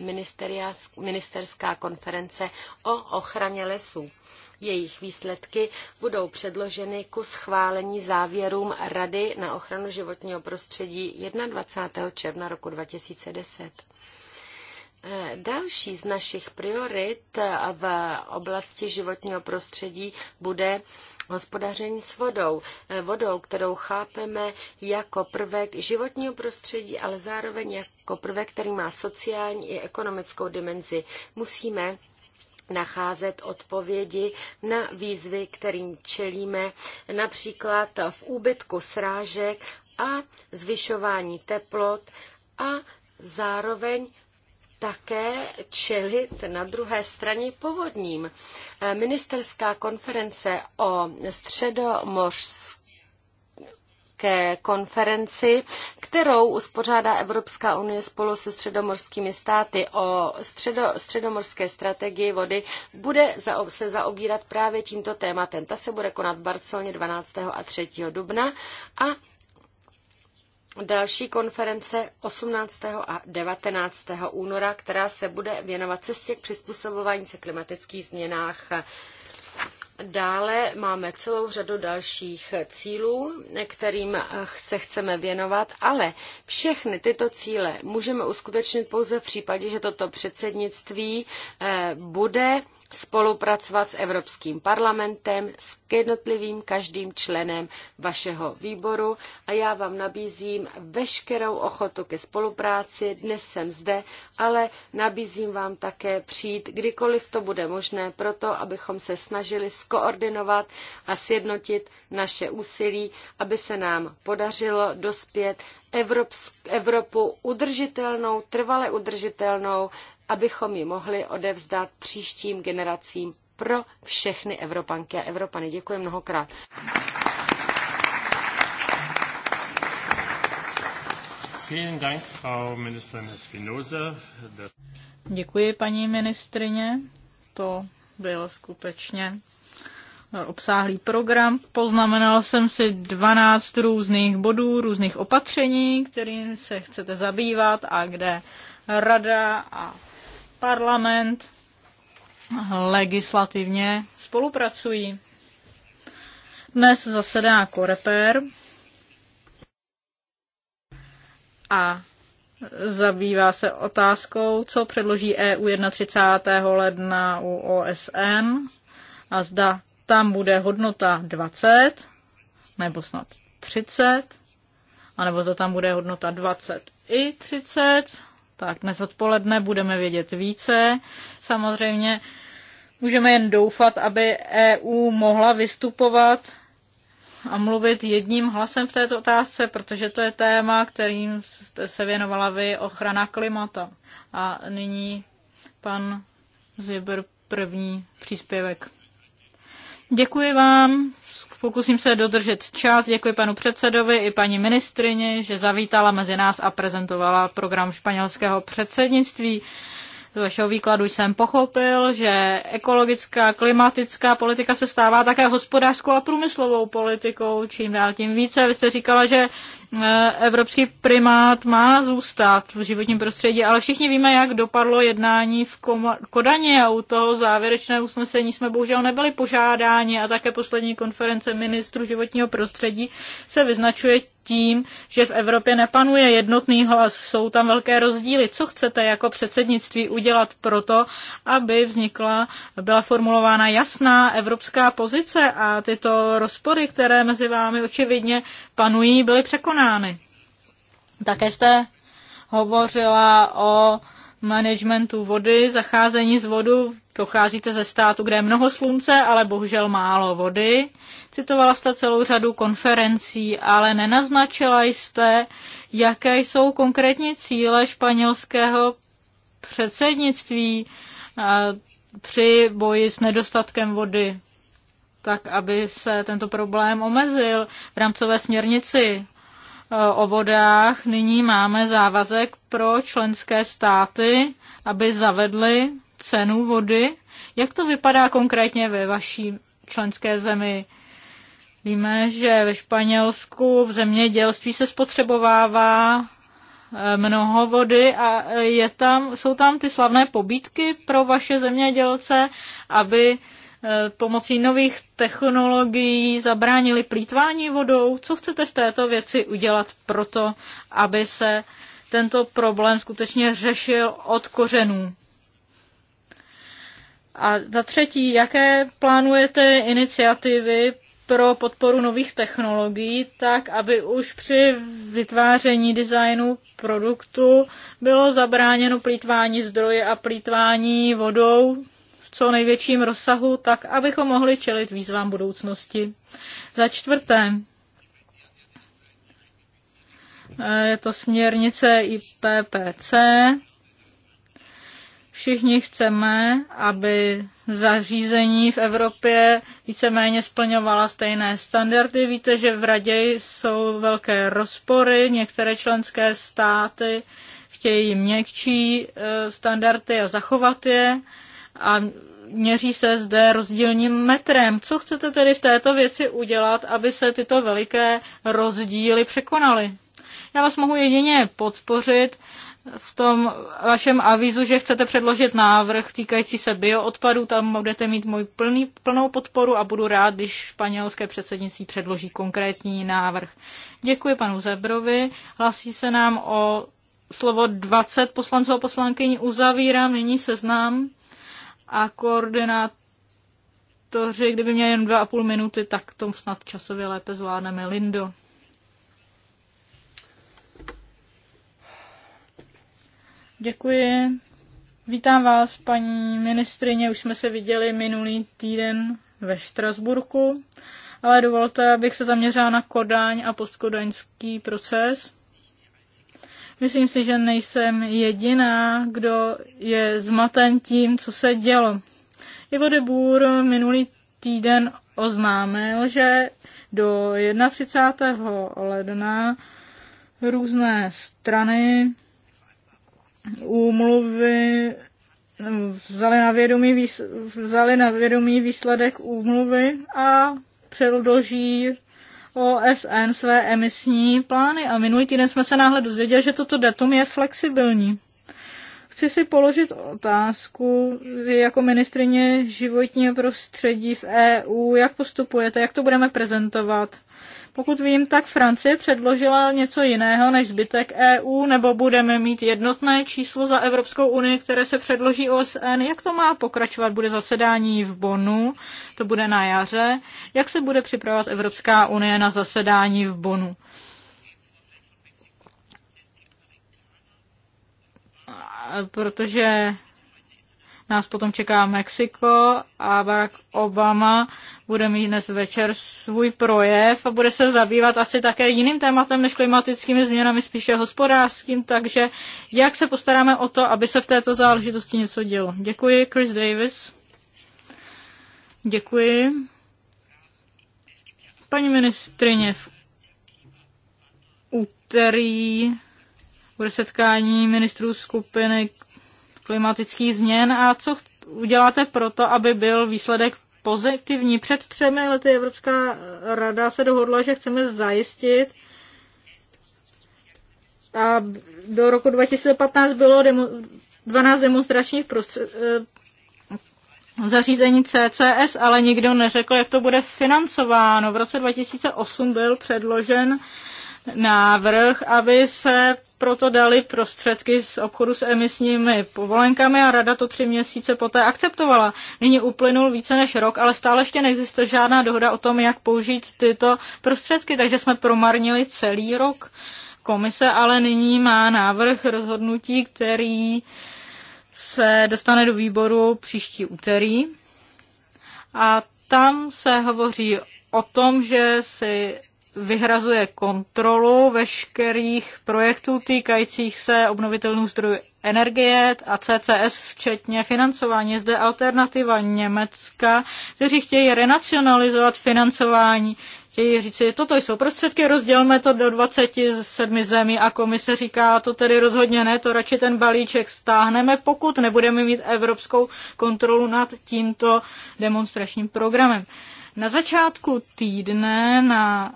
ministerská konference o ochraně lesů. Jejich výsledky budou předloženy ku schválení závěrům Rady na ochranu životního prostředí 21. června roku 2010. Eh, další z našich priorit eh, v oblasti životního prostředí bude hospodaření s vodou. Eh, vodou, kterou chápeme jako prvek životního prostředí, ale zároveň jako prvek, který má sociální i ekonomickou dimenzi. Musíme nacházet odpovědi na výzvy, kterým čelíme, například v úbytku srážek a zvyšování teplot a zároveň také čelit na druhé straně povodním. Eh, ministerská konference o středomořské ke konferenci, kterou uspořádá Evropská unie spolu se středomorskými státy o středo, středomorské strategii vody, bude za, se zaobírat právě tímto tématem. Ta se bude konat v Barceloně 12. a 3. dubna a další konference 18. a 19. února, která se bude věnovat cestě k přizpůsobování se klimatických změnách. Dále máme celou řadu dalších cílů, kterým se chceme věnovat, ale všechny tyto cíle můžeme uskutečnit pouze v případě, že toto předsednictví eh, bude spolupracovat s Evropským parlamentem, s jednotlivým každým členem vašeho výboru a já vám nabízím veškerou ochotu ke spolupráci. Dnes jsem zde, ale nabízím vám také přijít, kdykoliv to bude možné, proto abychom se snažili skoordinovat a sjednotit naše úsilí, aby se nám podařilo dospět Evropsk- Evropu udržitelnou, trvale udržitelnou, abychom ji mohli odevzdat příštím generacím pro všechny Evropanky a Evropany. Děkuji mnohokrát. Děkuji, paní ministrině. To byl skutečně eh, obsáhlý program. Poznamenal jsem si 12 různých bodů, různých opatření, kterým se chcete zabývat a kde rada a parlament legislativně spolupracují. Dnes zasedá Koreper a zabývá se otázkou, co předloží EU 31. ledna u OSN a zda tam bude hodnota 20 nebo snad 30, anebo zda tam bude hodnota 20 i 30 tak dnes odpoledne budeme vědět více. Samozřejmě můžeme jen doufat, aby EU mohla vystupovat a mluvit jedním hlasem v této otázce, protože to je téma, kterým jste se věnovala vy, ochrana klimata. A nyní pan Zvěber první příspěvek. Děkuji vám pokusím se dodržet čas. Děkuji panu předsedovi i paní ministrině, že zavítala mezi nás a prezentovala program španělského předsednictví. Z vašeho výkladu jsem pochopil, že ekologická, klimatická politika se stává také hospodářskou a průmyslovou politikou, čím dál tím více. Vy jste říkala, že eh, evropský primát má zůstat v životním prostředí, ale všichni víme, jak dopadlo jednání v Kodaně a u toho závěrečné usnesení jsme bohužel nebyli požádáni a také poslední konference ministrů životního prostředí se vyznačuje tím, že v Evropě nepanuje jednotný hlas, jsou tam velké rozdíly. Co chcete jako předsednictví udělat proto, aby vznikla, byla formulována jasná evropská pozice a tyto rozpory, které mezi vámi očividně panují, byly překonány? Také jste hovořila o managementu vody, zacházení z vodu. Pocházíte ze státu, kde je mnoho slunce, ale bohužel málo vody. Citovala jste celou řadu konferencí, ale nenaznačila jste, jaké jsou konkrétní cíle španělského předsednictví při boji s nedostatkem vody tak aby se tento problém omezil v rámcové směrnici o vodách nyní máme závazek pro členské státy, aby zavedly cenu vody. Jak to vypadá konkrétně ve vaší členské zemi? Víme, že ve Španělsku v zemědělství se spotřebovává eh, mnoho vody a eh, je tam, jsou tam ty slavné pobídky pro vaše zemědělce, aby Eh, pomocí nových technologií zabránili plítvání vodou. Co chcete v této věci udělat proto, aby se tento problém skutečně řešil od kořenů? A za třetí, jaké plánujete iniciativy pro podporu nových technologií, tak aby už při vytváření designu produktu bylo zabráněno plítvání zdroje a plítvání vodou, co největším rozsahu, tak abychom mohli čelit výzvám budoucnosti. Za čtvrté, je to směrnice IPPC. Všichni chceme, aby zařízení v Evropě víceméně splňovala stejné standardy. Víte, že v Radě jsou velké rozpory. Některé členské státy chtějí měkčí eh, standardy a zachovat je a měří se zde rozdílným metrem. Co chcete tedy v této věci udělat, aby se tyto veliké rozdíly překonaly? Já vás mohu jedině podpořit v tom vašem avizu, že chcete předložit návrh týkající se bioodpadů, tam budete mít můj plný, plnou podporu a budu rád, když španělské předsednictví předloží konkrétní návrh. Děkuji panu Zebrovi, hlasí se nám o slovo 20 poslanců a poslankyní, uzavírám nyní seznám a koordinátoři, kdyby měli jen dva a půl minuty, tak tom snad časově lépe zvládneme. Lindo. Děkuji. Vítám vás, paní ministrině. Už jsme se viděli minulý týden ve Štrasburku, ale dovolte, abych se zaměřila na kodáň a postkodaňský proces. Myslím si, že nejsem jediná, kdo je zmaten tím, co se dělo. Ivo de Bůr minulý týden oznámil, že do 31. ledna různé strany úmluvy vzali na vědomí, vzali na vědomí výsledek úmluvy a předloží OSN své emisní plány a minulý týden jsme se náhle dozvěděli, že toto datum je flexibilní. Chci si položit otázku, vy jako ministrině životního prostředí v EU, jak postupujete, jak to budeme prezentovat, pokud vím, tak Francie předložila něco jiného než zbytek EU, nebo budeme mít jednotné číslo za Evropskou unii, které se předloží OSN. Jak to má pokračovat? Bude zasedání v Bonu, to bude na jaře. Jak se bude připravovat Evropská unie na zasedání v Bonu? Protože nás potom čeká Mexiko a Barack Obama bude mít dnes večer svůj projev a bude se zabývat asi také jiným tématem než klimatickými změnami, spíše hospodářským, takže jak se postaráme o to, aby se v této záležitosti něco dělo. Děkuji, Chris Davis. Děkuji. Paní ministrině, v úterý bude setkání ministrů skupiny klimatických změn a co uděláte proto, aby byl výsledek pozitivní. Před třemi lety Evropská rada se dohodla, že chceme zajistit, a do roku 2015 bylo demo, 12 demonstračních prostřed, eh, zařízení CCS, ale nikdo neřekl, jak to bude financováno. V roce 2008 byl předložen návrh, aby se proto dali prostředky z obchodu s emisními povolenkami a rada to tři měsíce poté akceptovala. Nyní uplynul více než rok, ale stále ještě neexistuje žádná dohoda o tom, jak použít tyto prostředky, takže jsme promarnili celý rok. Komise ale nyní má návrh rozhodnutí, který se dostane do výboru příští úterý. A tam se hovoří o tom, že si vyhrazuje kontrolu veškerých projektů týkajících se obnovitelných zdrojů energie a CCS, včetně financování. zde alternativa Německa, kteří chtějí renacionalizovat financování. Chtějí říci, toto jsou prostředky, rozdělme to do 27 zemí a komise říká, to tedy rozhodně ne, to radši ten balíček stáhneme, pokud nebudeme mít evropskou kontrolu nad tímto demonstračním programem. Na začátku týdne na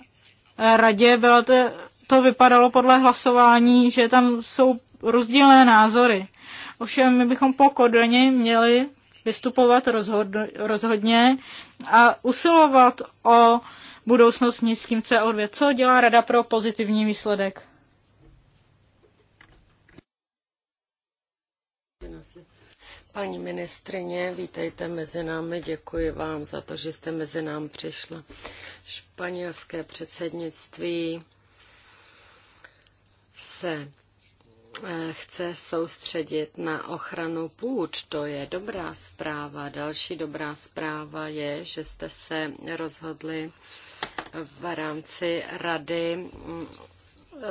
radě byla to to vypadalo podle hlasování, že tam jsou rozdílné názory. Ovšem my bychom po Kodani měli vystupovat rozhodně a usilovat o budoucnost nízkým CO2. Co dělá Rada pro pozitivní výsledek? Paní ministrině, vítejte mezi námi, děkuji vám za to, že jste mezi námi přišla. Španělské předsednictví se eh, chce soustředit na ochranu půd. To je dobrá zpráva. Další dobrá zpráva je, že jste se rozhodli v rámci rady mm,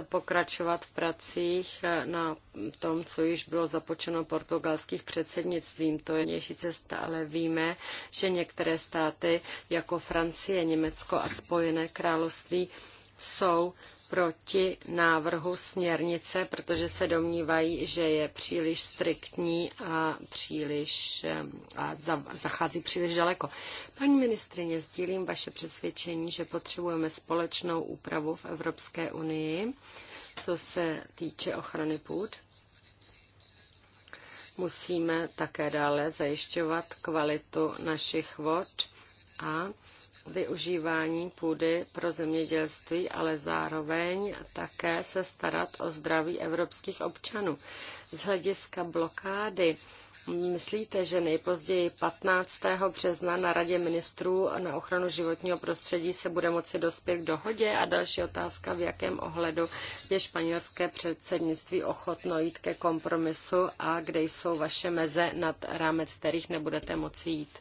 pokračovat v pracích na tom, co již bylo započeno portugalských předsednictvím. To je nější cesta, ale víme, že některé státy jako Francie, Německo a Spojené království jsou proti návrhu směrnice, protože se domnívají, že je příliš striktní a příliš a zachází příliš daleko. Paní ministrině, sdílím vaše přesvědčení, že potřebujeme společnou úpravu v Evropské unii, co se týče ochrany půd. Musíme také dále zajišťovat kvalitu našich vod a využívání půdy pro zemědělství, ale zároveň také se starat o zdraví evropských občanů. Z hlediska blokády Myslíte, že nejpozději 15. března na Radě ministrů na ochranu životního prostředí se bude moci dospět k dohodě? A další otázka, v jakém ohledu je španělské předsednictví ochotno jít ke kompromisu a kde jsou vaše meze nad rámec, kterých nebudete moci jít?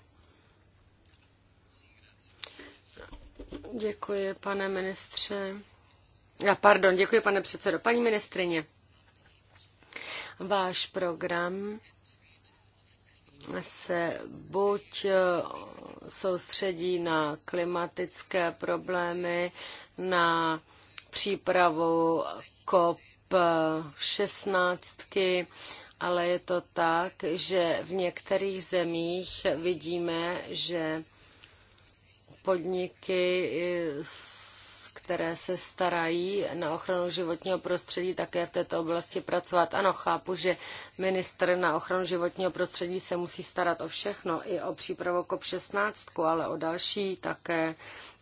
Děkuji, pane ministře. Já, pardon, děkuji, pane předsedo. Paní ministrině, váš program se buď eh, soustředí na klimatické problémy, na přípravu COP 16, ale je to tak, že v některých zemích vidíme, že podniky, které se starají na ochranu životního prostředí, také v této oblasti pracovat. Ano, chápu, že minister na ochranu životního prostředí se musí starat o všechno, i o přípravu COP16, ale o další také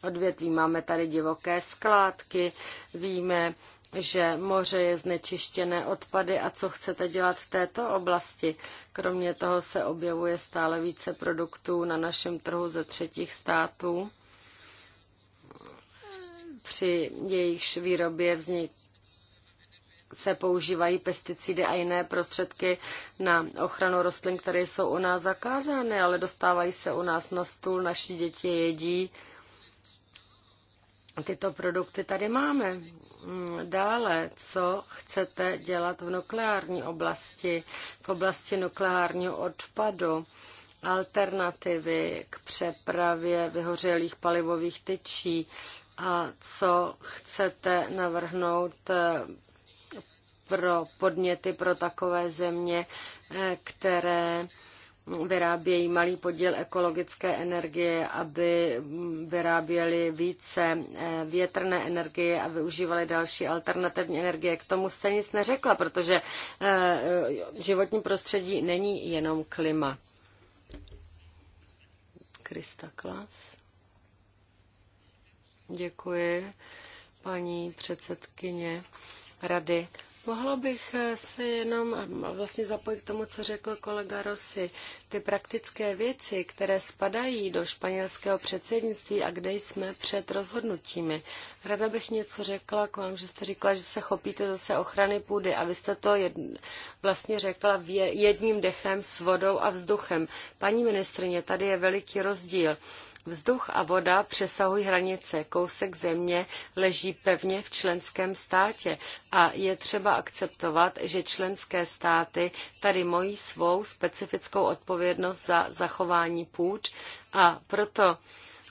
odvětví. Máme tady divoké skládky, víme, že moře je znečištěné odpady a co chcete dělat v této oblasti. Kromě toho se objevuje stále více produktů na našem trhu ze třetích států. Při jejichž výrobě vznik se používají pesticidy a jiné prostředky na ochranu rostlin, které jsou u nás zakázány, ale dostávají se u nás na stůl, naši děti jedí tyto produkty tady máme. Dále, co chcete dělat v nukleární oblasti, v oblasti nukleárního odpadu, alternativy k přepravě vyhořelých palivových tyčí a co chcete navrhnout eh, pro podněty pro takové země, eh, které vyrábějí malý podíl ekologické energie, aby vyráběli více eh, větrné energie a využívali další alternativní energie. K tomu jste nic neřekla, protože eh, eh, životní prostředí není jenom klima. Krista Klas. Děkuji, paní předsedkyně rady. Mohla bych eh, se jenom eh, vlastně zapojit k tomu, co řekl kolega Rossi. Ty praktické věci, které spadají do španělského předsednictví a kde jsme před rozhodnutími. Rada bych něco řekla k vám, že jste říkala, že se chopíte zase ochrany půdy a vy jste to jed, vlastně řekla jedním dechem s vodou a vzduchem. Paní ministrině, tady je veliký rozdíl. Vzduch a voda přesahují hranice. Kousek země leží pevně v členském státě a je třeba akceptovat, že členské státy tady mají svou specifickou odpovědnost za zachování půd a proto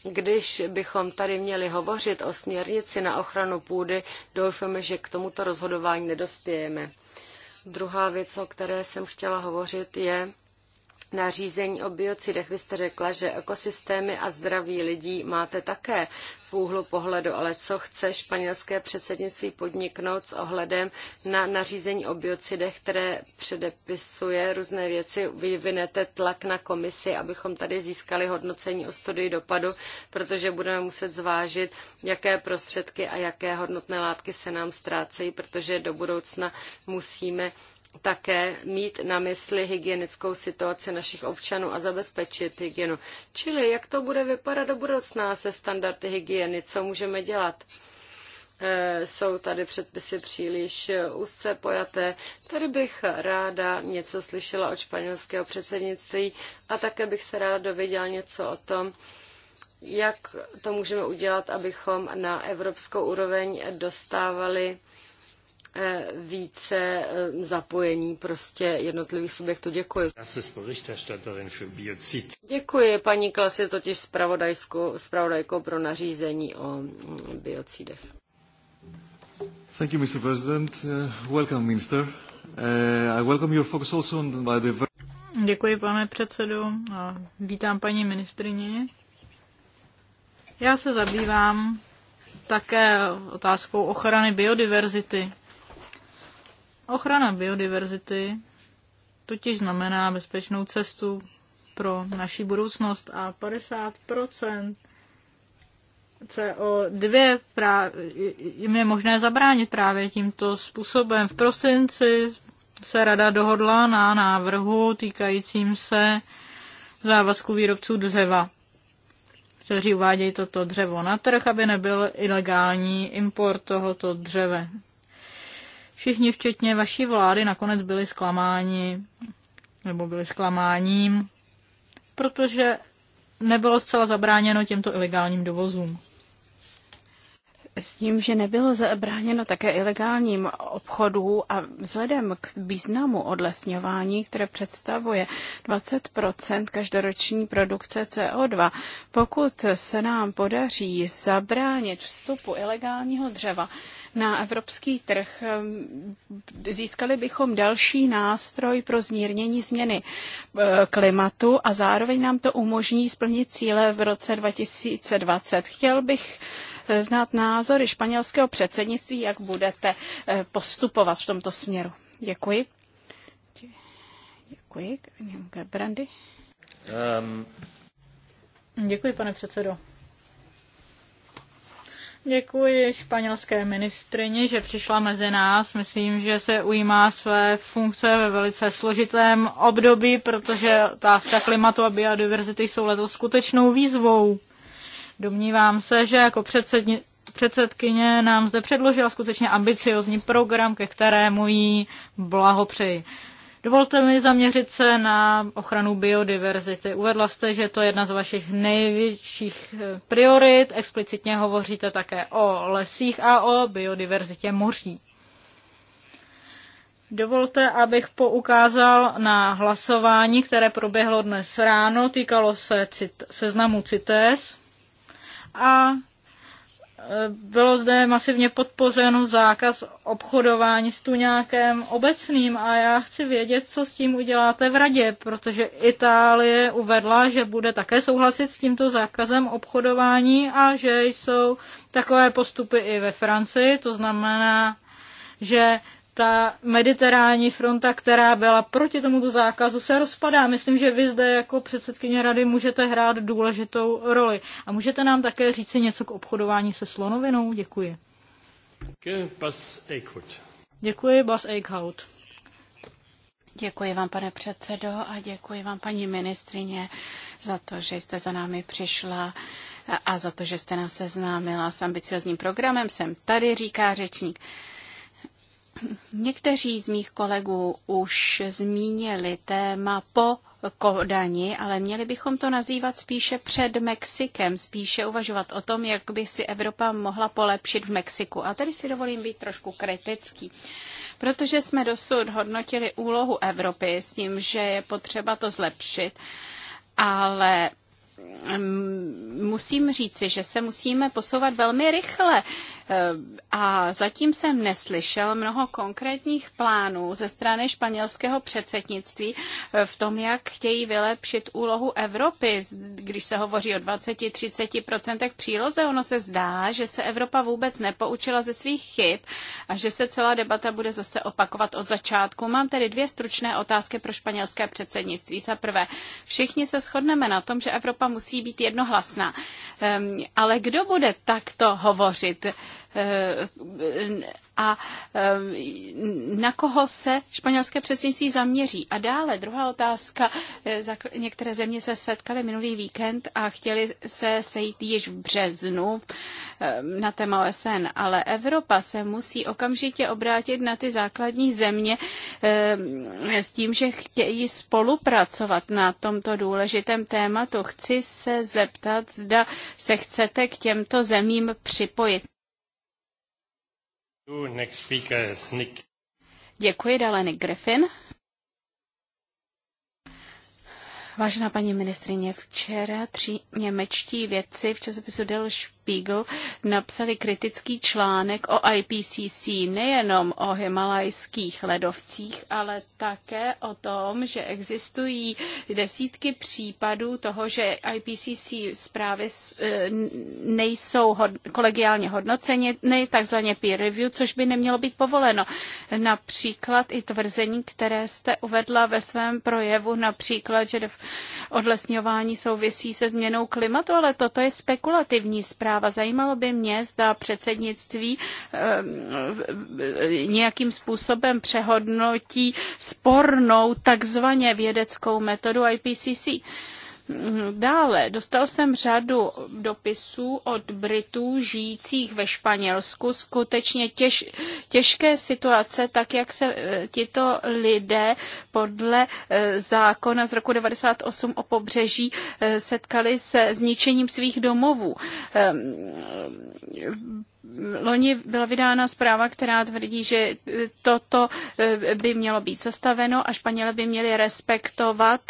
když bychom tady měli hovořit o směrnici na ochranu půdy, doufáme, že k tomuto rozhodování nedospějeme. Druhá věc, o které jsem chtěla hovořit, je nařízení o biocidech. Vy jste řekla, že ekosystémy a zdraví lidí máte také v úhlu pohledu, ale co chce španělské předsednictví podniknout s ohledem na nařízení o biocidech, které předepisuje různé věci, vyvinete tlak na komisi, abychom tady získali hodnocení o studii dopadu, protože budeme muset zvážit, jaké prostředky a jaké hodnotné látky se nám ztrácejí, protože do budoucna musíme také mít na mysli hygienickou situaci našich občanů a zabezpečit hygienu. Čili jak to bude vypadat do budoucna se standardy hygieny, co můžeme dělat? Eh, jsou tady předpisy příliš eh, úzce pojaté. Tady bych ráda něco slyšela od španělského předsednictví a také bych se ráda dověděla něco o tom, jak to můžeme udělat, abychom na evropskou úroveň dostávali Eh, více eh, zapojení prostě jednotlivých subjektů. Děkuji. Děkuji, paní Klas je totiž zpravodajkou pro nařízení o mm, biocidech. Thank you, Mr. President. Eh, welcome, Minister. I welcome your focus also on Děkuji, pane předsedu. A vítám paní ministrině. Já se zabývám také otázkou ochrany biodiverzity. Ochrana biodiverzity totiž znamená bezpečnou cestu pro naši budoucnost a 50 CO2 jim je možné zabránit právě tímto způsobem. V prosinci se rada dohodla na návrhu týkajícím se závazku výrobců dřeva, kteří uvádějí toto dřevo na trh, aby nebyl ilegální import tohoto dřeve všichni, včetně vaší vlády, nakonec byli zklamáni, nebo byli zklamáním, protože nebylo zcela zabráněno těmto ilegálním dovozům. S tím, že nebylo zabráněno také ilegálním obchodům a vzhledem k významu odlesňování, které představuje 20 každoroční produkce CO2, pokud se nám podaří zabránit vstupu ilegálního dřeva, na evropský trh, získali bychom další nástroj pro zmírnění změny e, klimatu a zároveň nám to umožní splnit cíle v roce 2020. Chtěl bych e, znát názory španělského předsednictví, jak budete e, postupovat v tomto směru. Děkuji. Děkuji. Brandy. Um. Děkuji, pane předsedo. Děkuji španělské ministrině, že přišla mezi nás. Myslím, že se ujímá své funkce ve velice složitém období, protože otázka klimatu a biodiverzity jsou letos skutečnou výzvou. Domnívám se, že jako předsedni, předsedkyně nám zde předložila skutečně ambiciozní program, ke kterému jí blahopřeji. Dovolte mi zaměřit se na ochranu biodiverzity. Uvedla jste, že to je jedna z vašich největších priorit. Explicitně hovoříte také o lesích a o biodiverzitě moří. Dovolte, abych poukázal na hlasování, které proběhlo dnes ráno. Týkalo se cit- seznamu CITES a bylo zde masivně podpořen zákaz obchodování s tuňákem obecným a já chci vědět, co s tím uděláte v radě, protože Itálie uvedla, že bude také souhlasit s tímto zákazem obchodování a že jsou takové postupy i ve Francii, to znamená, že ta Mediteránní fronta, která byla proti tomuto zákazu, se rozpadá. Myslím, že vy zde jako předsedkyně rady můžete hrát důležitou roli. A můžete nám také říci něco k obchodování se slonovinou? Děkuji. Děkuji, Bas Eichhout. Děkuji vám, pane předsedo, a děkuji vám, paní ministrině, za to, že jste za námi přišla a za to, že jste nás seznámila s ambiciozním programem. Jsem tady, říká řečník. Někteří z mých kolegů už zmínili téma po Kodani, ale měli bychom to nazývat spíše před Mexikem, spíše uvažovat o tom, jak by si Evropa mohla polepšit v Mexiku. A tady si dovolím být trošku kritický, protože jsme dosud hodnotili úlohu Evropy s tím, že je potřeba to zlepšit, ale mm, musím říci, že se musíme posouvat velmi rychle Eh, a zatím jsem neslyšel mnoho konkrétních plánů ze strany španělského předsednictví eh, v tom, jak chtějí vylepšit úlohu Evropy. Když se hovoří o 20-30% příloze, ono se zdá, že se Evropa vůbec nepoučila ze svých chyb a že se celá debata bude zase opakovat od začátku. Mám tedy dvě stručné otázky pro španělské předsednictví. Za prvé, všichni se shodneme na tom, že Evropa musí být jednohlasná. Ehm, ale kdo bude takto hovořit? Eh, a eh, na koho se španělské předsednictví zaměří. A dále druhá otázka. Eh, některé země se setkaly minulý víkend a chtěli se sejít již v březnu na téma OSN, ale Evropa se musí okamžitě obrátit na ty základní země s tím, že chtějí spolupracovat na tomto důležitém tématu. Chci se zeptat, zda se chcete k těmto zemím připojit. Next speaker is Nick. Děkuji, dále Nick Griffin. Vážená paní ministrině, včera tři němečtí vědci v časopisu Del Spiegel napsali kritický článek o IPCC nejenom o himalajských ledovcích, ale také o tom, že existují desítky případů toho, že IPCC zprávy e, nejsou kolegiálně hodnoceny, takzvaně peer review, což by nemělo být povoleno. Například i tvrzení, které jste uvedla ve svém projevu, například, že odlesňování souvisí se změnou klimatu, ale toto je spekulativní zpráva práva. Zajímalo by mě, zda předsednictví eh, nějakým způsobem přehodnotí spornou takzvaně vědeckou metodu IPCC. Dále dostal jsem řadu dopisů od Britů žijících ve Španělsku. Skutečně těž, těžké situace, tak jak se eh, tito lidé podle eh, zákona z roku 98 o pobřeží eh, setkali se zničením svých domovů ehm, loni byla vydána zpráva, která tvrdí, že toto by mělo být zastaveno a Španěle by měli respektovat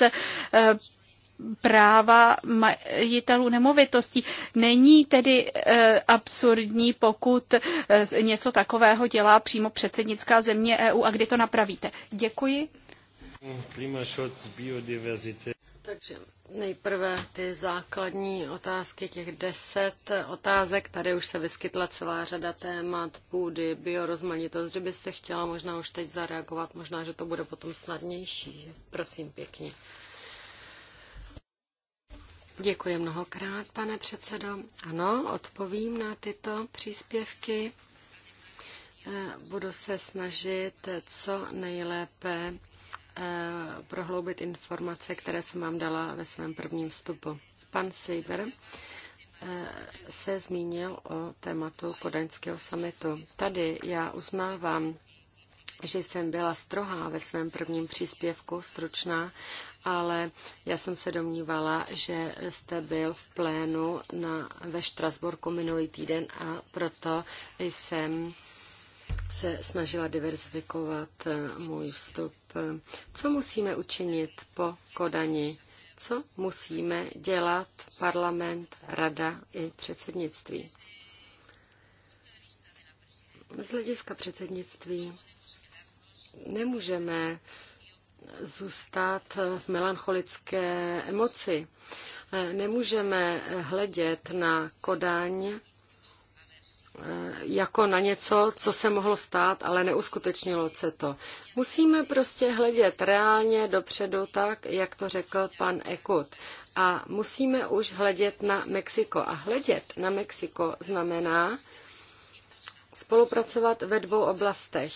práva majitelů nemovitostí. Není tedy eh, absurdní, pokud eh, něco takového dělá přímo předsednická země EU a kdy to napravíte. Děkuji. Takže nejprve ty základní otázky, těch deset otázek. Tady už se vyskytla celá řada témat, půdy, biorozmanitost. byste chtěla možná už teď zareagovat, možná, že to bude potom snadnější. Prosím pěkně. Děkuji mnohokrát, pane předsedo. Ano, odpovím na tyto příspěvky. E, budu se snažit co nejlépe e, prohloubit informace, které jsem vám dala ve svém prvním vstupu. Pan Seiber e, se zmínil o tématu kodaňského samitu. Tady já uznávám, že jsem byla strohá ve svém prvním příspěvku, stručná, ale já jsem se domnívala, že jste byl v plénu na, ve Štrasborku minulý týden a proto jsem se snažila diverzifikovat eh, můj vstup. Co musíme učinit po Kodani? Co musíme dělat parlament, rada i předsednictví? Z hlediska předsednictví nemůžeme zůstat v melancholické emoci. Nemůžeme hledět na Kodaň eh, jako na něco, co se mohlo stát, ale neuskutečnilo se to. Musíme prostě hledět reálně dopředu tak, jak to řekl pan Ekut. A musíme už hledět na Mexiko. A hledět na Mexiko znamená, spolupracovat ve dvou oblastech.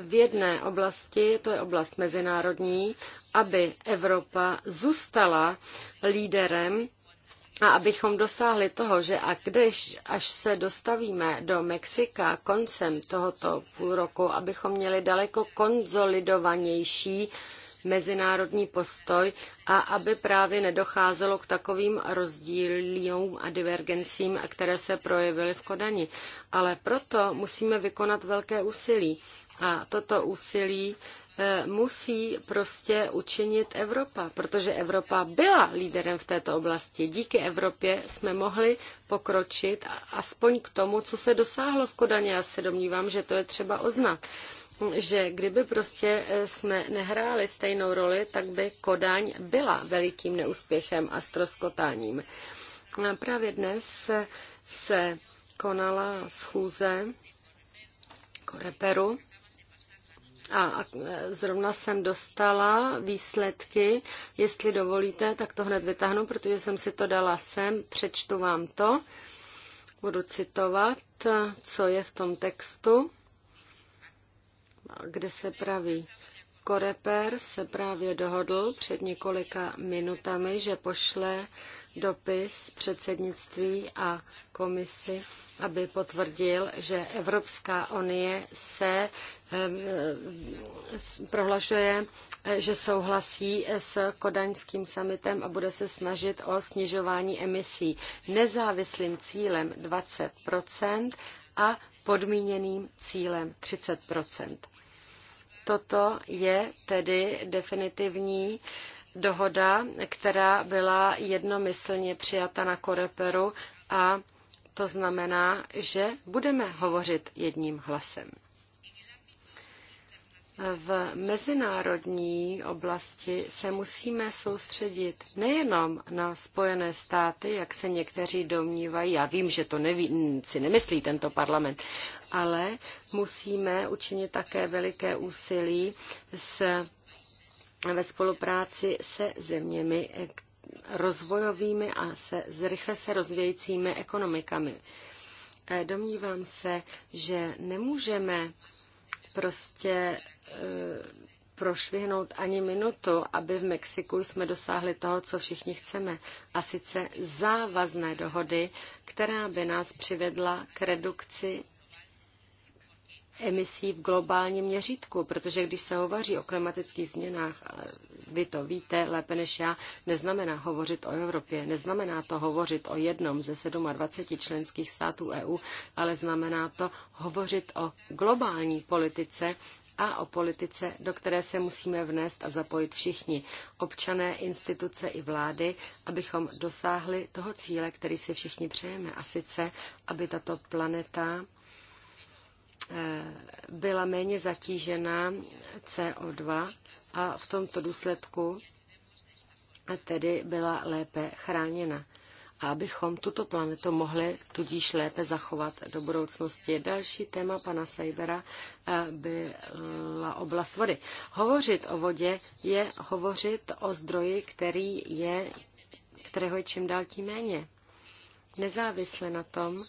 V jedné oblasti, to je oblast mezinárodní, aby Evropa zůstala líderem a abychom dosáhli toho, že a když až se dostavíme do Mexika koncem tohoto půl roku, abychom měli daleko konzolidovanější mezinárodní postoj a aby právě nedocházelo k takovým rozdílům a divergencím, které se projevily v Kodani. Ale proto musíme vykonat velké úsilí. A toto úsilí eh, musí prostě učinit Evropa, protože Evropa byla líderem v této oblasti. Díky Evropě jsme mohli pokročit aspoň k tomu, co se dosáhlo v Kodaně. Já se domnívám, že to je třeba oznat že kdyby prostě e, jsme nehráli stejnou roli, tak by Kodaň byla velikým neúspěchem a stroskotáním. A právě dnes se konala schůze Koreperu a e, zrovna jsem dostala výsledky. Jestli dovolíte, tak to hned vytáhnu, protože jsem si to dala sem. Přečtu vám to. Budu citovat, co je v tom textu kde se praví. Koreper se právě dohodl před několika minutami, že pošle dopis předsednictví a komisi, aby potvrdil, že Evropská unie se prohlašuje, že souhlasí s kodaňským samitem a bude se snažit o snižování emisí nezávislým cílem 20 a podmíněným cílem 30 Toto je tedy definitivní dohoda, která byla jednomyslně přijata na Koreperu a to znamená, že budeme hovořit jedním hlasem v mezinárodní oblasti se musíme soustředit nejenom na Spojené státy, jak se někteří domnívají, já vím, že to neví, si nemyslí tento parlament, ale musíme učinit také veliké úsilí s, ve spolupráci se zeměmi rozvojovými a se, zrychle se rozvějícími ekonomikami. E, domnívám se, že nemůžeme prostě Eh, prošvihnout ani minutu, aby v Mexiku jsme dosáhli toho, co všichni chceme, a sice závazné dohody, která by nás přivedla k redukci emisí v globálním měřítku, protože když se hovoří o klimatických změnách, vy to víte lépe než já, neznamená hovořit o Evropě, neznamená to hovořit o jednom ze 27 členských států EU, ale znamená to hovořit o globální politice, a o politice, do které se musíme vnést a zapojit všichni, občané, instituce i vlády, abychom dosáhli toho cíle, který si všichni přejeme, a sice, aby tato planeta eh, byla méně zatížena CO2 a v tomto důsledku tedy byla lépe chráněna a abychom tuto planetu mohli tudíž lépe zachovat do budoucnosti. Další téma pana Seibera eh, byla oblast vody. Hovořit o vodě je hovořit o zdroji, který je, kterého je čím dál tím méně. Nezávisle na tom,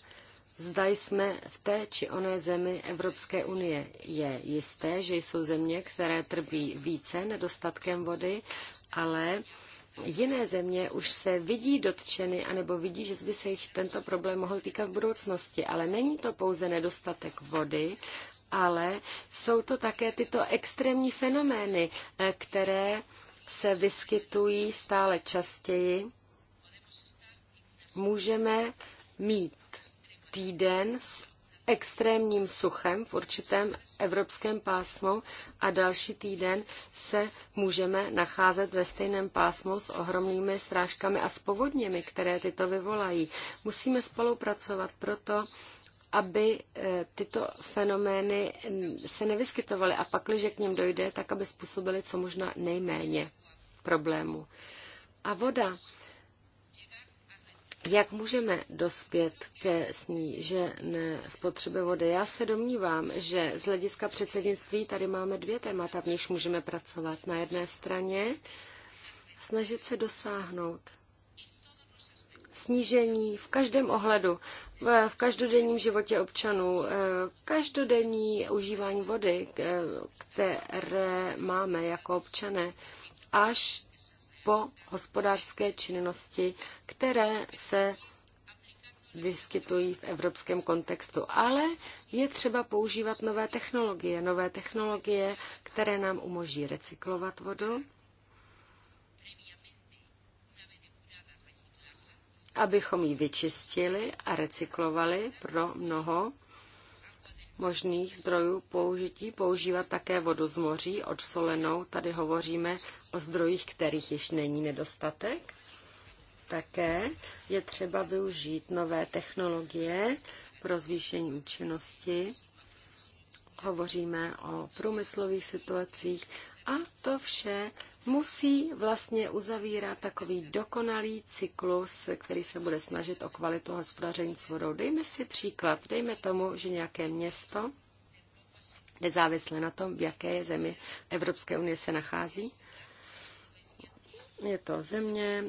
zda jsme v té či oné zemi Evropské unie. Je jisté, že jsou země, které trpí více nedostatkem vody, ale jiné země už se vidí dotčeny anebo vidí, že by se jich tento problém mohl týkat v budoucnosti. Ale není to pouze nedostatek vody, ale jsou to také tyto extrémní fenomény, eh, které se vyskytují stále častěji. Můžeme mít týden s extrémním suchem v určitém evropském pásmu a další týden se můžeme nacházet ve stejném pásmu s ohromnými srážkami a s povodněmi, které tyto vyvolají. Musíme spolupracovat proto, aby eh, tyto fenomény se nevyskytovaly a pak, když k ním dojde, tak aby způsobily co možná nejméně problémů. A voda jak můžeme dospět ke snížené spotřebě vody? Já se domnívám, že z hlediska předsednictví tady máme dvě témata, v nichž můžeme pracovat. Na jedné straně snažit se dosáhnout snížení v každém ohledu, v každodenním životě občanů, eh, každodenní užívání vody, eh, které máme jako občané, až po hospodářské činnosti, které se vyskytují v evropském kontextu. Ale je třeba používat nové technologie, nové technologie, které nám umožní recyklovat vodu, abychom ji vyčistili a recyklovali pro mnoho možných zdrojů použití používat také vodu z moří, odsolenou. Tady hovoříme o zdrojích, kterých již není nedostatek. Také je třeba využít nové technologie pro zvýšení účinnosti. Hovoříme o průmyslových situacích a to vše musí vlastně uzavírat takový dokonalý cyklus, který se bude snažit o kvalitu hospodaření s vodou. Dejme si příklad. Dejme tomu, že nějaké město, nezávisle na tom, v jaké zemi Evropské unie se nachází, je to země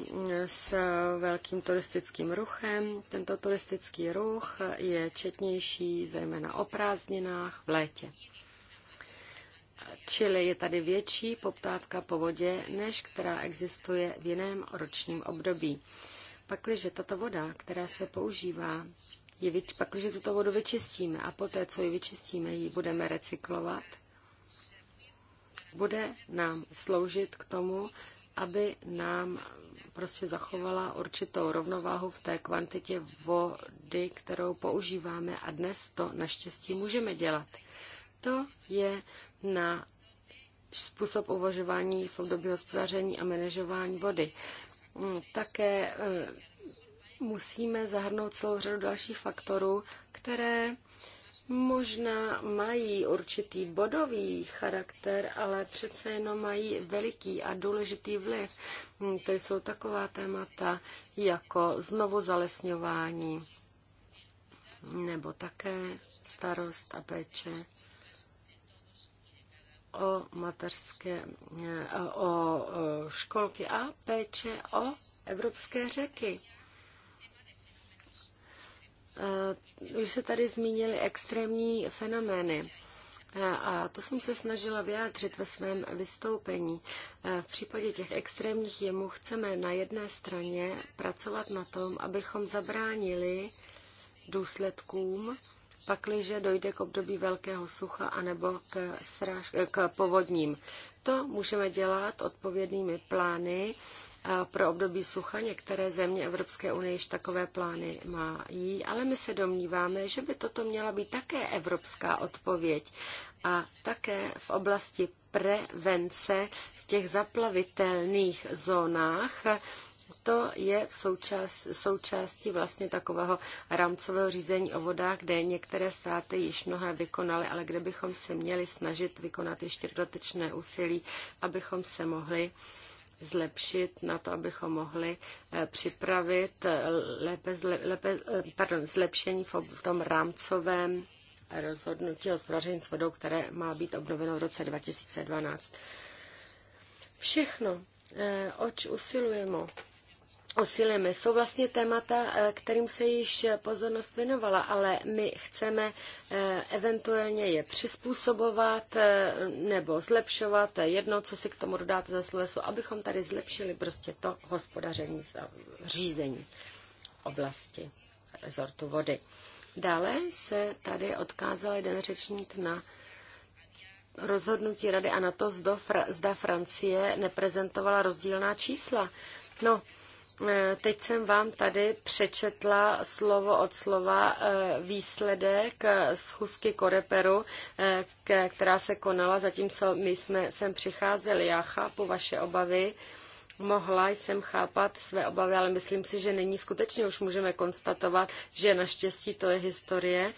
s velkým turistickým ruchem. Tento turistický ruch je četnější zejména o prázdninách v létě. Čili je tady větší poptávka po vodě, než která existuje v jiném ročním období. Pakliže tato voda, která se používá, je, pakliže tuto vodu vyčistíme a poté, co ji vyčistíme, ji budeme recyklovat, bude nám sloužit k tomu, aby nám prostě zachovala určitou rovnováhu v té kvantitě vody, kterou používáme a dnes to naštěstí můžeme dělat. To je na způsob uvažování v období hospodaření a manažování vody. Mm, také eh, musíme zahrnout celou řadu dalších faktorů, které možná mají určitý bodový charakter, ale přece jenom mají veliký a důležitý vliv. Mm, to jsou taková témata jako znovu zalesňování nebo také starost a péče o mateřské, o školky a péče o evropské řeky. Eh, už se tady zmínili extrémní fenomény. Eh, a to jsem se snažila vyjádřit ve svém vystoupení. Eh, v případě těch extrémních jemů chceme na jedné straně pracovat na tom, abychom zabránili důsledkům, pakliže dojde k období velkého sucha anebo k, sraž, k povodním. To můžeme dělat odpovědnými plány eh, pro období sucha. Některé země Evropské unie již takové plány mají, ale my se domníváme, že by toto měla být také evropská odpověď a také v oblasti prevence v těch zaplavitelných zónách to je v součást, součástí vlastně takového rámcového řízení o vodách, kde některé státy již mnohé vykonaly, ale kde bychom se měli snažit vykonat ještě dodatečné úsilí, abychom se mohli zlepšit na to, abychom mohli eh, připravit eh, lépe, lépe, eh, pardon, zlepšení v tom rámcovém rozhodnutí o hospodaření s vodou, které má být obnoveno v roce 2012. Všechno, oč usilujeme, osilujeme. Jsou vlastně témata, eh, kterým se již pozornost věnovala, ale my chceme eh, eventuálně je přizpůsobovat eh, nebo zlepšovat. Jedno, co si k tomu dodáte za sloveso, abychom tady zlepšili prostě to hospodaření, řízení oblasti rezortu vody. Dále se tady odkázal jeden řečník na rozhodnutí rady a na to, zda Francie neprezentovala rozdílná čísla. No, Eh, teď jsem vám tady přečetla slovo od slova eh, výsledek eh, schůzky Koreperu, která se konala, zatímco my jsme sem přicházeli. Já chápu vaše obavy, mohla jsem chápat své obavy, ale myslím si, že není skutečně. Už můžeme konstatovat, že naštěstí to je historie,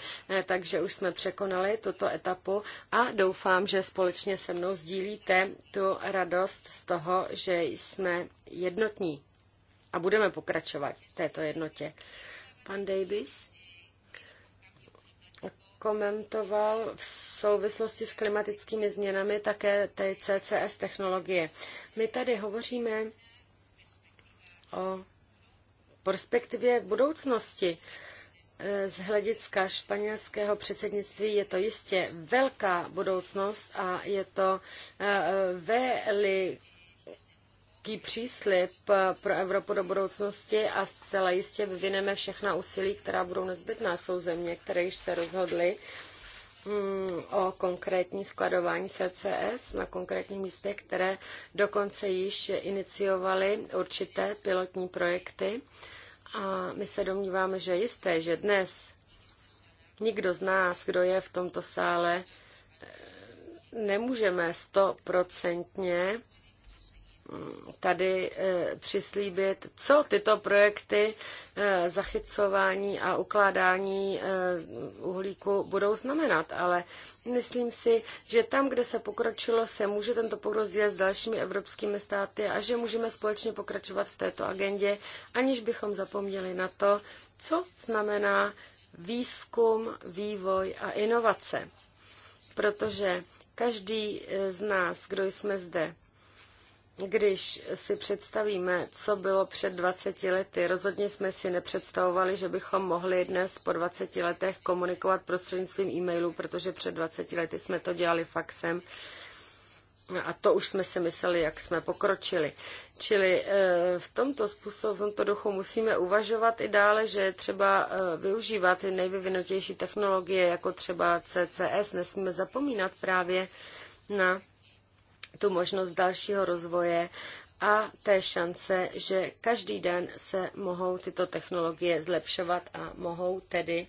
takže už jsme překonali tuto etapu a doufám, že společně se mnou sdílíte tu radost z toho, že jsme jednotní a budeme pokračovat v této jednotě. Pan Davis komentoval v souvislosti s klimatickými změnami také té CCS technologie. My tady hovoříme o perspektivě budoucnosti. Z hlediska španělského předsednictví je to jistě velká budoucnost a je to eh, eh, velik velký příslip eh, pro Evropu do budoucnosti a zcela jistě vyvineme všechna úsilí, která budou nezbytná. Jsou země, které již se rozhodly mm, o konkrétní skladování CCS na konkrétních místech, které dokonce již iniciovaly určité pilotní projekty. A my se domníváme, že jisté, že dnes nikdo z nás, kdo je v tomto sále, nemůžeme stoprocentně tady eh, přislíbit, co tyto projekty eh, zachycování a ukládání eh, uhlíku budou znamenat, ale myslím si, že tam, kde se pokročilo, se může tento pokrok s dalšími evropskými státy a že můžeme společně pokračovat v této agendě, aniž bychom zapomněli na to, co znamená výzkum, vývoj a inovace. Protože každý z nás, kdo jsme zde, když si představíme, co bylo před 20 lety, rozhodně jsme si nepředstavovali, že bychom mohli dnes po 20 letech komunikovat prostřednictvím e-mailů, protože před 20 lety jsme to dělali faxem. A to už jsme si mysleli, jak jsme pokročili. Čili eh, v tomto způsobu, v tomto duchu musíme uvažovat i dále, že třeba eh, využívat ty nejvyvinutější technologie, jako třeba CCS. Nesmíme zapomínat právě na tu možnost dalšího rozvoje a té šance, že každý den se mohou tyto technologie zlepšovat a mohou tedy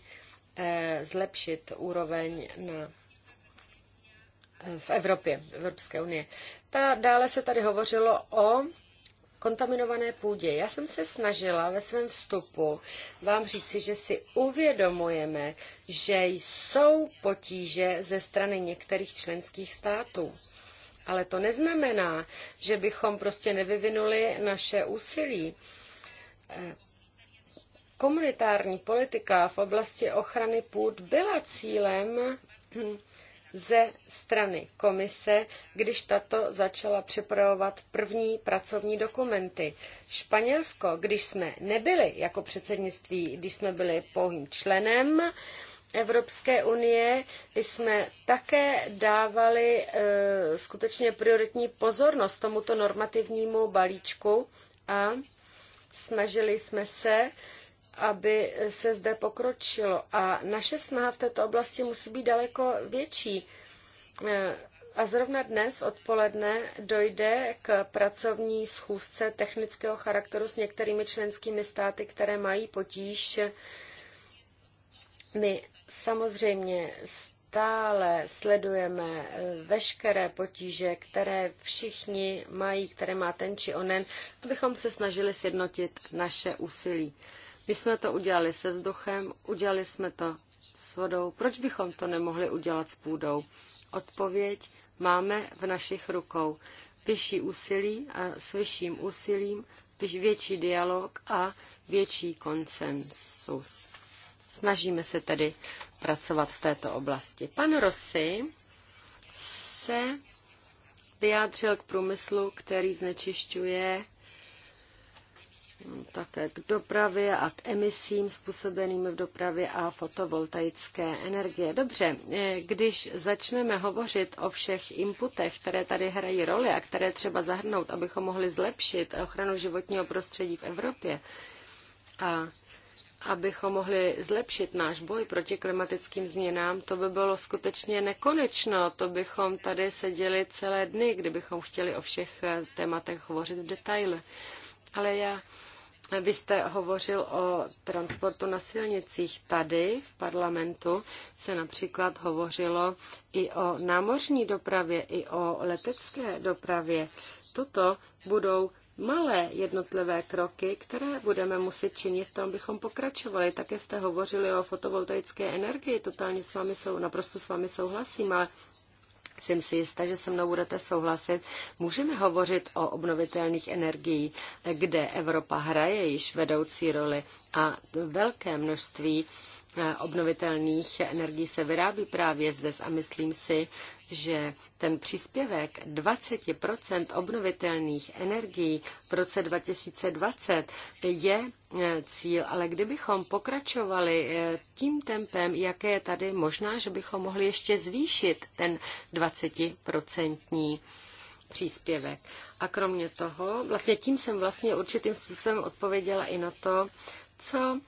eh, zlepšit úroveň na, eh, v Evropě, v Evropské unii. Ta, dále se tady hovořilo o kontaminované půdě. Já jsem se snažila ve svém vstupu vám říci, že si uvědomujeme, že jsou potíže ze strany některých členských států ale to neznamená, že bychom prostě nevyvinuli naše úsilí. Eh, komunitární politika v oblasti ochrany půd byla cílem ze strany komise, když tato začala připravovat první pracovní dokumenty. Španělsko, když jsme nebyli jako předsednictví, když jsme byli pouhým členem, Evropské unie jsme také dávali e, skutečně prioritní pozornost tomuto normativnímu balíčku a snažili jsme se aby se zde pokročilo. A naše snaha v této oblasti musí být daleko větší. E, a zrovna dnes odpoledne dojde k pracovní schůzce technického charakteru s některými členskými státy, které mají potíž. My Samozřejmě stále sledujeme eh, veškeré potíže, které všichni mají, které má ten či onen, abychom se snažili sjednotit naše úsilí. My jsme to udělali se vzduchem, udělali jsme to s vodou. Proč bychom to nemohli udělat s půdou? Odpověď máme v našich rukou. Vyšší úsilí a s vyšším úsilím větší dialog a větší konsensus. Snažíme se tedy pracovat v této oblasti. Pan Rossi se vyjádřil k průmyslu, který znečišťuje také k dopravě a k emisím způsobeným v dopravě a fotovoltaické energie. Dobře, eh, když začneme hovořit o všech inputech, které tady hrají roli a které třeba zahrnout, abychom mohli zlepšit ochranu životního prostředí v Evropě a abychom mohli zlepšit náš boj proti klimatickým změnám, to by bylo skutečně nekonečno. To bychom tady seděli celé dny, kdybychom chtěli o všech eh, tématech hovořit v detaily. Ale já, eh, vy jste hovořil o transportu na silnicích. Tady v parlamentu se například hovořilo i o námořní dopravě, i o letecké dopravě. Toto budou malé jednotlivé kroky, které budeme muset činit, tam bychom pokračovali. Také jste hovořili o fotovoltaické energii, totálně s vámi sou, naprosto s vámi souhlasím, ale jsem si jistá, že se mnou budete souhlasit. Můžeme hovořit o obnovitelných energií, kde Evropa hraje již vedoucí roli a velké množství obnovitelných energií se vyrábí právě zde a myslím si, že ten příspěvek 20% obnovitelných energií v roce 2020 je eh, cíl, ale kdybychom pokračovali eh, tím tempem, jaké je tady možná, že bychom mohli ještě zvýšit ten 20% příspěvek. A kromě toho, vlastně tím jsem vlastně určitým způsobem odpověděla i na to, co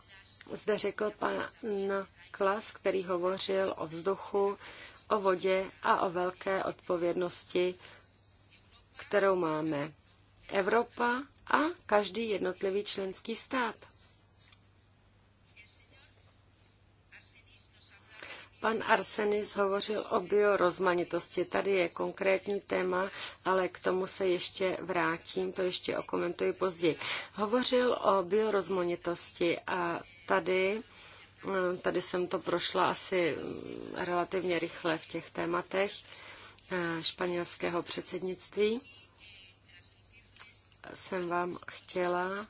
zde řekl pan Klas, který hovořil o vzduchu, o vodě a o velké odpovědnosti, kterou máme. Evropa a každý jednotlivý členský stát. Pan Arsenis hovořil o biorozmanitosti. Tady je konkrétní téma, ale k tomu se ještě vrátím, to ještě okomentuji později. Hovořil o biorozmanitosti a tady. Eh, tady jsem to prošla asi mm, relativně rychle v těch tématech eh, španělského předsednictví. Jsem vám chtěla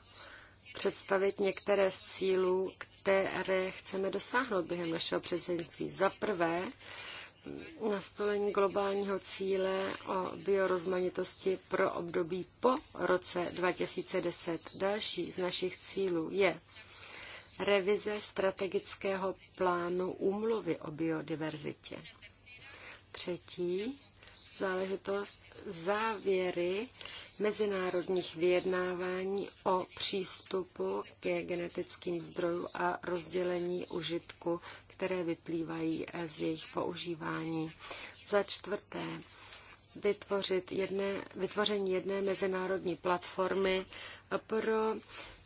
představit některé z cílů, které chceme dosáhnout během našeho předsednictví. Za prvé, mm, nastolení globálního cíle o biorozmanitosti pro období po roce 2010. Další z našich cílů je revize strategického plánu úmluvy o biodiverzitě. Třetí záležitost závěry mezinárodních vyjednávání o přístupu ke genetickým zdrojům a rozdělení užitku, které vyplývají z jejich používání. Za čtvrté, vytvořit jedné, vytvoření jedné mezinárodní platformy pro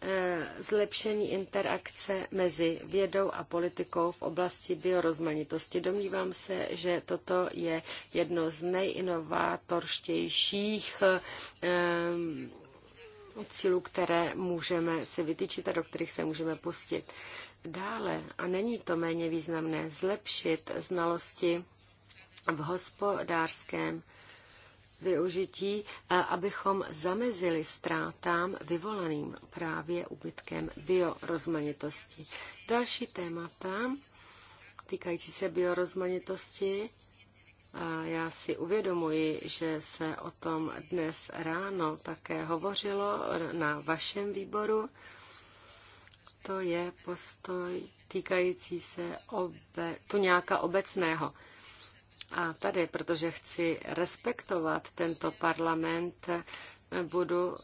eh, zlepšení interakce mezi vědou a politikou v oblasti biorozmanitosti. Domnívám se, že toto je jedno z nejinovátorštějších eh, cílů, které můžeme si vytyčit a do kterých se můžeme pustit. Dále, a není to méně významné, zlepšit znalosti v hospodářském využití, abychom zamezili ztrátám vyvolaným právě ubytkem biorozmanitosti. Další témata týkající se biorozmanitosti. A já si uvědomuji, že se o tom dnes ráno také hovořilo na vašem výboru. To je postoj týkající se obe, tu nějaká obecného. A tady, protože chci respektovat tento parlament, budu e,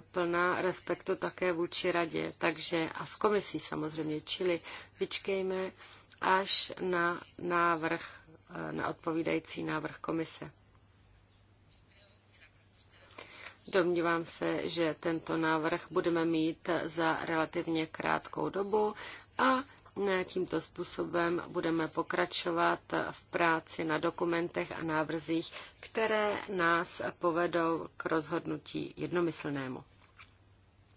plná respektu také vůči radě, takže a s komisí samozřejmě, čili vyčkejme až na návrh, e, na odpovídající návrh komise. Domnívám se, že tento návrh budeme mít za relativně krátkou dobu a Tímto způsobem budeme pokračovat v práci na dokumentech a návrzích, které nás povedou k rozhodnutí jednomyslnému,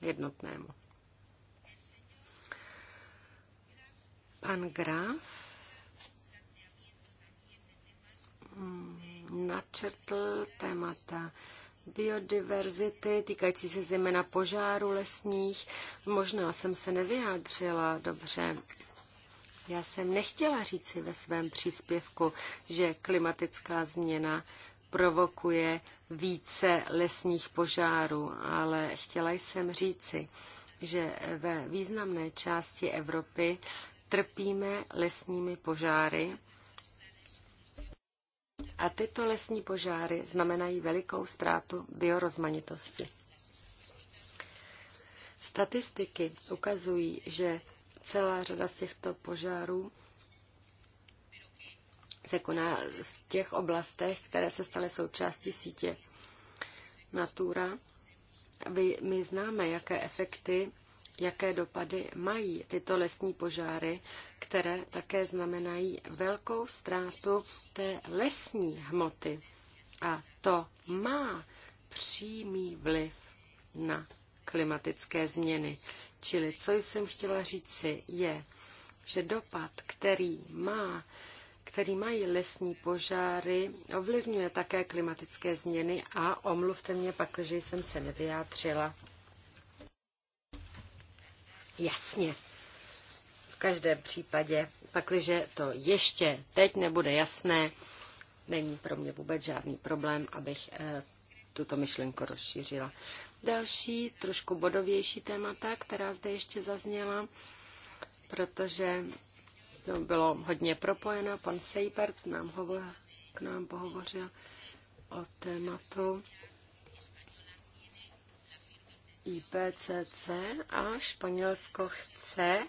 jednotnému. Pan Graf mm, načrtl témata biodiverzity, týkající se zejména požáru lesních. Možná jsem se nevyjádřila dobře, já jsem nechtěla říci ve svém příspěvku, že klimatická změna provokuje více lesních požárů, ale chtěla jsem říci, že ve významné části Evropy trpíme lesními požáry a tyto lesní požáry znamenají velikou ztrátu biorozmanitosti. Statistiky ukazují, že Celá řada z těchto požárů se koná v těch oblastech, které se staly součástí sítě Natura. My, my známe, jaké efekty, jaké dopady mají tyto lesní požáry, které také znamenají velkou ztrátu té lesní hmoty. A to má přímý vliv na klimatické změny. Čili co jsem chtěla říci je, že dopad, který má který mají lesní požáry, ovlivňuje také klimatické změny a omluvte mě pak, že jsem se nevyjádřila. Jasně. V každém případě, pakliže to ještě teď nebude jasné, není pro mě vůbec žádný problém, abych eh, tuto myšlenku rozšířila. Další, trošku bodovější témata, která zde ještě zazněla, protože to bylo hodně propojeno. Pan Seibert nám hovo, k nám pohovořil o tématu IPCC a Španělsko chce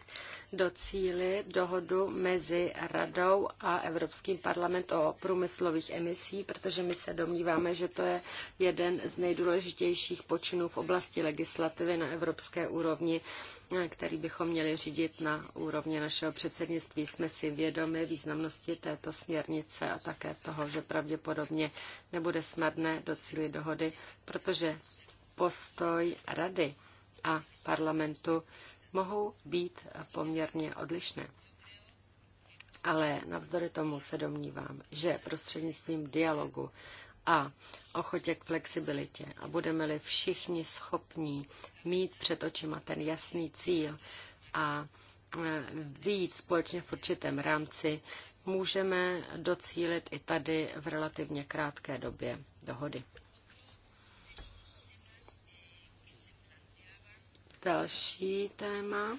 docílit dohodu mezi Radou a Evropským parlament o průmyslových emisí, protože my se domníváme, že to je jeden z nejdůležitějších počinů v oblasti legislativy na evropské úrovni, který bychom měli řídit na úrovni našeho předsednictví. Jsme si vědomi významnosti této směrnice a také toho, že pravděpodobně nebude snadné docílit dohody, protože postoj rady a parlamentu mohou být poměrně odlišné. Ale navzdory tomu se domnívám, že prostřednictvím dialogu a ochotě k flexibilitě a budeme-li všichni schopní mít před očima ten jasný cíl a e, víc společně v určitém rámci, můžeme docílit i tady v relativně krátké době dohody. Další téma.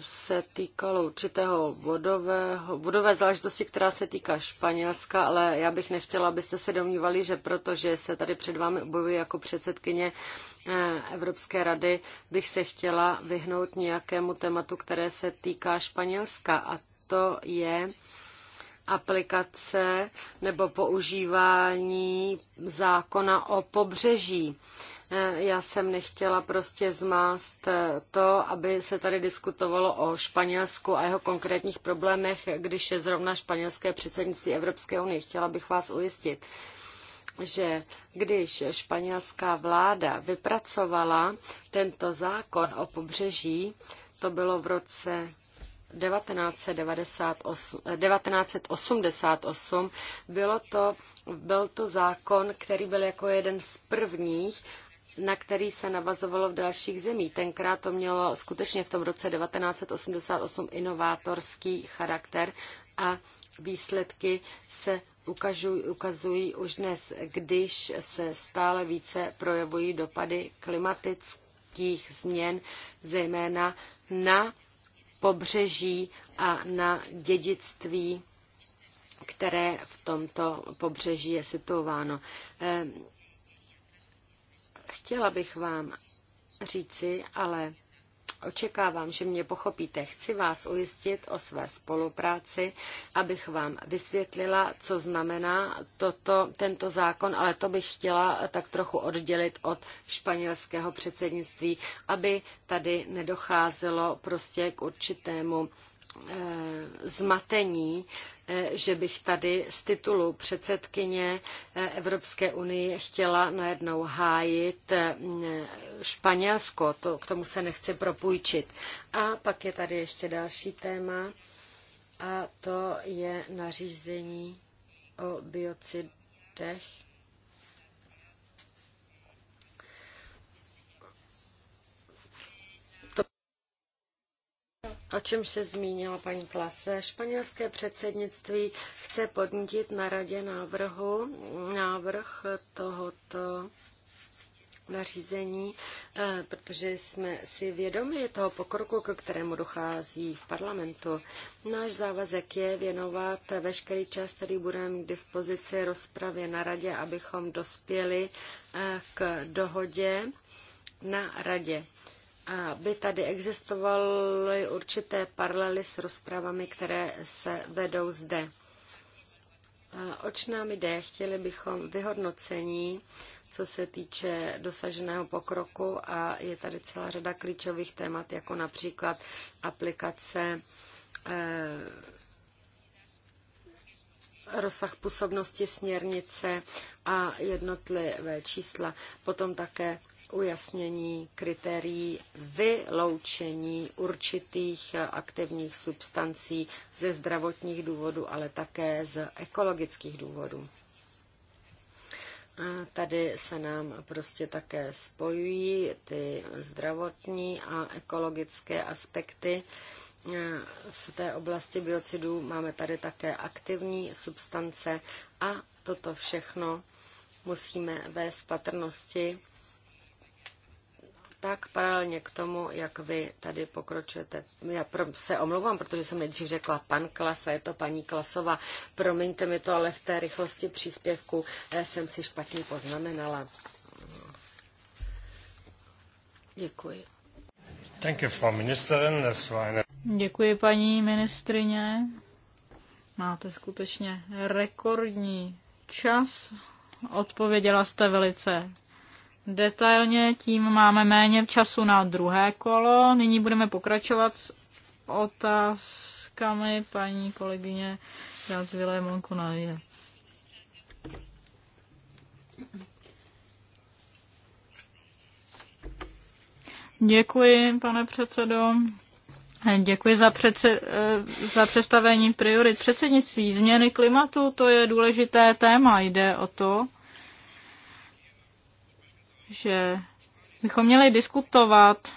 se týkalo určitého bodového, bodové záležitosti, která se týká Španělska, ale já bych nechtěla, abyste se domnívali, že protože se tady před vámi objevuji jako předsedkyně eh, Evropské rady, bych se chtěla vyhnout nějakému tématu, které se týká Španělska. A to je aplikace nebo používání zákona o pobřeží. Eh, já jsem nechtěla prostě zmást eh, to, aby se tady diskutovalo o Španělsku a jeho konkrétních problémech, když je zrovna španělské předsednictví Evropské unie. Chtěla bych vás ujistit, že když španělská vláda vypracovala tento zákon o pobřeží, to bylo v roce 1998, 1988 bylo to, byl to zákon, který byl jako jeden z prvních na který se navazovalo v dalších zemích. Tenkrát to mělo skutečně v tom roce 1988 inovátorský charakter a výsledky se ukazují, ukazují už dnes, když se stále více projevují dopady klimatických změn, zejména na pobřeží a na dědictví, které v tomto pobřeží je situováno. Eh, chtěla bych vám říci, ale Očekávám, že mě pochopíte. Chci vás ujistit o své spolupráci, abych vám vysvětlila, co znamená toto, tento zákon, ale to bych chtěla tak trochu oddělit od španělského předsednictví, aby tady nedocházelo prostě k určitému Eh, zmatení, eh, že bych tady z titulu předsedkyně eh, Evropské unie chtěla najednou hájit Španělsko. To, k tomu se nechci propůjčit. A pak je tady ještě další téma a to je nařízení o biocidech o čem se zmínila paní Klase. Španělské předsednictví chce podnítit na radě návrhu, návrh tohoto nařízení, eh, protože jsme si vědomi toho pokroku, k kterému dochází v parlamentu. Náš závazek je věnovat veškerý čas, který budeme k dispozici rozpravě na radě, abychom dospěli eh, k dohodě na radě aby tady existovaly určité paralely s rozpravami, které se vedou zde. Oč nám jde? Chtěli bychom vyhodnocení, co se týče dosaženého pokroku a je tady celá řada klíčových témat, jako například aplikace eh, rozsah působnosti směrnice a jednotlivé čísla. Potom také ujasnění kritérií vyloučení určitých aktivních substancí ze zdravotních důvodů, ale také z ekologických důvodů. A tady se nám prostě také spojují ty zdravotní a ekologické aspekty. V té oblasti biocidů máme tady také aktivní substance a toto všechno musíme vést patrnosti tak paralelně k tomu, jak vy tady pokročujete. Já se omlouvám, protože jsem nejdřív řekla pan Klasa, je to paní Klasova. Promiňte mi to, ale v té rychlosti příspěvku eh, jsem si špatně poznamenala. Děkuji. Danke, Frau Ministerin. Das war eine... Děkuji, paní ministrině. Máte skutečně rekordní čas. Odpověděla jste velice detailně, tím máme méně času na druhé kolo. Nyní budeme pokračovat s otázkami paní kolegyně Radvile Monkonavie. Děkuji, pane předsedo. Děkuji za, přece, za představení priorit předsednictví. Změny klimatu, to je důležité téma. Jde o to, že bychom měli diskutovat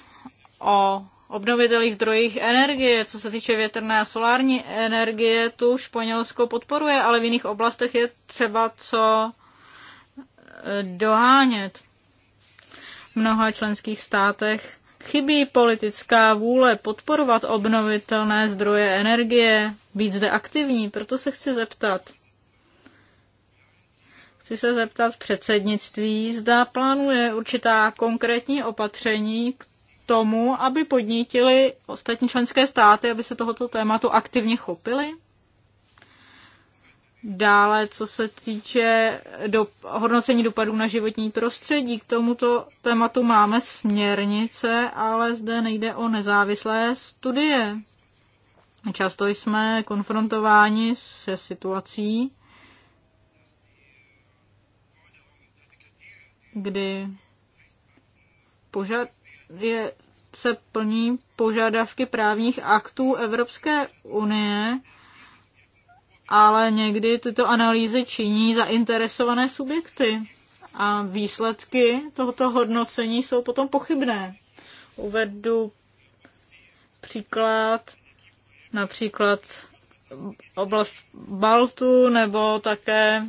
o obnovitelných zdrojích energie. Co se týče větrné a solární energie, tu Španělsko podporuje, ale v jiných oblastech je třeba co eh, dohánět. V mnoha členských státech chybí politická vůle podporovat obnovitelné zdroje energie, být zde aktivní, proto se chci zeptat. Chci se zeptat předsednictví, zda plánuje určitá konkrétní opatření k tomu, aby podnítili ostatní členské státy, aby se tohoto tématu aktivně chopili? Dále, co se týče do, hodnocení dopadů na životní prostředí, k tomuto tématu máme směrnice, ale zde nejde o nezávislé studie. Často jsme konfrontováni se situací, kdy požad je, se plní požadavky právních aktů Evropské unie, ale někdy tyto analýzy činí zainteresované subjekty a výsledky tohoto hodnocení jsou potom pochybné. Uvedu příklad, například oblast Baltu nebo také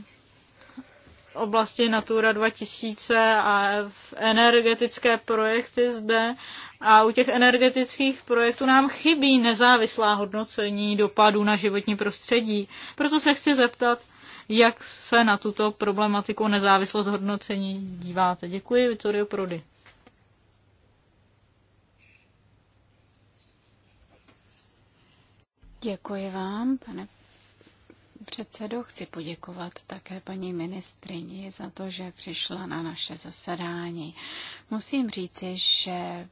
oblasti Natura 2000 a v energetické projekty zde. A u těch energetických projektů nám chybí nezávislá hodnocení dopadů na životní prostředí. Proto se chci zeptat, jak se na tuto problematiku nezávislost hodnocení díváte. Děkuji, Vittorio Prody. Děkuji vám, pane předsedo, chci poděkovat také paní ministrině za to, že přišla na naše zasedání. Musím říci, že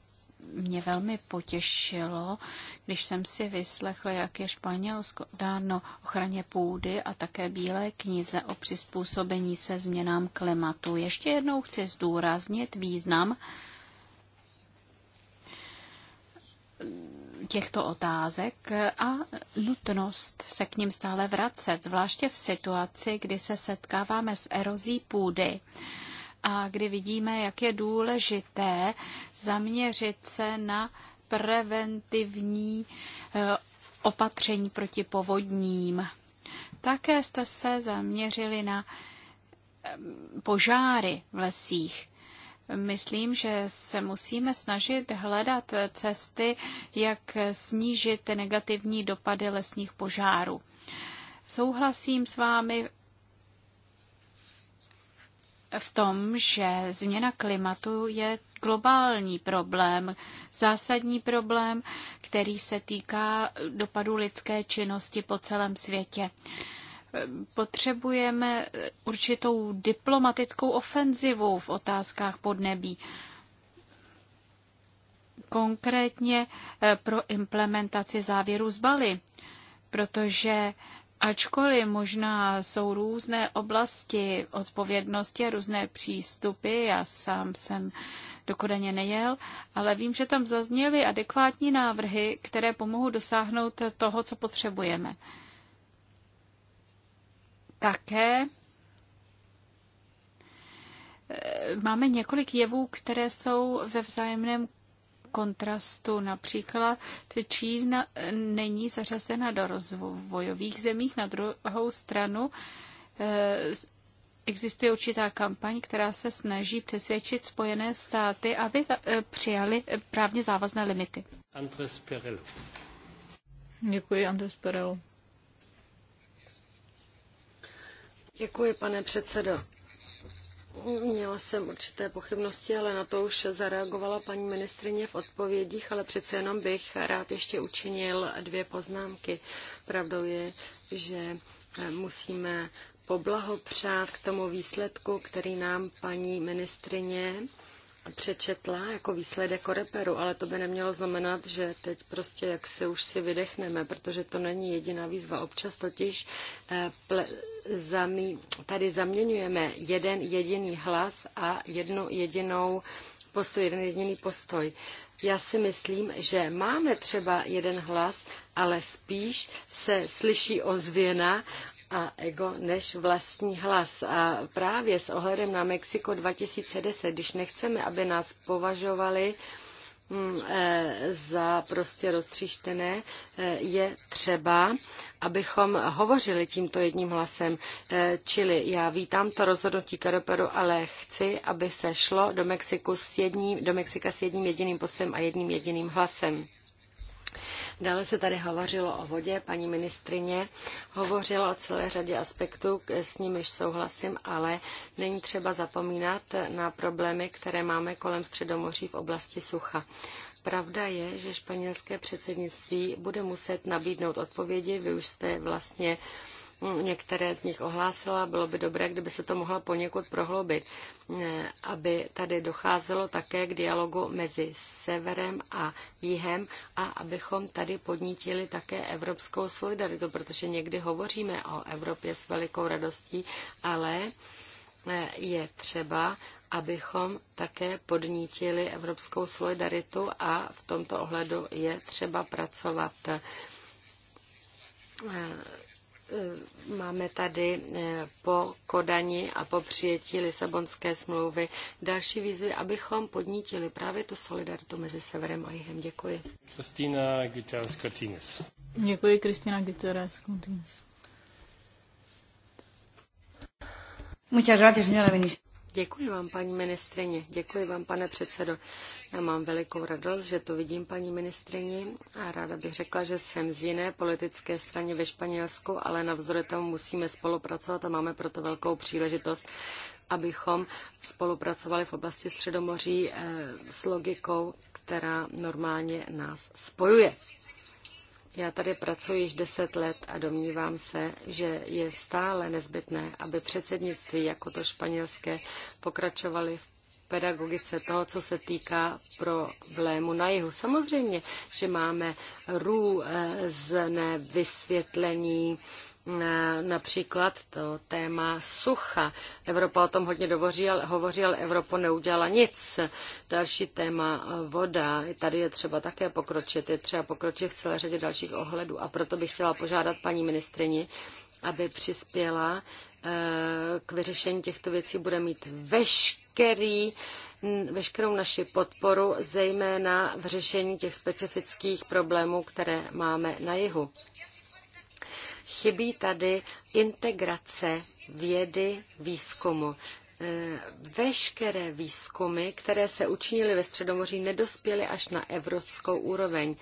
mě velmi potěšilo, když jsem si vyslechla, jak je Španělsko dáno ochraně půdy a také Bílé knize o přizpůsobení se změnám klimatu. Ještě jednou chci zdůraznit význam těchto otázek a nutnost se k ním stále vracet, zvláště v situaci, kdy se setkáváme s erozí půdy a kdy vidíme, jak je důležité zaměřit se na preventivní eh, opatření proti povodním. Také jste se zaměřili na eh, požáry v lesích. Myslím, že se musíme snažit hledat cesty, jak snížit negativní dopady lesních požárů. Souhlasím s vámi v tom, že změna klimatu je globální problém, zásadní problém, který se týká dopadu lidské činnosti po celém světě potřebujeme eh, určitou diplomatickou ofenzivu v otázkách podnebí. Konkrétně eh, pro implementaci závěru z Bali, protože Ačkoliv možná jsou různé oblasti odpovědnosti a různé přístupy, já sám jsem do Kodaně nejel, ale vím, že tam zazněly adekvátní návrhy, které pomohou dosáhnout toho, co potřebujeme. Také eh, máme několik jevů, které jsou ve vzájemném kontrastu. Například Čína není zařazena do rozvojových zemích. Na druhou stranu eh, existuje určitá kampaň, která se snaží přesvědčit Spojené státy, aby eh, přijali právně závazné limity. Andres Perel. Děkuji, Andres Perel. Děkuji, pane předsedo. Měla jsem určité pochybnosti, ale na to už zareagovala paní ministrině v odpovědích, ale přece jenom bych rád ještě učinil dvě poznámky. Pravdou je, že eh, musíme poblahopřát k tomu výsledku, který nám paní ministrině přečetla jako výsledek koreperu, ale to by nemělo znamenat, že teď prostě jak se už si vydechneme, protože to není jediná výzva. Občas totiž eh, ple, zamí, tady zaměňujeme jeden jediný hlas a jednu jedinou postoj, jeden jediný postoj. Já si myslím, že máme třeba jeden hlas, ale spíš se slyší ozvěna a ego než vlastní hlas. A právě s ohledem na Mexiko 2010, když nechceme, aby nás považovali mm, eh, za prostě roztříštené, eh, je třeba, abychom hovořili tímto jedním hlasem. Eh, čili já vítám to rozhodnutí Karoperu, ale chci, aby se šlo do, Mexiku s jedním, do Mexika s jedním jediným postem a jedním jediným hlasem. Dále se tady hovořilo o vodě. Paní ministrině hovořila o celé řadě aspektů, s nimiž souhlasím, ale není třeba zapomínat na problémy, které máme kolem Středomoří v oblasti sucha. Pravda je, že španělské předsednictví bude muset nabídnout odpovědi. Vy už jste vlastně uh, Některé z nich ohlásila, bylo by dobré, kdyby se to mohla poněkud prohloubit, eh, aby tady docházelo také k dialogu mezi severem a jihem a abychom tady podnítili také evropskou solidaritu, protože někdy hovoříme o Evropě s velikou radostí, ale eh, je třeba, abychom také podnítili evropskou solidaritu a v tomto ohledu je třeba pracovat eh, Eh, máme tady eh, po Kodani a po přijetí Lisabonské smlouvy další výzvy, abychom podnítili právě tu solidaritu mezi severem a jihem. Děkuji. Kristina Guterres Cortines. Děkuji, Kristina Guterres Cortines. Muchas gracias, señora ministra. Děkuji vám, paní ministrině. Děkuji vám, pane předsedo. Já mám velikou radost, že to vidím paní ministrině a ráda bych řekla, že jsem z jiné politické strany ve Španělsku, ale navzdory tomu musíme spolupracovat a máme proto velkou příležitost abychom spolupracovali v oblasti Středomoří eh, s logikou, která normálně nás spojuje. Já tady pracuji již deset let a domnívám se, že je stále nezbytné, aby předsednictví jako to španělské pokračovali v pedagogice toho, co se týká problému na jihu. Samozřejmě, že máme různé vysvětlení, například to téma sucha. Evropa o tom hodně hovoří, ale Evropa neudělala nic. Další téma eh, voda. Tady je třeba také pokročit. Je třeba pokročit v celé řadě dalších ohledů. A proto bych chtěla požádat paní ministrini, aby přispěla eh, k vyřešení těchto věcí. Bude mít veškerý veškerou naši podporu, zejména v řešení těch specifických problémů, které máme na jihu. Chybí tady integrace vědy, výzkumu e, veškeré výzkumy, které se učinily ve Středomoří, nedospěly až na evropskou úroveň.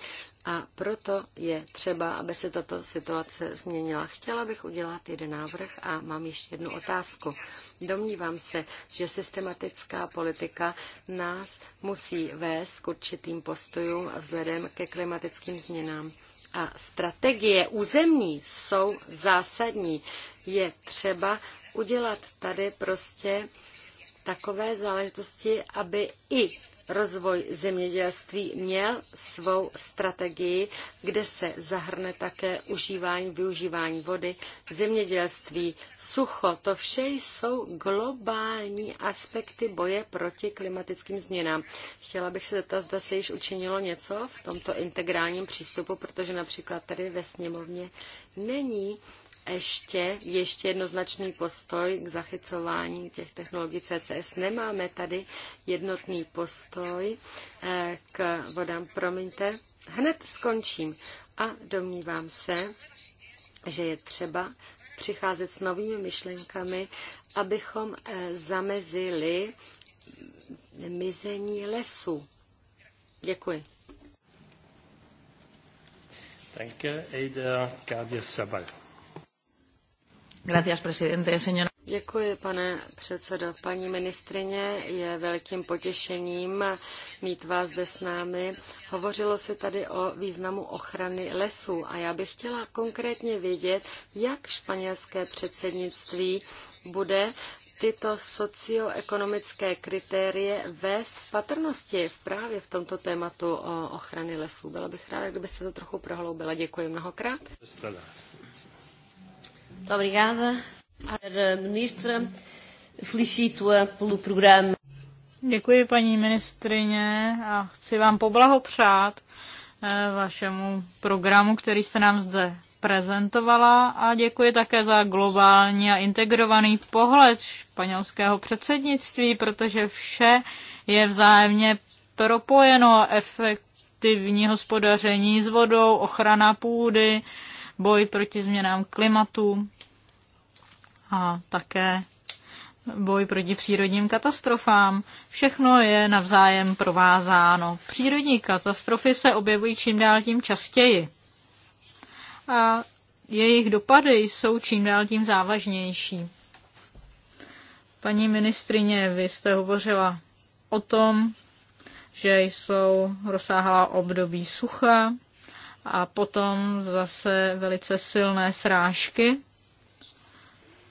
A proto je třeba, aby se tato situace změnila. Chtěla bych udělat jeden návrh a mám ještě jednu otázku. Domnívám se, že systematická politika nás musí vést k určitým postojům vzhledem ke klimatickým změnám a strategie územní jsou zásadní. Je třeba udělat tady prostě takové záležitosti, aby i rozvoj zemědělství měl svou strategii, kde se zahrne také užívání, využívání vody, zemědělství, sucho. To vše jsou globální aspekty boje proti klimatickým změnám. Chtěla bych se zeptat, zda se již učinilo něco v tomto integrálním přístupu, protože například tady ve sněmovně není ještě, ještě jednoznačný postoj k zachycování těch technologií CCS. Nemáme tady jednotný postoj eh, k vodám. Promiňte, hned skončím. A domnívám se, že je třeba přicházet s novými myšlenkami, abychom eh, zamezili mizení lesů. Děkuji. Danke, Ada Gabriel Sabal. Děkuji, pane předsedo. Paní ministrině, je velkým potěšením mít vás zde s námi. Hovořilo se tady o významu ochrany lesů a já bych chtěla konkrétně vědět, jak španělské předsednictví bude tyto socioekonomické kritérie vést v patrnosti v právě v tomto tématu ochrany lesů. Byla bych ráda, kdybyste to trochu prohloubila. Děkuji mnohokrát. Strana. Obrigada. Ministra, felicito-a pelo programa. Děkuji, paní ministrině, a chci vám poblahopřát eh, vašemu programu, který jste nám zde prezentovala a děkuji také za globální a integrovaný pohled španělského předsednictví, protože vše je vzájemně propojeno efektivní hospodaření s vodou, ochrana půdy, boj proti změnám klimatu a také boj proti přírodním katastrofám. Všechno je navzájem provázáno. Přírodní katastrofy se objevují čím dál tím častěji. A jejich dopady jsou čím dál tím závažnější. Paní ministrině, vy jste hovořila o tom, že jsou rozsáhlá období sucha, a potom zase velice silné srážky.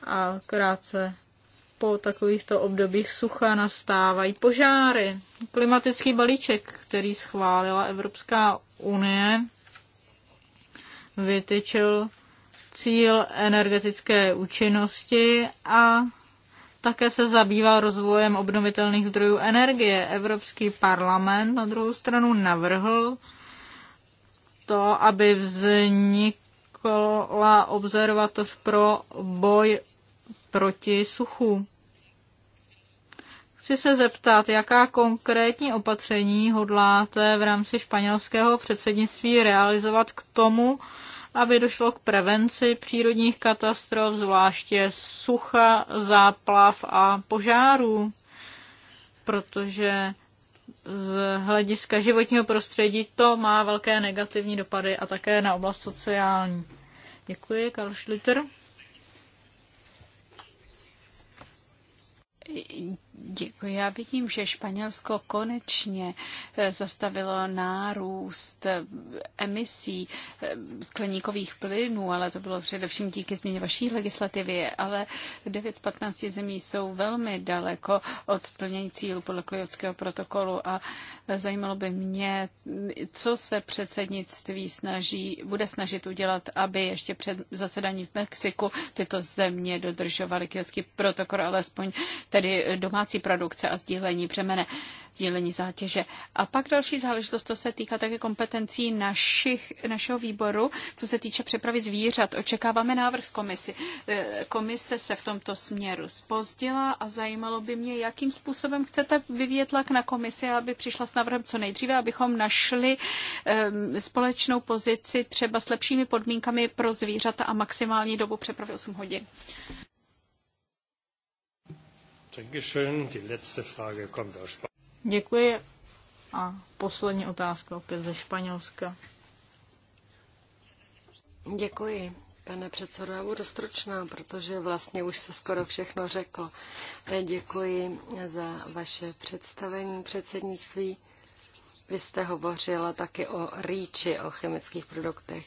A krátce po takovýchto obdobích sucha nastávají požáry. Klimatický balíček, který schválila Evropská unie, vytyčil cíl energetické účinnosti a také se zabývá rozvojem obnovitelných zdrojů energie. Evropský parlament na druhou stranu navrhl to, aby vznikla observatoř pro boj proti suchu. Chci se zeptat, jaká konkrétní opatření hodláte v rámci španělského předsednictví realizovat k tomu, aby došlo k prevenci přírodních katastrof, zvláště sucha, záplav a požárů, protože z hlediska životního prostředí to má velké negativní dopady a také na oblast sociální. Děkuji, Karl Schlitter. Děkuji. Já vidím, že Španělsko konečně eh, zastavilo nárůst eh, emisí eh, skleníkových plynů, ale to bylo především díky změně vaší legislativy, ale 9 z 15 zemí jsou velmi daleko od splnění cílu podle Klyotského protokolu a zajímalo by mě, co se předsednictví snaží, bude snažit udělat, aby ještě před zasedání v Mexiku tyto země dodržovaly Kyotský protokol, alespoň tedy doma domácí produkce a sdílení břemene, sdílení zátěže. A pak další záležitost, to se týká také kompetencí našich, našeho výboru, co se týče přepravy zvířat. Očekáváme návrh z komisy. Eh, komise se v tomto směru spozdila a zajímalo by mě, jakým způsobem chcete vyvíjet tlak na komisi, aby přišla s návrhem co nejdříve, abychom našli ehm, společnou pozici třeba s lepšími podmínkami pro zvířata a maximální dobu přepravy 8 hodin. Děkuji. A poslední otázka opět ze Španělska. Děkuji. Pane předsedo, já budu stručná, protože vlastně už se skoro všechno řeklo. E, děkuji za vaše představení předsednictví. Vy jste hovořila taky o rýči, o chemických produktech.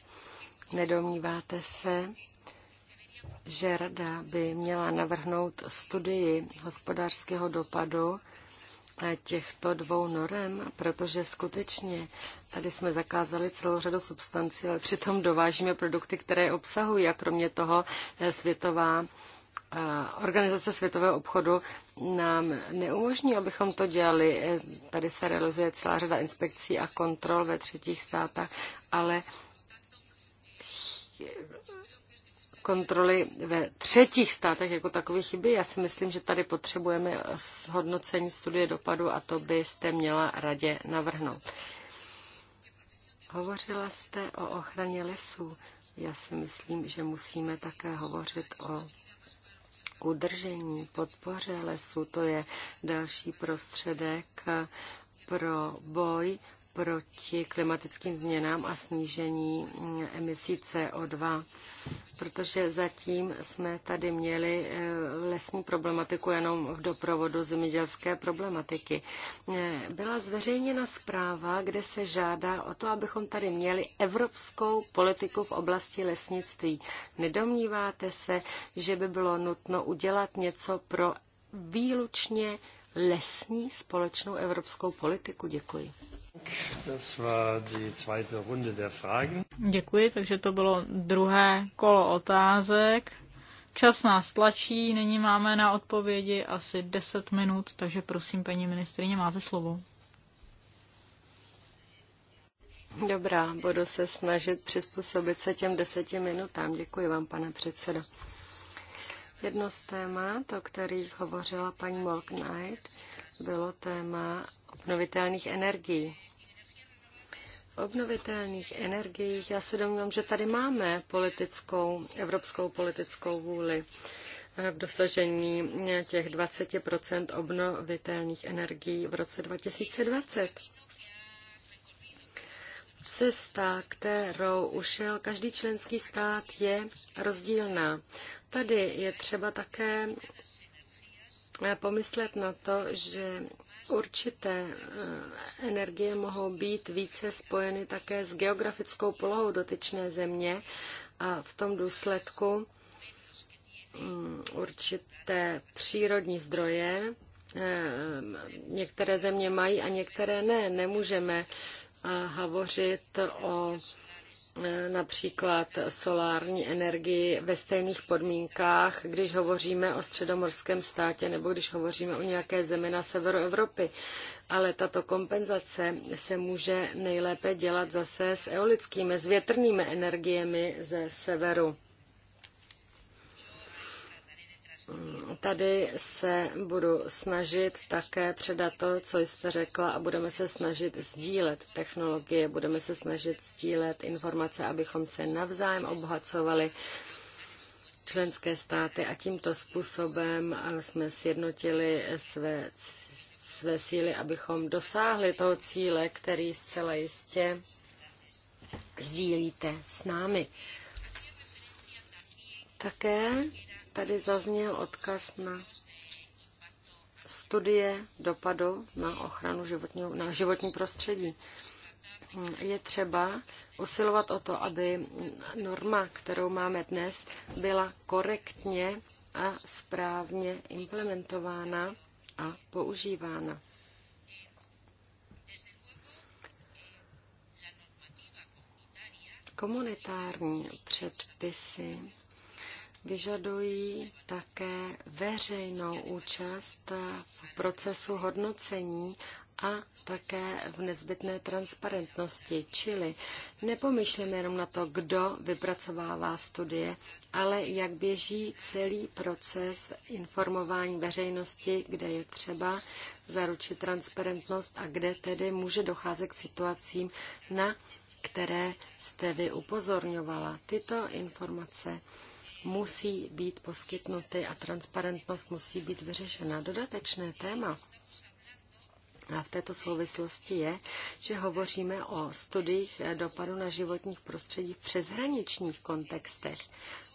Nedomníváte se, že Rada by měla navrhnout studii hospodářského dopadu těchto dvou norem, protože skutečně tady jsme zakázali celou řadu substancí, ale přitom dovážíme produkty, které obsahují a kromě toho eh, světová eh, Organizace světového obchodu nám neumožní, abychom to dělali. Eh, tady se realizuje celá řada inspekcí a kontrol ve třetích státech, ale kontroly ve třetích státech jako takové chyby. Já si myslím, že tady potřebujeme shodnocení studie dopadu a to byste měla radě navrhnout. Hovořila jste o ochraně lesů. Já si myslím, že musíme také hovořit o udržení, podpoře lesů. To je další prostředek pro boj proti klimatickým změnám a snížení emisí CO2, protože zatím jsme tady měli eh, lesní problematiku jenom v doprovodu zemědělské problematiky. Eh, byla zveřejněna zpráva, kde se žádá o to, abychom tady měli evropskou politiku v oblasti lesnictví. Nedomníváte se, že by bylo nutno udělat něco pro výlučně lesní společnou evropskou politiku? Děkuji. Děkuji, takže to bylo druhé kolo otázek. Čas nás tlačí, nyní máme na odpovědi asi 10 minut, takže prosím, paní ministrině, máte slovo. Dobrá, budu se snažit přizpůsobit se těm deseti minutám. Děkuji vám, pane předsedo. Jedno z témat, o kterých hovořila paní Molknight, bylo téma obnovitelných energií obnovitelných energiích, já se domnívám, že tady máme politickou, evropskou politickou vůli v dosažení těch 20 obnovitelných energií v roce 2020. Cesta, kterou ušel každý členský stát, je rozdílná. Tady je třeba také pomyslet na to, že Určité eh, energie mohou být více spojeny také s geografickou polohou dotyčné země a v tom důsledku mm, určité přírodní zdroje. Eh, některé země mají a některé ne. Nemůžeme eh, hovořit o například solární energii ve stejných podmínkách, když hovoříme o středomorském státě nebo když hovoříme o nějaké zemi na severu Evropy. Ale tato kompenzace se může nejlépe dělat zase s eolickými, s větrnými energiemi ze severu. Tady se budu snažit také předat to, co jste řekla a budeme se snažit sdílet technologie, budeme se snažit sdílet informace, abychom se navzájem obohacovali členské státy a tímto způsobem jsme sjednotili své, své síly, abychom dosáhli toho cíle, který zcela jistě sdílíte s námi. Také Tady zazněl odkaz na studie dopadu na ochranu životního, na životní prostředí. Je třeba usilovat o to, aby norma, kterou máme dnes, byla korektně a správně implementována a používána. Komunitární předpisy vyžadují také veřejnou účast v procesu hodnocení a také v nezbytné transparentnosti, čili nepomýšlíme jenom na to, kdo vypracovává studie, ale jak běží celý proces informování veřejnosti, kde je třeba zaručit transparentnost a kde tedy může docházet k situacím, na které jste vy upozorňovala. Tyto informace musí být poskytnuty a transparentnost musí být vyřešena. Dodatečné téma a v této souvislosti je, že hovoříme o studiích dopadu na životních prostředí v přeshraničních kontextech.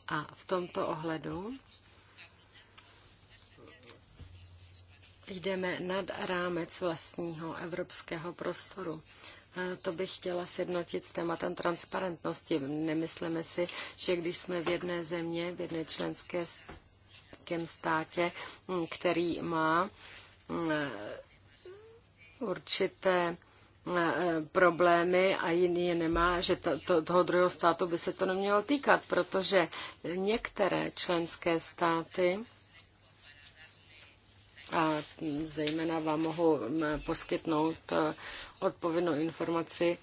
A v tomto ohledu jdeme nad rámec vlastního evropského prostoru to bych chtěla sjednotit s tématem transparentnosti. Nemyslíme si, že když jsme v jedné země, v jedné členské státě, mm, který má mm, určité mm, problémy a jiný je nemá, že to, to, toho druhého státu by se to nemělo týkat, protože některé členské státy a zejména vám mohu mm, poskytnout eh, odpovědnou informaci.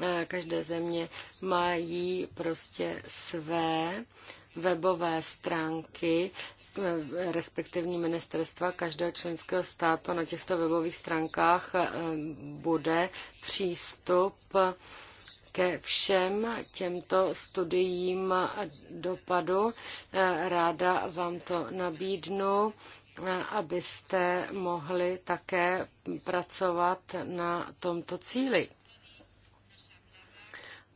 Eh, každé země mají prostě své webové stránky, eh, respektivní ministerstva každého členského státu na těchto webových stránkách bude přístup ke všem těmto studiím dopadu. Ráda vám to nabídnu abyste mohli také pracovat na tomto cíli.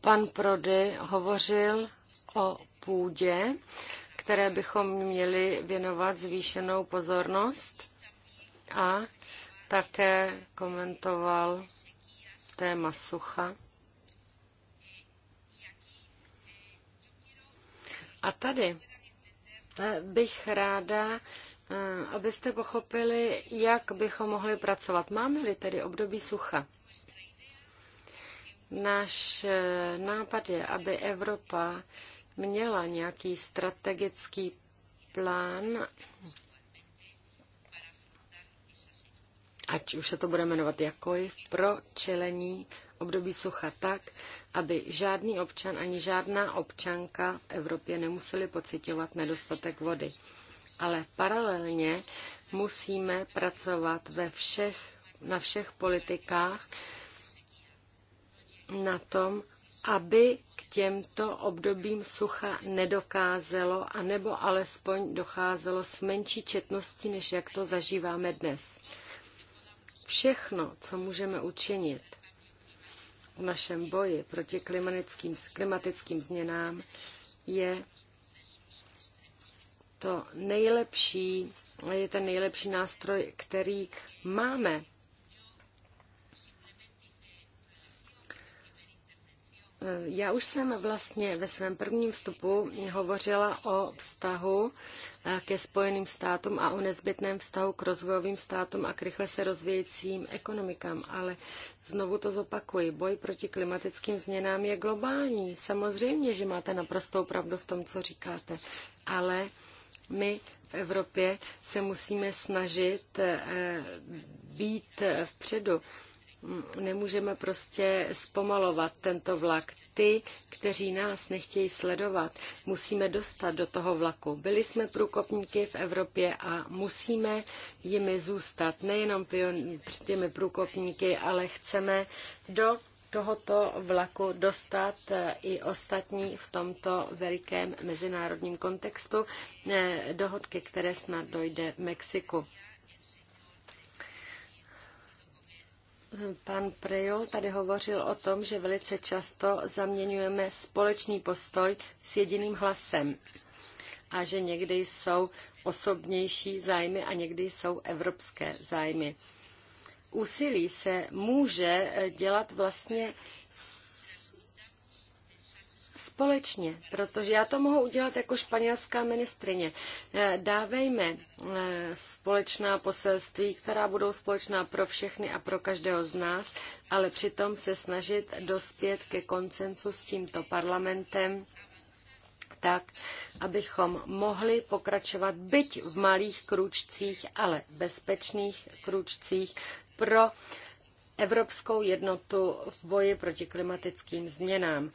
Pan Prody hovořil o půdě, které bychom měli věnovat zvýšenou pozornost a také komentoval téma sucha. A tady eh, bych ráda abyste pochopili, jak bychom mohli pracovat. Máme-li tedy období sucha? Náš e, nápad je, aby Evropa měla nějaký strategický plán, ať už se to bude jmenovat jakkoliv, pro čelení období sucha tak, aby žádný občan ani žádná občanka v Evropě nemuseli pocitovat nedostatek vody ale paralelně musíme pracovat ve všech, na všech politikách na tom, aby k těmto obdobím sucha nedokázelo, anebo alespoň docházelo s menší četností, než jak to zažíváme dnes. Všechno, co můžeme učinit v našem boji proti klimatickým, klimatickým změnám, je to nejlepší, je ten nejlepší nástroj, který máme. Já už jsem vlastně ve svém prvním vstupu hovořila o vztahu eh, ke Spojeným státům a o nezbytném vztahu k rozvojovým státům a k rychle se rozvějícím ekonomikám. Ale znovu to zopakuji. Boj proti klimatickým změnám je globální. Samozřejmě, že máte naprostou pravdu v tom, co říkáte. Ale my v Evropě se musíme snažit eh, být vpředu. Nemůžeme prostě zpomalovat tento vlak. Ty, kteří nás nechtějí sledovat, musíme dostat do toho vlaku. Byli jsme průkopníky v Evropě a musíme jimi zůstat. Nejenom těmi průkopníky, ale chceme do tohoto vlaku dostat e, i ostatní v tomto velikém mezinárodním kontextu e, dohodky, které snad dojde v Mexiku. Pan Prejo tady hovořil o tom, že velice často zaměňujeme společný postoj s jediným hlasem a že někdy jsou osobnější zájmy a někdy jsou evropské zájmy úsilí se může eh, dělat vlastně společně, protože já to mohu udělat jako španělská ministrině. Eh, dávejme eh, společná poselství, která budou společná pro všechny a pro každého z nás, ale přitom se snažit dospět ke koncensu s tímto parlamentem tak, abychom mohli pokračovat byť v malých kručcích, ale bezpečných kručcích pro evropskou jednotu v boji proti klimatickým změnám.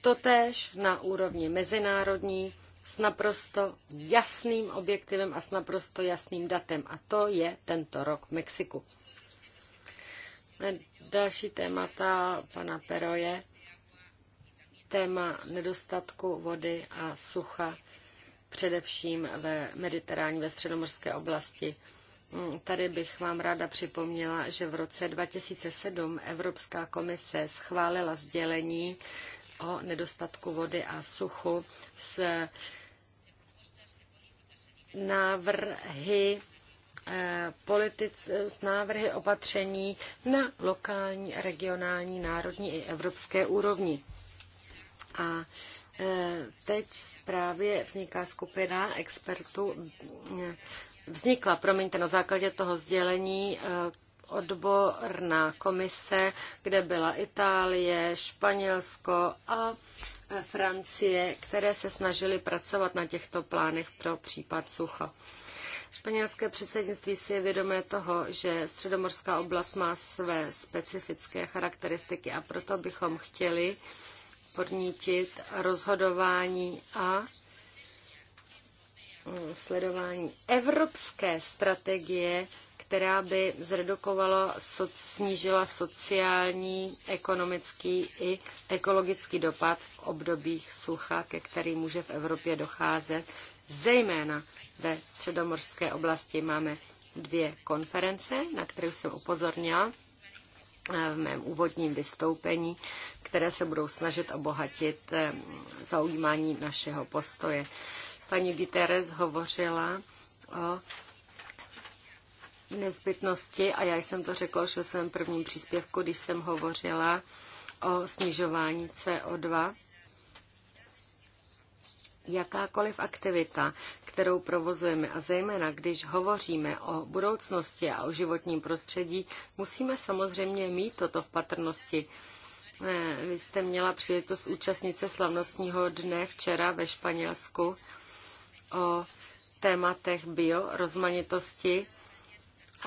Totéž na úrovni mezinárodní s naprosto jasným objektivem a s naprosto jasným datem. A to je tento rok v Mexiku. Další témata pana Pero je téma nedostatku vody a sucha, především ve mediterální, ve středomorské oblasti. Mm, tady bych vám ráda připomněla, že v roce 2007 Evropská komise schválila sdělení o nedostatku vody a suchu s návrhy eh, politic, s návrhy opatření na lokální, regionální, národní i evropské úrovni. A eh, teď právě vzniká skupina expertů eh, vznikla, promiňte, na základě toho sdělení eh, odborná komise, kde byla Itálie, Španělsko a eh, Francie, které se snažily pracovat na těchto plánech pro případ sucha. Španělské předsednictví si je vědomé toho, že středomorská oblast má své specifické charakteristiky a proto bychom chtěli podnítit rozhodování a sledování evropské strategie, která by zredukovala, snížila sociální, ekonomický i ekologický dopad v obdobích sucha, ke kterým může v Evropě docházet. Zejména ve středomorské oblasti máme dvě konference, na které jsem upozornila eh, v mém úvodním vystoupení, které se budou snažit obohatit eh, zaujímání našeho postoje. Paní Guterres hovořila o nezbytnosti, a já jsem to řekla už ve svém prvním příspěvku, když jsem hovořila o snižování CO2, jakákoliv aktivita, kterou provozujeme a zejména když hovoříme o budoucnosti a o životním prostředí, musíme samozřejmě mít toto v patrnosti. Eh, vy jste měla příležitost účastnit se slavnostního dne včera ve Španělsku o tématech biorozmanitosti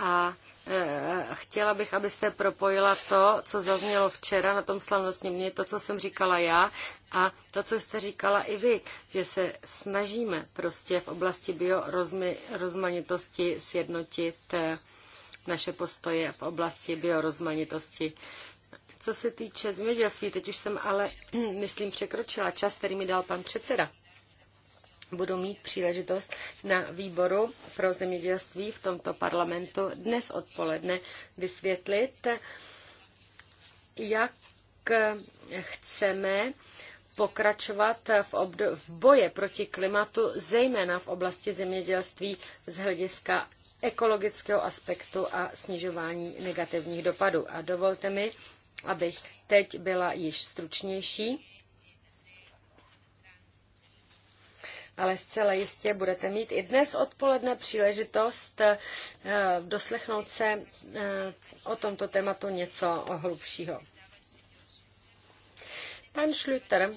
a e, chtěla bych, abyste propojila to, co zaznělo včera na tom slavnostním dně, to, co jsem říkala já a to, co jste říkala i vy, že se snažíme prostě v oblasti biorozmanitosti sjednotit e, naše postoje v oblasti biorozmanitosti. Co se týče zemědělství, teď už jsem ale, myslím, překročila čas, který mi dal pan předseda budu mít příležitost na výboru pro zemědělství v tomto parlamentu dnes odpoledne vysvětlit, jak chceme pokračovat v, obdo- v boje proti klimatu, zejména v oblasti zemědělství z hlediska ekologického aspektu a snižování negativních dopadů. A dovolte mi, abych teď byla již stručnější ale zcela jistě budete mít i dnes odpoledne příležitost eh, doslechnout se eh, o tomto tématu něco hlubšího. Pan Schlüter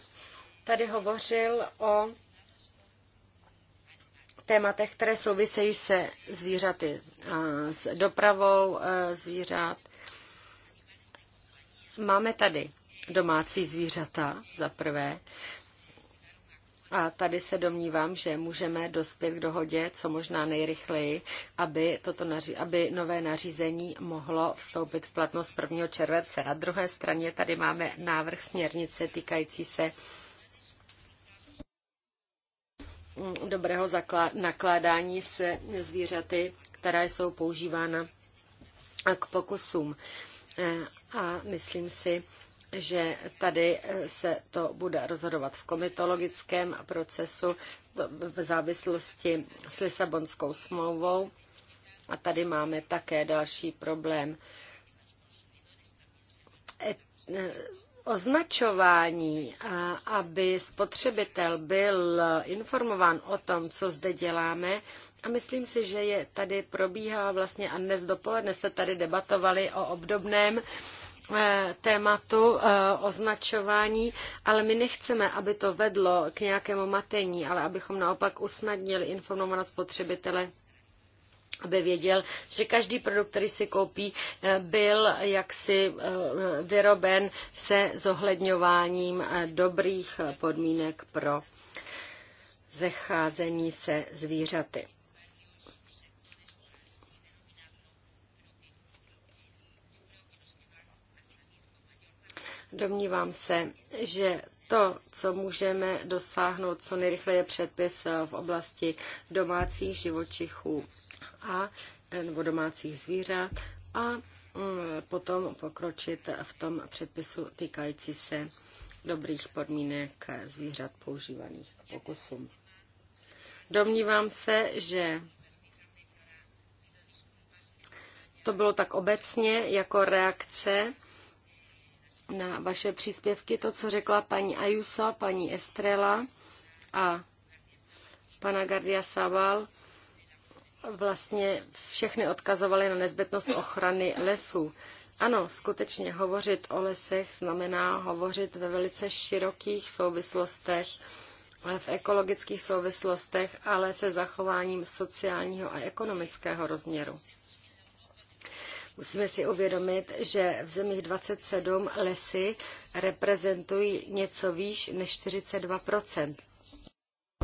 tady hovořil o tématech, které souvisejí se zvířaty, s dopravou eh, zvířat. Máme tady domácí zvířata, za prvé. A tady se domnívám, že můžeme dospět k dohodě co možná nejrychleji, aby, toto naři- aby nové nařízení mohlo vstoupit v platnost 1. července. Na druhé straně tady máme návrh směrnice týkající se dobrého nakládání se zvířaty, která jsou používána k pokusům. A myslím si, že tady eh, se to bude rozhodovat v komitologickém procesu v závislosti s Lisabonskou smlouvou. A tady máme také další problém. Eh, označování, aby spotřebitel byl informován o tom, co zde děláme, a myslím si, že je tady probíhá vlastně, a dnes dopoledne jste tady debatovali o obdobném Eh, tématu eh, označování, ale my nechceme, aby to vedlo k nějakému matení, ale abychom naopak usnadnili informovanost spotřebitele aby věděl, že každý produkt, který si koupí, eh, byl jaksi vyroben se zohledňováním dobrých podmínek pro zecházení se zvířaty. Domnívám se, že to, co můžeme dosáhnout co nejrychleji předpis eh, v oblasti domácích živočichů a eh, nebo domácích zvířat a mm, potom pokročit v tom předpisu týkající se dobrých podmínek zvířat používaných k pokusům. Domnívám se, že to bylo tak obecně jako reakce na vaše příspěvky, to, co řekla paní Ayuso, paní Estrela a pana Gardia Saval, vlastně všechny odkazovaly na nezbytnost ochrany lesů. Ano, skutečně hovořit o lesech znamená hovořit ve velice širokých souvislostech, v ekologických souvislostech, ale se zachováním sociálního a ekonomického rozměru. Musíme si uvědomit, že v zemích 27 lesy reprezentují něco výš než 42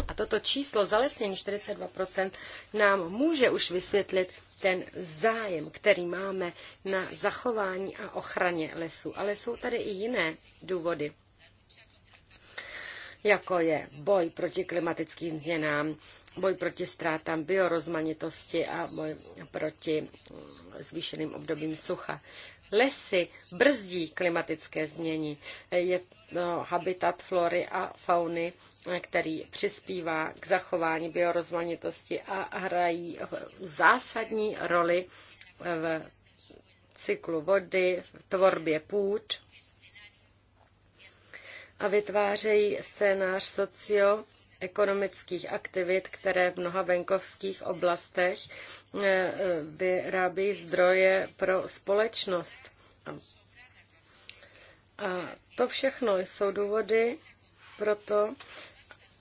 a toto číslo zalesnění 42% nám může už vysvětlit ten zájem, který máme na zachování a ochraně lesů. Ale jsou tady i jiné důvody, jako je boj proti klimatickým změnám, boj proti ztrátám biorozmanitosti a boj proti zvýšeným obdobím sucha. Lesy brzdí klimatické změny. Je to habitat flory a fauny, který přispívá k zachování biorozmanitosti a hrají zásadní roli v cyklu vody, v tvorbě půd a vytvářejí scénář socio ekonomických aktivit, které v mnoha venkovských oblastech eh, eh, vyrábí zdroje pro společnost. A to všechno jsou důvody pro to,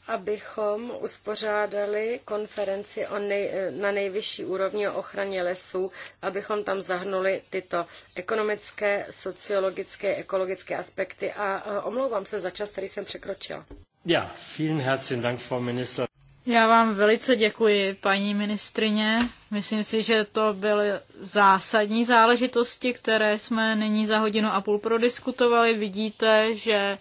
abychom uspořádali konferenci o nej, na nejvyšší úrovni o ochraně lesů, abychom tam zahrnuli tyto ekonomické, sociologické, ekologické aspekty. A omlouvám se za čas, který jsem překročila. Ja, vielen herzlichen Dank, Frau Minister. Já vám velice děkuji, paní ministrině. Myslím si, že to byly zásadní záležitosti, které jsme nyní za hodinu a půl prodiskutovali. Vidíte, že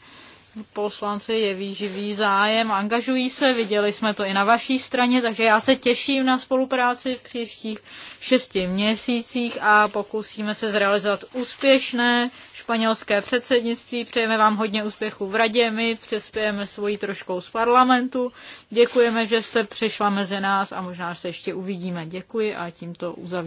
poslanci jeví živý zájem, angažují se, viděli jsme to i na vaší straně, takže já se těším na spolupráci v příštích šesti měsících a pokusíme se zrealizovat úspěšné španělské předsednictví. Přejeme vám hodně úspěchů v radě, my přespějeme svojí troškou z parlamentu. Děkujeme, že jste přišla mezi nás a možná se ještě uvidíme. Děkuji a tímto uzavřeme.